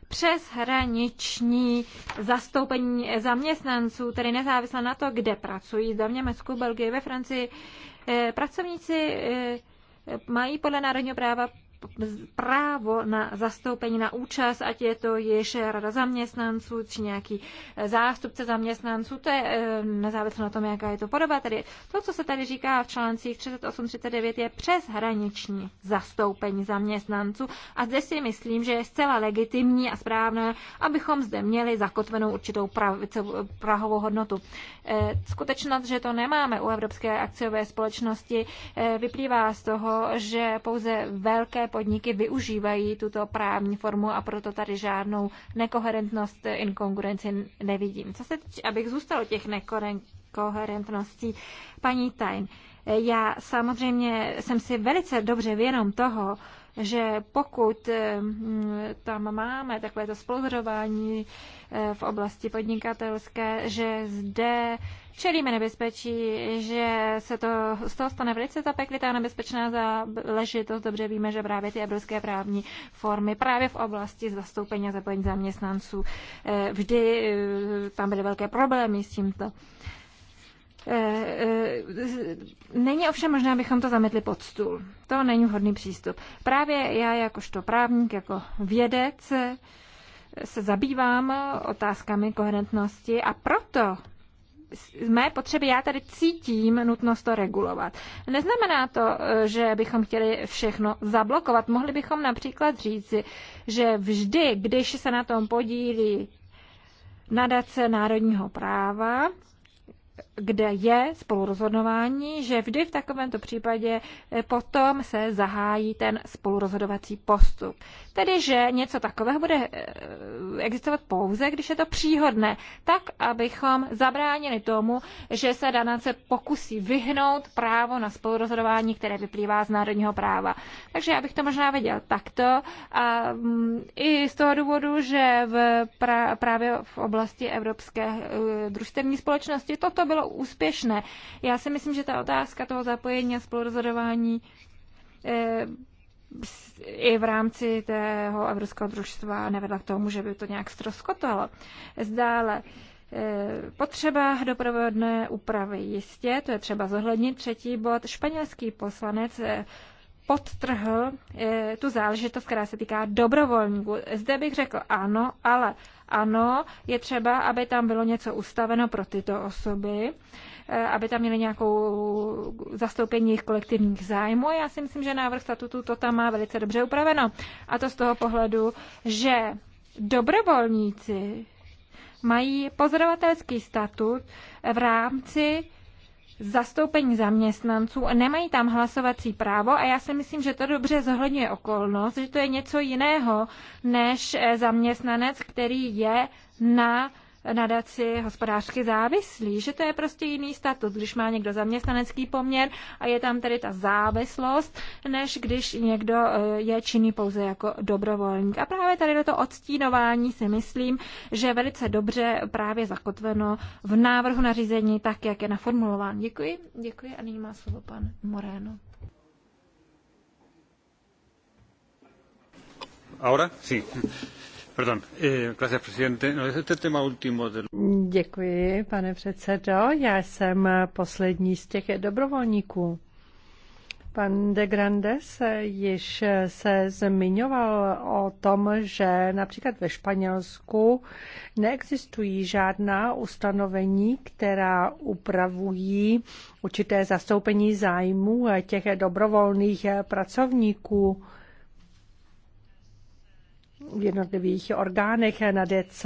přes hraniční zastoupení zaměstnanců, tedy nezávisle na to, kde pracují, zda v Německu, Belgii, ve Francii. Eh, pracovníci eh, mají podle národního práva právo na zastoupení, na účast, ať je to již rada zaměstnanců, či nějaký eh, zástupce zaměstnanců, to je eh, nezávisle na tom, jaká je to podoba. tady. to, co se tady říká v článcích 38-39, je přeshraniční zastoupení zaměstnanců a zde si myslím, že je zcela legitimní a správné, abychom zde měli zakotvenou určitou prahovou hodnotu. Eh, skutečnost, že to nemáme u Evropské akciové společnosti, vyplývá z toho, že pouze velké podniky využívají tuto právní formu a proto tady žádnou nekoherentnost, inkongruenci nevidím. Co se týče, abych zůstalo těch nekoherentností, paní Tajn, já samozřejmě jsem si velice dobře vědom toho, že pokud eh, mm, tam máme takovéto spoluzrování eh, v oblasti podnikatelské, že zde čelíme nebezpečí, že se to z toho stane velice zapeklitá nebezpečná záležitost. Dobře víme, že právě ty evropské právní formy právě v oblasti zastoupení a zapojení zaměstnanců eh, vždy tam byly velké problémy s tímto. Eh, eh, není ovšem možné, abychom to zametli pod stůl. To není vhodný přístup. Právě já jakožto právník, jako vědec, se zabývám otázkami koherentnosti a proto z mé potřeby já tady cítím nutnost to regulovat. Neznamená to, eh, že bychom chtěli všechno zablokovat. Mohli bychom například říci, že vždy, když se na tom podílí nadace národního práva, kde je spolurozhodování, že vždy v takovémto případě eh, potom se zahájí ten spolurozhodovací postup. Tedy, že něco takového bude eh, existovat pouze, když je to příhodné, tak, abychom zabránili tomu, že se daná se pokusí vyhnout právo na spolurozhodování, které vyplývá z národního práva. Takže já bych to možná viděl takto a mm, i z toho důvodu, že v právě v oblasti Evropské eh, družstevní společnosti toto bylo úspěšné. Já si myslím, že ta otázka toho zapojení a spolurozhodování eh, i v rámci tého Evropského družstva nevedla k tomu, že by to nějak stroskotalo. Zdále eh, potřeba doprovodné úpravy jistě, to je třeba zohlednit. Třetí bod, španělský poslanec eh, podtrhl eh, tu záležitost, která se týká dobrovolníků. Zde bych řekl ano, ale ano, je třeba, aby tam bylo něco ustaveno pro tyto osoby, eh, aby tam měly nějakou zastoupení jejich kolektivních zájmů. Já si myslím, že návrh statutu to tam má velice dobře upraveno. A to z toho pohledu, že dobrovolníci mají pozorovatelský statut v rámci zastoupení zaměstnanců a nemají tam hlasovací právo a já si myslím, že to dobře zohledňuje okolnost, že to je něco jiného než eh, zaměstnanec, který je na nadaci hospodářsky závislí, že to je prostě jiný status, když má někdo zaměstnanecký poměr a je tam tedy ta závislost, než když někdo e, je činný pouze jako dobrovolník. A právě tady do toho odstínování si myslím, že je velice dobře právě zakotveno v návrhu nařízení, tak jak je naformulován. Děkuji, děkuji a nyní má slovo pan Moreno. Ahora sí. Eh, no, Děkuji, pane předsedo. Já jsem poslední z těch dobrovolníků. Pan de Grandes již se zmiňoval o tom, že například ve Španělsku neexistují žádná ustanovení, která upravují určité zastoupení zájmů těch dobrovolných pracovníků v jednotlivých orgánech na DC.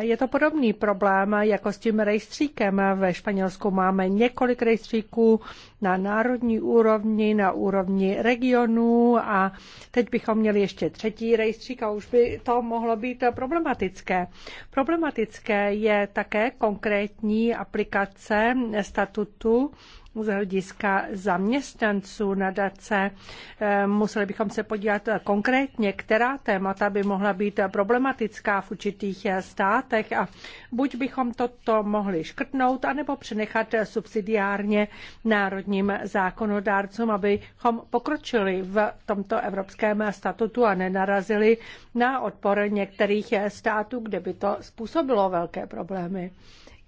Je to podobný problém jako s tím rejstříkem. Ve Španělsku máme několik rejstříků na národní úrovni, na úrovni regionů a teď bychom měli ještě třetí rejstřík a už by to mohlo být problematické. Problematické je také konkrétní aplikace statutu z hlediska zaměstnanců nadace. Eh, museli bychom se podívat konkrétně, která témata by mohla být problematická v určitých eh, státech a buď bychom toto mohli škrtnout, anebo přenechat subsidiárně národním zákonodárcům, abychom pokročili v tomto evropském statutu a nenarazili na odpor některých eh, států, kde by to způsobilo velké problémy.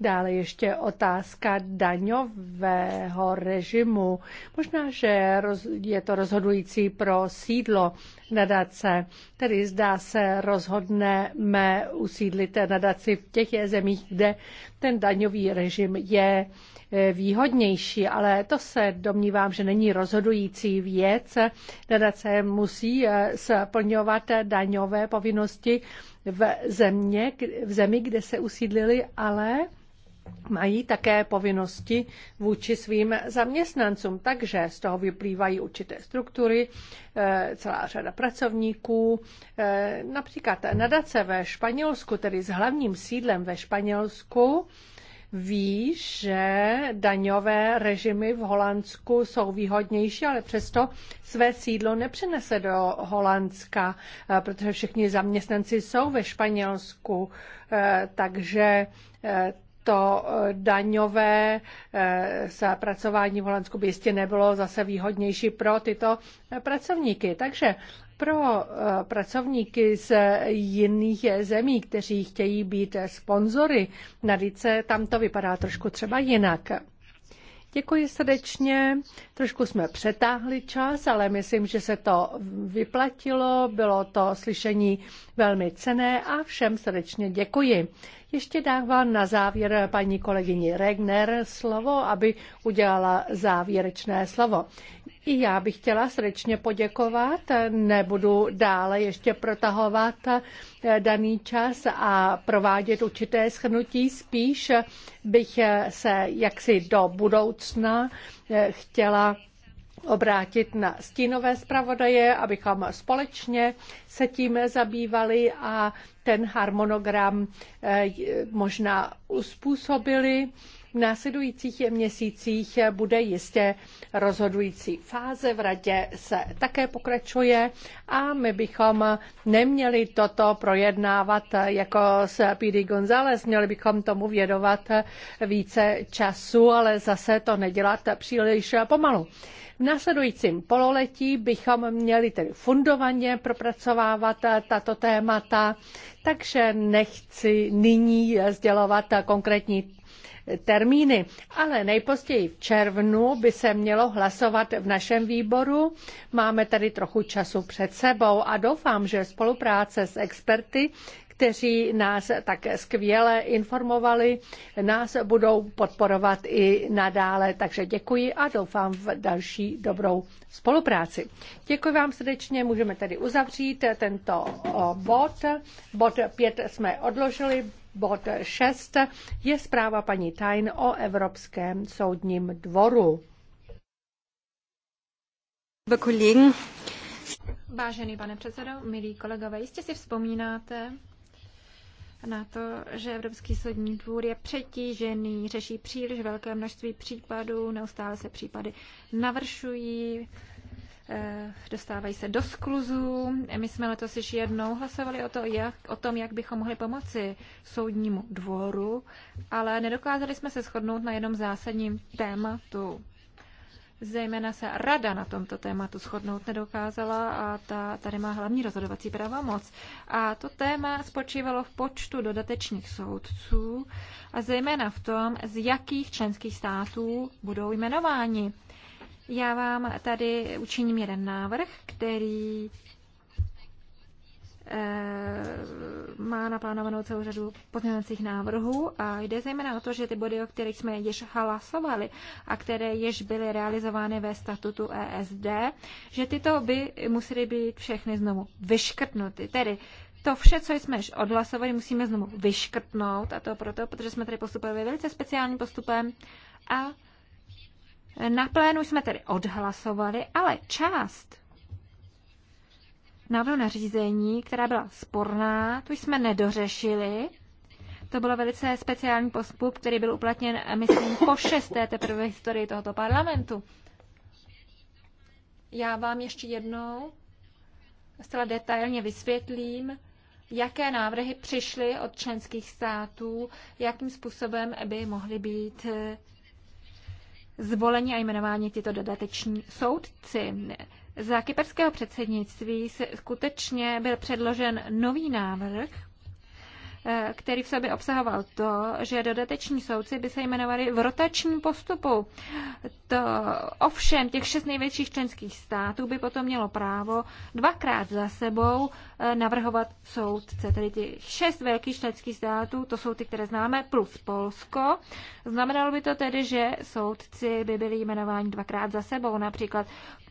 Dále ještě otázka daňového režimu. Možná, že je to rozhodující pro sídlo nadace. Tedy zdá se rozhodneme usídlit nadaci v těch zemích, kde ten daňový režim je e, výhodnější, ale to se domnívám, že není rozhodující věc. Nadace musí e, splňovat daňové povinnosti v, země, v zemi, kde se usídlili, ale mají také povinnosti vůči svým zaměstnancům, takže z toho vyplývají určité struktury, eh, celá řada pracovníků. Eh, například nadace ve Španělsku, tedy s hlavním sídlem ve Španělsku, ví, že daňové režimy v Holandsku jsou výhodnější, ale přesto své sídlo nepřenese do Holandska, eh, protože všichni zaměstnanci jsou ve Španělsku, takže to eh, daňové eh, zapracování v Holandsku by jistě nebylo zase výhodnější pro tyto eh, pracovníky. Takže pro pracovníky z jiných zemí, kteří chtějí být sponzory na tam to vypadá trošku třeba jinak. Děkuji srdečně. Trošku jsme přetáhli čas, ale myslím, že se to vyplatilo. Bylo to slyšení velmi cené a všem srdečně děkuji. Ještě dávám na závěr paní kolegyni Regner slovo, aby udělala závěrečné slovo. I já bych chtěla srdečně poděkovat. Nebudu dále ještě protahovat daný čas a provádět určité schnutí. Spíš bych se jaksi do budoucna chtěla obrátit na stínové zpravodaje, abychom společně se tím zabývali a ten harmonogram eh, možná uspůsobili následujících měsících bude jistě rozhodující fáze. V radě se také pokračuje a my bychom neměli toto projednávat jako s PD González. Měli bychom tomu vědovat více času, ale zase to nedělat příliš pomalu. V následujícím pololetí bychom měli tedy fundovaně propracovávat tato témata, takže nechci nyní sdělovat konkrétní termíny. Ale nejpozději v červnu by se mělo hlasovat v našem výboru. Máme tady trochu času před sebou a doufám, že spolupráce s experty kteří nás tak skvěle informovali, nás budou podporovat i nadále. Takže děkuji a doufám v další dobrou spolupráci. Děkuji vám srdečně, můžeme tedy uzavřít tento bod. Bod 5 jsme odložili, Bod 6 je zpráva paní Tajn o Evropském soudním dvoru. Vážený pane předsedo, milí kolegové, jistě si vzpomínáte, na to, že Evropský soudní dvůr je přetížený, řeší příliš velké množství případů, neustále se případy navršují, Eh, dostávají se do skluzů. My jsme letos již jednou hlasovali o, to, jak, o tom, jak bychom mohli pomoci soudnímu dvoru, ale nedokázali jsme se shodnout na jednom zásadním tématu. Zejména se rada na tomto tématu shodnout nedokázala a ta tady má hlavní rozhodovací pravomoc. A to téma spočívalo v počtu dodatečných soudců a zejména v tom, z jakých členských států budou jmenováni. Já vám tady učiním jeden návrh, který eh, má naplánovanou celou řadu pozměňovacích návrhů a jde zejména o to, že ty body, o kterých jsme již hlasovali a které již byly realizovány ve statutu ESD, že tyto by musely být všechny znovu vyškrtnuty. Tedy to vše, co jsme již odhlasovali, musíme znovu vyškrtnout a to proto, protože jsme tady postupovali velice speciálním postupem a na plénu jsme tedy odhlasovali, ale část návrhu nařízení, která byla sporná, tu jsme nedořešili. To byl velice speciální postup, který byl uplatněn, myslím, po šesté teprve historii tohoto parlamentu. Já vám ještě jednou zcela detailně vysvětlím, jaké návrhy přišly od členských států, jakým způsobem by mohly být zvoleni a jmenováni tyto dodateční soudci. Za kyperského předsednictví se skutečně byl předložen nový návrh, Eh, který v sobě obsahoval to, že dodateční soudci by se jmenovali v rotačním postupu. To ovšem těch šest největších členských států by potom mělo právo dvakrát za sebou eh, navrhovat soudce. Tedy těch šest velkých členských států, to jsou ty, které známe, plus Polsko. Znamenalo by to tedy, že soudci by byli jmenováni dvakrát za sebou. Například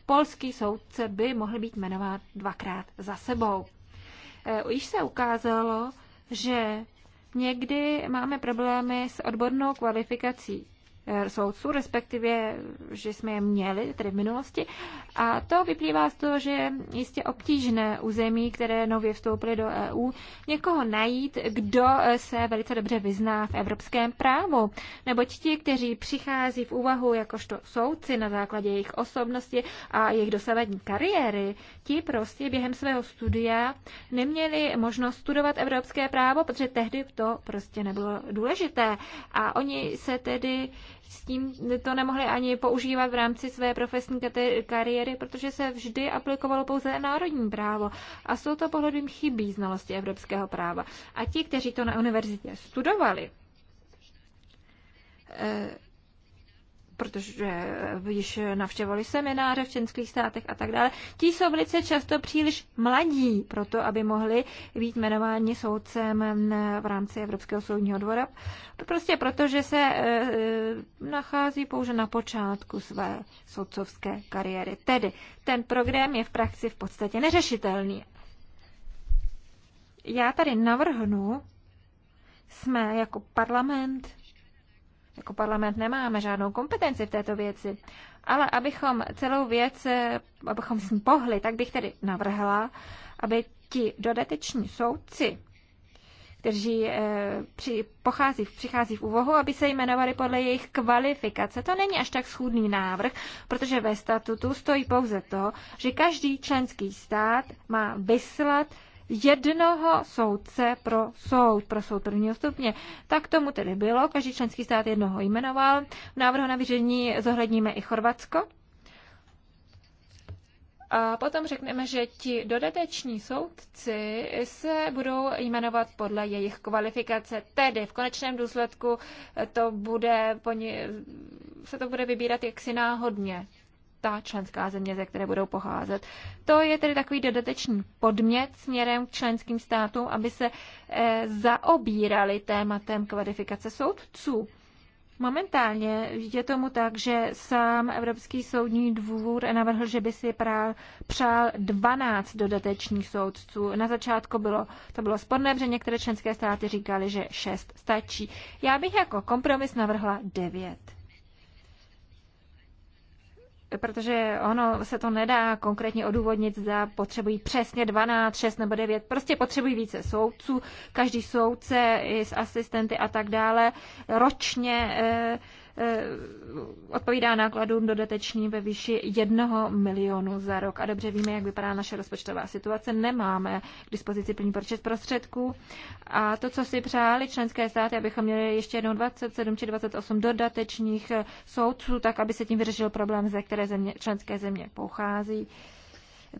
polský soudce by mohl být jmenován dvakrát za sebou. Už eh, se ukázalo, že někdy máme problémy s odbornou kvalifikací Eh, soudců, respektive, že jsme je měli, tedy v minulosti. A to vyplývá z toho, že je jistě obtížné u zemí, které nově vstoupily do EU, někoho najít, kdo eh, se velice dobře vyzná v evropském právu. nebo ti, kteří přichází v úvahu jakožto soudci na základě jejich osobnosti a jejich dosavadní kariéry, ti prostě během svého studia neměli možnost studovat evropské právo, protože tehdy to prostě nebylo důležité. A oni se tedy s tím to nemohli ani používat v rámci své profesní kariéry, protože se vždy aplikovalo pouze národní právo. A jsou to pohledem chybí znalosti evropského práva. A ti, kteří to na univerzitě studovali, eh, protože eh, již navštěvovali semináře v členských státech a tak dále, ti jsou velice často příliš mladí pro to, aby mohli být jmenováni soudcem mm, v rámci Evropského soudního dvora. Prostě proto, že se eh, eh, nachází pouze na počátku své soudcovské kariéry. Tedy ten program je v praxi v podstatě neřešitelný. Já tady navrhnu, jsme jako parlament jako parlament nemáme žádnou kompetenci v této věci. Ale abychom celou věc, eh, abychom s pohli, tak bych tedy navrhla, aby ti dodateční soudci, kteří e, při, pochází, přichází v úvohu, aby se jmenovali podle jejich kvalifikace. To není až tak schůdný návrh, protože ve statutu stojí pouze to, že každý členský stát má vyslat jednoho soudce pro soud, pro soud prvního stupně. Tak tomu tedy bylo, každý členský stát jednoho jmenoval. V návrhu na vyřešení zohledníme i Chorvatsko. A potom řekneme, že ti dodateční soudci se budou jmenovat podle jejich kvalifikace. Tedy v konečném důsledku to bude, se to bude vybírat jaksi náhodně ta členská země, ze které budou pocházet. To je tedy takový dodatečný podmět směrem k členským státům, aby se e, zaobírali tématem kvalifikace soudců. Momentálně je tomu tak, že sám Evropský soudní dvůr navrhl, že by si prál, přál 12 dodatečných soudců. Na začátku bylo, to bylo sporné, protože některé členské státy říkali, že 6 stačí. Já bych jako kompromis navrhla 9 protože ono se to nedá konkrétně odůvodnit, za potřebují přesně 12, 6 nebo 9, prostě potřebují více soudců, každý soudce i s asistenty a tak dále ročně eh, Eh, odpovídá nákladům dodateční ve výši 1 milionu za rok. A dobře víme, jak vypadá naše rozpočtová situace. Nemáme k dispozici plný počet prostředků. A to, co si přáli členské státy, abychom měli ještě jednou 27 či 28 dodatečných eh, soudců, tak aby se tím vyřešil problém, ze které země, členské země pochází,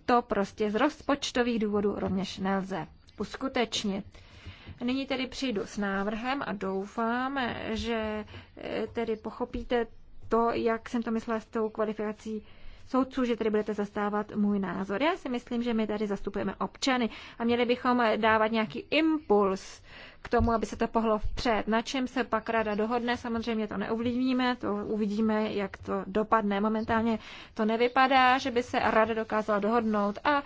to prostě z rozpočtových důvodů rovněž nelze uskutečnit. Nyní tedy přijdu s návrhem a doufám, že eh, tedy pochopíte to, jak jsem to myslela s tou kvalifikací soudců, že tady budete zastávat můj názor. Já si myslím, že my tady zastupujeme občany a měli bychom eh, dávat nějaký impuls k tomu, aby se to pohlo vpřed. Na čem se pak rada dohodne, samozřejmě to neovlivníme, to uvidíme, jak to dopadne. Momentálně to nevypadá, že by se rada dokázala dohodnout a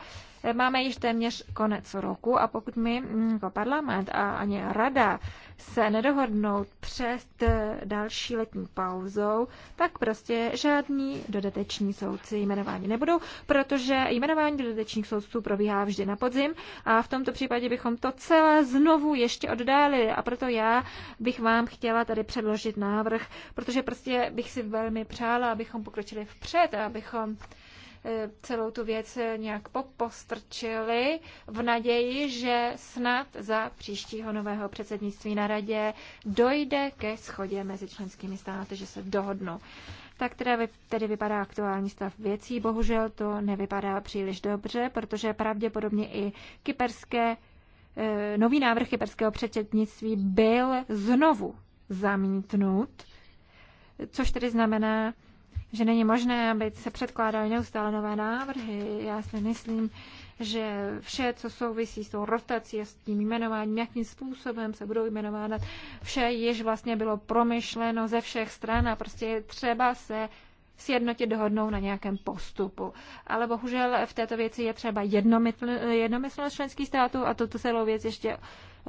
Máme již téměř konec roku a pokud my jako parlament a ani rada se nedohodnou před eh, další letní pauzou, tak prostě žádní dodateční soudci jmenování nebudou, protože jmenování dodatečních soudců probíhá vždy na podzim a v tomto případě bychom to celé znovu ještě oddálili a proto já bych vám chtěla tady předložit návrh, protože prostě bych si velmi přála, abychom pokročili vpřed a abychom celou tu věc nějak popostrčili v naději, že snad za příštího nového předsednictví na radě dojde ke schodě mezi členskými státy, že se dohodnou. Tak teda tedy vypadá aktuální stav věcí. Bohužel to nevypadá příliš dobře, protože pravděpodobně i kyperské, eh, nový návrh kyperského předsednictví byl znovu zamítnut, což tedy znamená, že není možné, aby se předkládaly neustále nové návrhy. Já si myslím, že vše, co souvisí s tou rotací a s tím jmenováním, jakým způsobem se budou jmenovat, vše již vlastně bylo promyšleno ze všech stran a prostě je třeba se sjednotit dohodnou na nějakém postupu. Ale bohužel v této věci je třeba jednomyslnost členských států a tuto celou věc ještě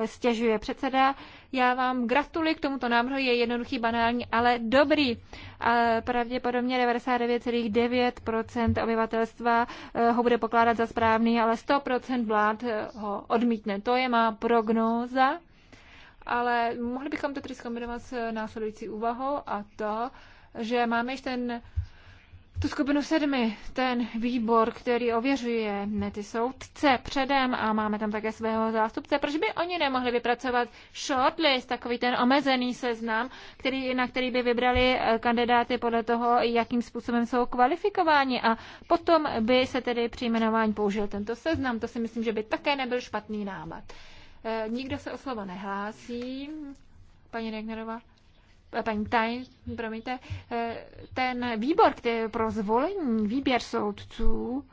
stěžuje předseda. Já vám gratuluji k tomuto návrhu, je jednoduchý, banální, ale dobrý. A pravděpodobně 99,9% obyvatelstva eh, ho bude pokládat za správný, ale 100% vlád eh, ho odmítne. To je má prognóza, ale mohli bychom to tedy zkombinovat s následující úvahou a to, že máme již ten tu skupinu sedmi, ten výbor, který ověřuje ne, ty soudce předem a máme tam také svého zástupce, proč by oni nemohli vypracovat shortlist, takový ten omezený seznam, který, na který by vybrali eh, kandidáty podle toho, jakým způsobem jsou kvalifikováni a potom by se tedy při jmenování použil tento seznam. To si myslím, že by také nebyl špatný nápad. Eh, nikdo se o slovo nehlásí. Paní Regnerová? paní promiňte, eh, ten výbor který pro zvolení výběr soudců,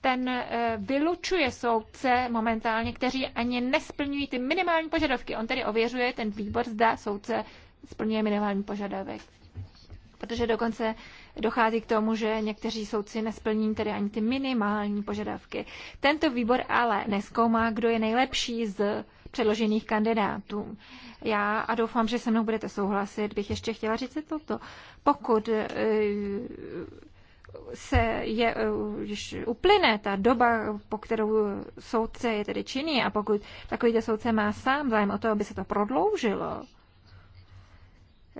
ten eh, vylučuje soudce momentálně, kteří ani nesplňují ty minimální požadavky. On tedy ověřuje ten výbor, zda soudce splňuje minimální požadavek. Protože dokonce dochází k tomu, že někteří soudci nesplní tedy ani ty minimální požadavky. Tento výbor ale neskoumá, kdo je nejlepší z předložených kandidátů. Já a doufám, že se mnou budete souhlasit, bych ještě chtěla říct toto. Pokud eh, se je, když eh, uplyne ta doba, po kterou soudce je tedy činný a pokud takovýto soudce má sám zájem o to, aby se to prodloužilo,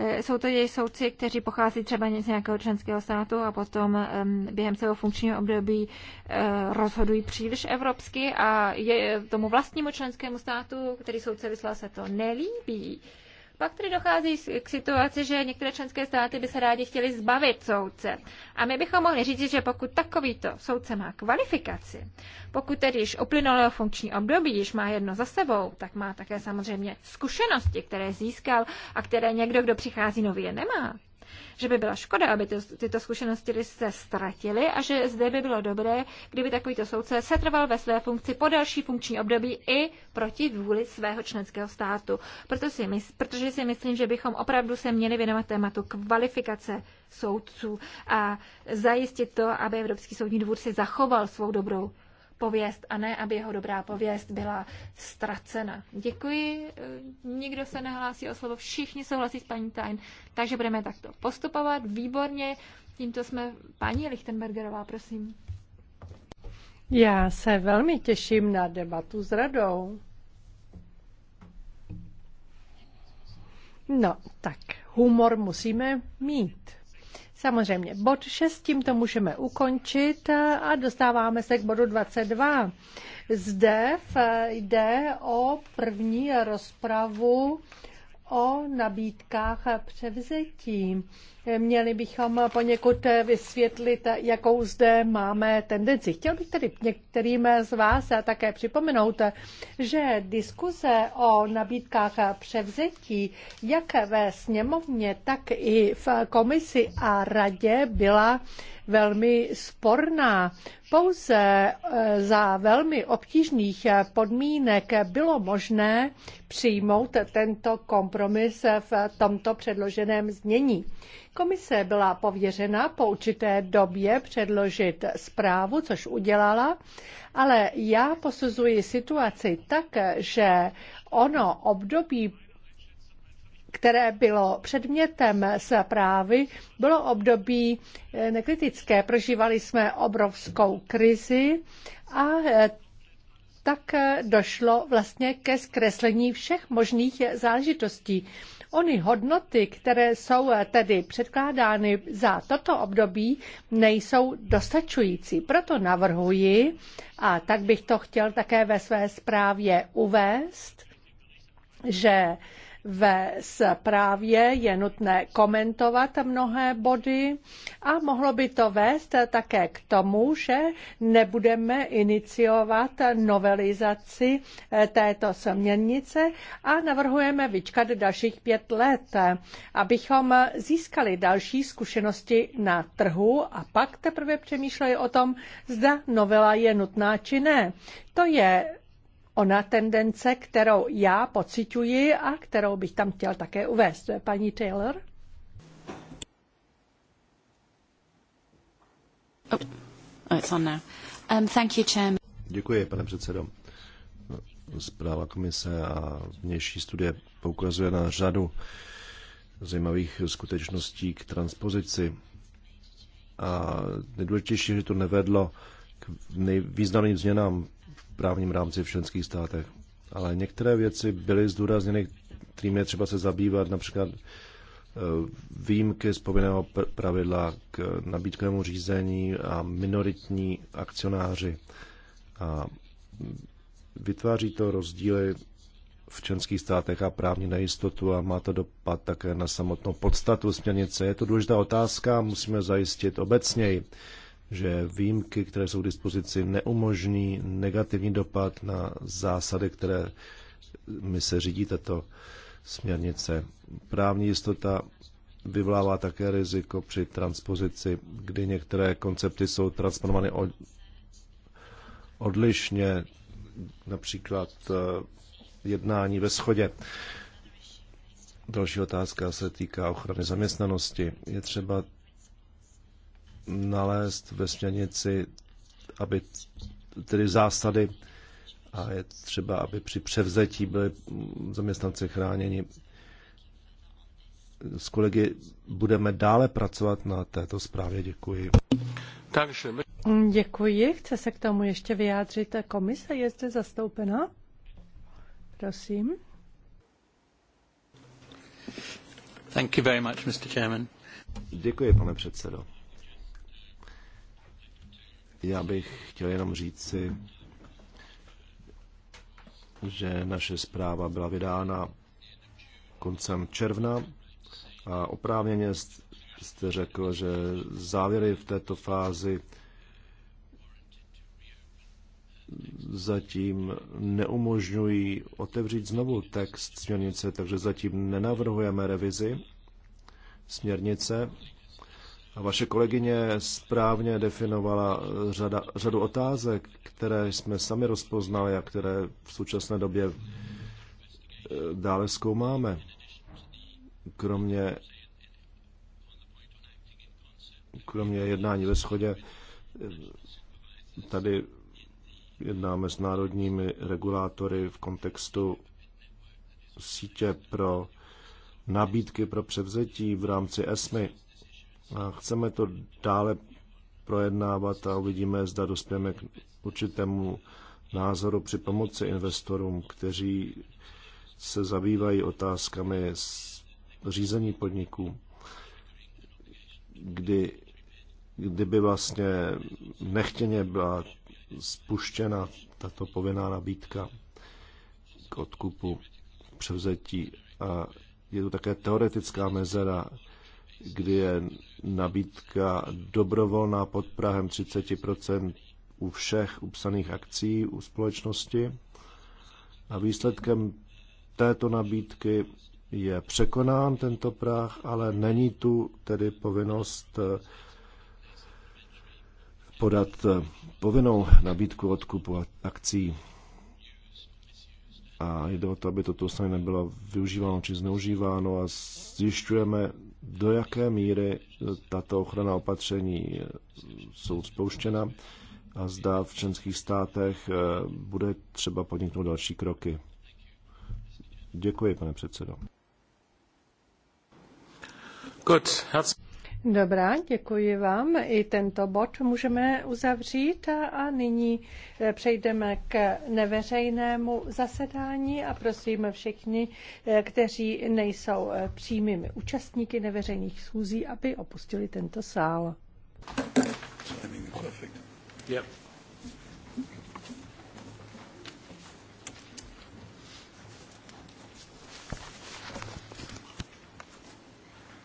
Eh, jsou to její soudci, kteří pochází třeba z nějakého členského státu a potom během celého funkčního období eh, rozhodují příliš evropsky a je tomu vlastnímu členskému státu, který soudce vyslal, se to nelíbí. Pak tedy dochází k situaci, že některé členské státy by se rádi chtěli zbavit soudce. A my bychom mohli říct, že pokud takovýto soudce má kvalifikaci, pokud tedy již uplynulo funkční období, již má jedno za sebou, tak má také samozřejmě zkušenosti, které získal a které někdo, kdo přichází nově, nemá že by byla škoda, aby to, tyto zkušenosti se ztratily a že zde by bylo dobré, kdyby takovýto soudce setrval ve své funkci po další funkční období i proti vůli svého členského státu. Proto si mysl, protože si myslím, že bychom opravdu se měli věnovat tématu kvalifikace soudců a zajistit to, aby Evropský soudní dvůr si zachoval svou dobrou pověst a ne, aby jeho dobrá pověst byla ztracena. Děkuji, eh, nikdo se nehlásí o slovo, všichni souhlasí s paní Tajn, takže budeme takto postupovat, výborně, tímto jsme, paní Lichtenbergerová, prosím. Já se velmi těším na debatu s radou. No, tak humor musíme mít. Samozřejmě, bod 6 tímto můžeme ukončit a dostáváme se k bodu 22. Zde jde o první rozpravu o nabídkách převzetí. Měli bychom poněkud vysvětlit, jakou zde máme tendenci. Chtěl bych tedy některým z vás také připomenout, že diskuze o nabídkách převzetí, jak ve sněmovně, tak i v komisi a radě byla velmi sporná. Pouze eh, za velmi obtížných podmínek bylo možné přijmout tento kompromis v tomto předloženém znění. Komise byla pověřena po určité době předložit zprávu, což udělala, ale já posuzuji situaci tak, že ono období které bylo předmětem zprávy, bylo období eh, nekritické. Prožívali jsme obrovskou krizi a eh, tak eh, došlo vlastně ke zkreslení všech možných záležitostí. Ony hodnoty, které jsou eh, tedy předkládány za toto období, nejsou dostačující. Proto navrhuji, a tak bych to chtěl také ve své zprávě uvést, že ve zprávě je nutné komentovat mnohé body a mohlo by to vést také k tomu, že nebudeme iniciovat novelizaci eh, této směrnice a navrhujeme vyčkat dalších pět let, abychom získali další zkušenosti na trhu a pak teprve přemýšleli o tom, zda novela je nutná či ne. To je ona tendence, kterou já pocituji a kterou bych tam chtěl také uvést. Paní Taylor? Oh. Oh, it's on now. Um, thank you, Chairman. Děkuji, pane předsedo. Zpráva komise a vnější studie poukazuje na řadu zajímavých skutečností k transpozici. A nejdůležitější, že to nevedlo k nejvýznamným změnám právním rámci v členských státech. Ale některé věci byly zdůrazněny, kterým je třeba se zabývat, například eh, výjimky z povinného pravidla k nabídkovému řízení a minoritní akcionáři. A vytváří to rozdíly v členských státech a právní nejistotu a má to dopad také na samotnou podstatu směrnice. Je to důležitá otázka, musíme zajistit obecněji že výjimky, které jsou k dispozici, neumožní negativní dopad na zásady, které my se řídí tato směrnice. Právní jistota vyvlává také riziko při transpozici, kdy některé koncepty jsou transformovány odlišně, například eh, jednání ve schodě. Další otázka se týká ochrany zaměstnanosti. Je třeba nalézt ve směrnici, aby tedy zásady a je třeba, aby při převzetí byli zaměstnanci chráněni. S kolegy budeme dále pracovat na této zprávě. Děkuji. Takže my... Děkuji. Chce se k tomu ještě vyjádřit. Komise je zde zastoupena. Prosím. Thank you very much, Mr. Chairman. Děkuji, pane předsedo. Já bych chtěl jenom říci, že naše zpráva byla vydána koncem června a oprávněně jste řekl, že závěry v této fázi zatím neumožňují otevřít znovu text směrnice, takže zatím nenavrhujeme revizi směrnice, a vaše kolegyně správně definovala eh, řada, řadu otázek, které jsme sami rozpoznali a které v současné době eh, dále zkoumáme. Kromě, kromě jednání ve schodě, eh, tady jednáme s národními regulátory v kontextu sítě pro nabídky pro převzetí v rámci ESMY a chceme to dále projednávat a uvidíme, zda dospějeme k určitému názoru při pomoci investorům, kteří se zabývají otázkami řízení podniků, kdy, kdyby vlastně nechtěně byla spuštěna tato povinná nabídka k odkupu, převzetí a je tu také teoretická mezera kdy je nabídka dobrovolná pod Prahem 30% u všech upsaných akcí u společnosti. A výsledkem této nabídky je překonán tento práh, ale není tu tedy povinnost eh, podat eh, povinnou nabídku odkupu akcí a jde o to, aby toto úsilí nebylo využíváno či zneužíváno a zjišťujeme, do jaké míry tato ochrana opatření jsou spouštěna a zda v členských státech eh, bude třeba podniknout další kroky. Děkuji, pane předsedo. Good. Dobrá, děkuji vám. I tento bod můžeme uzavřít a nyní eh, přejdeme k neveřejnému zasedání a prosím všichni, eh, kteří nejsou eh, přímými účastníky neveřejných schůzí, aby opustili tento sál.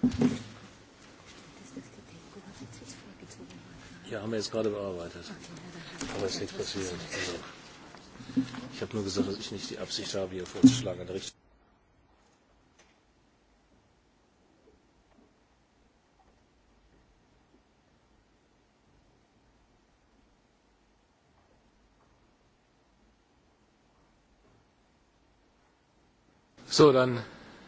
Thank you. Ja, haben wir jetzt gerade bearbeitet. Aber ist nichts passiert. Also, ich habe nur gesagt, dass ich nicht die Absicht habe, hier vorzuschlagen, eine Richtung. So, dann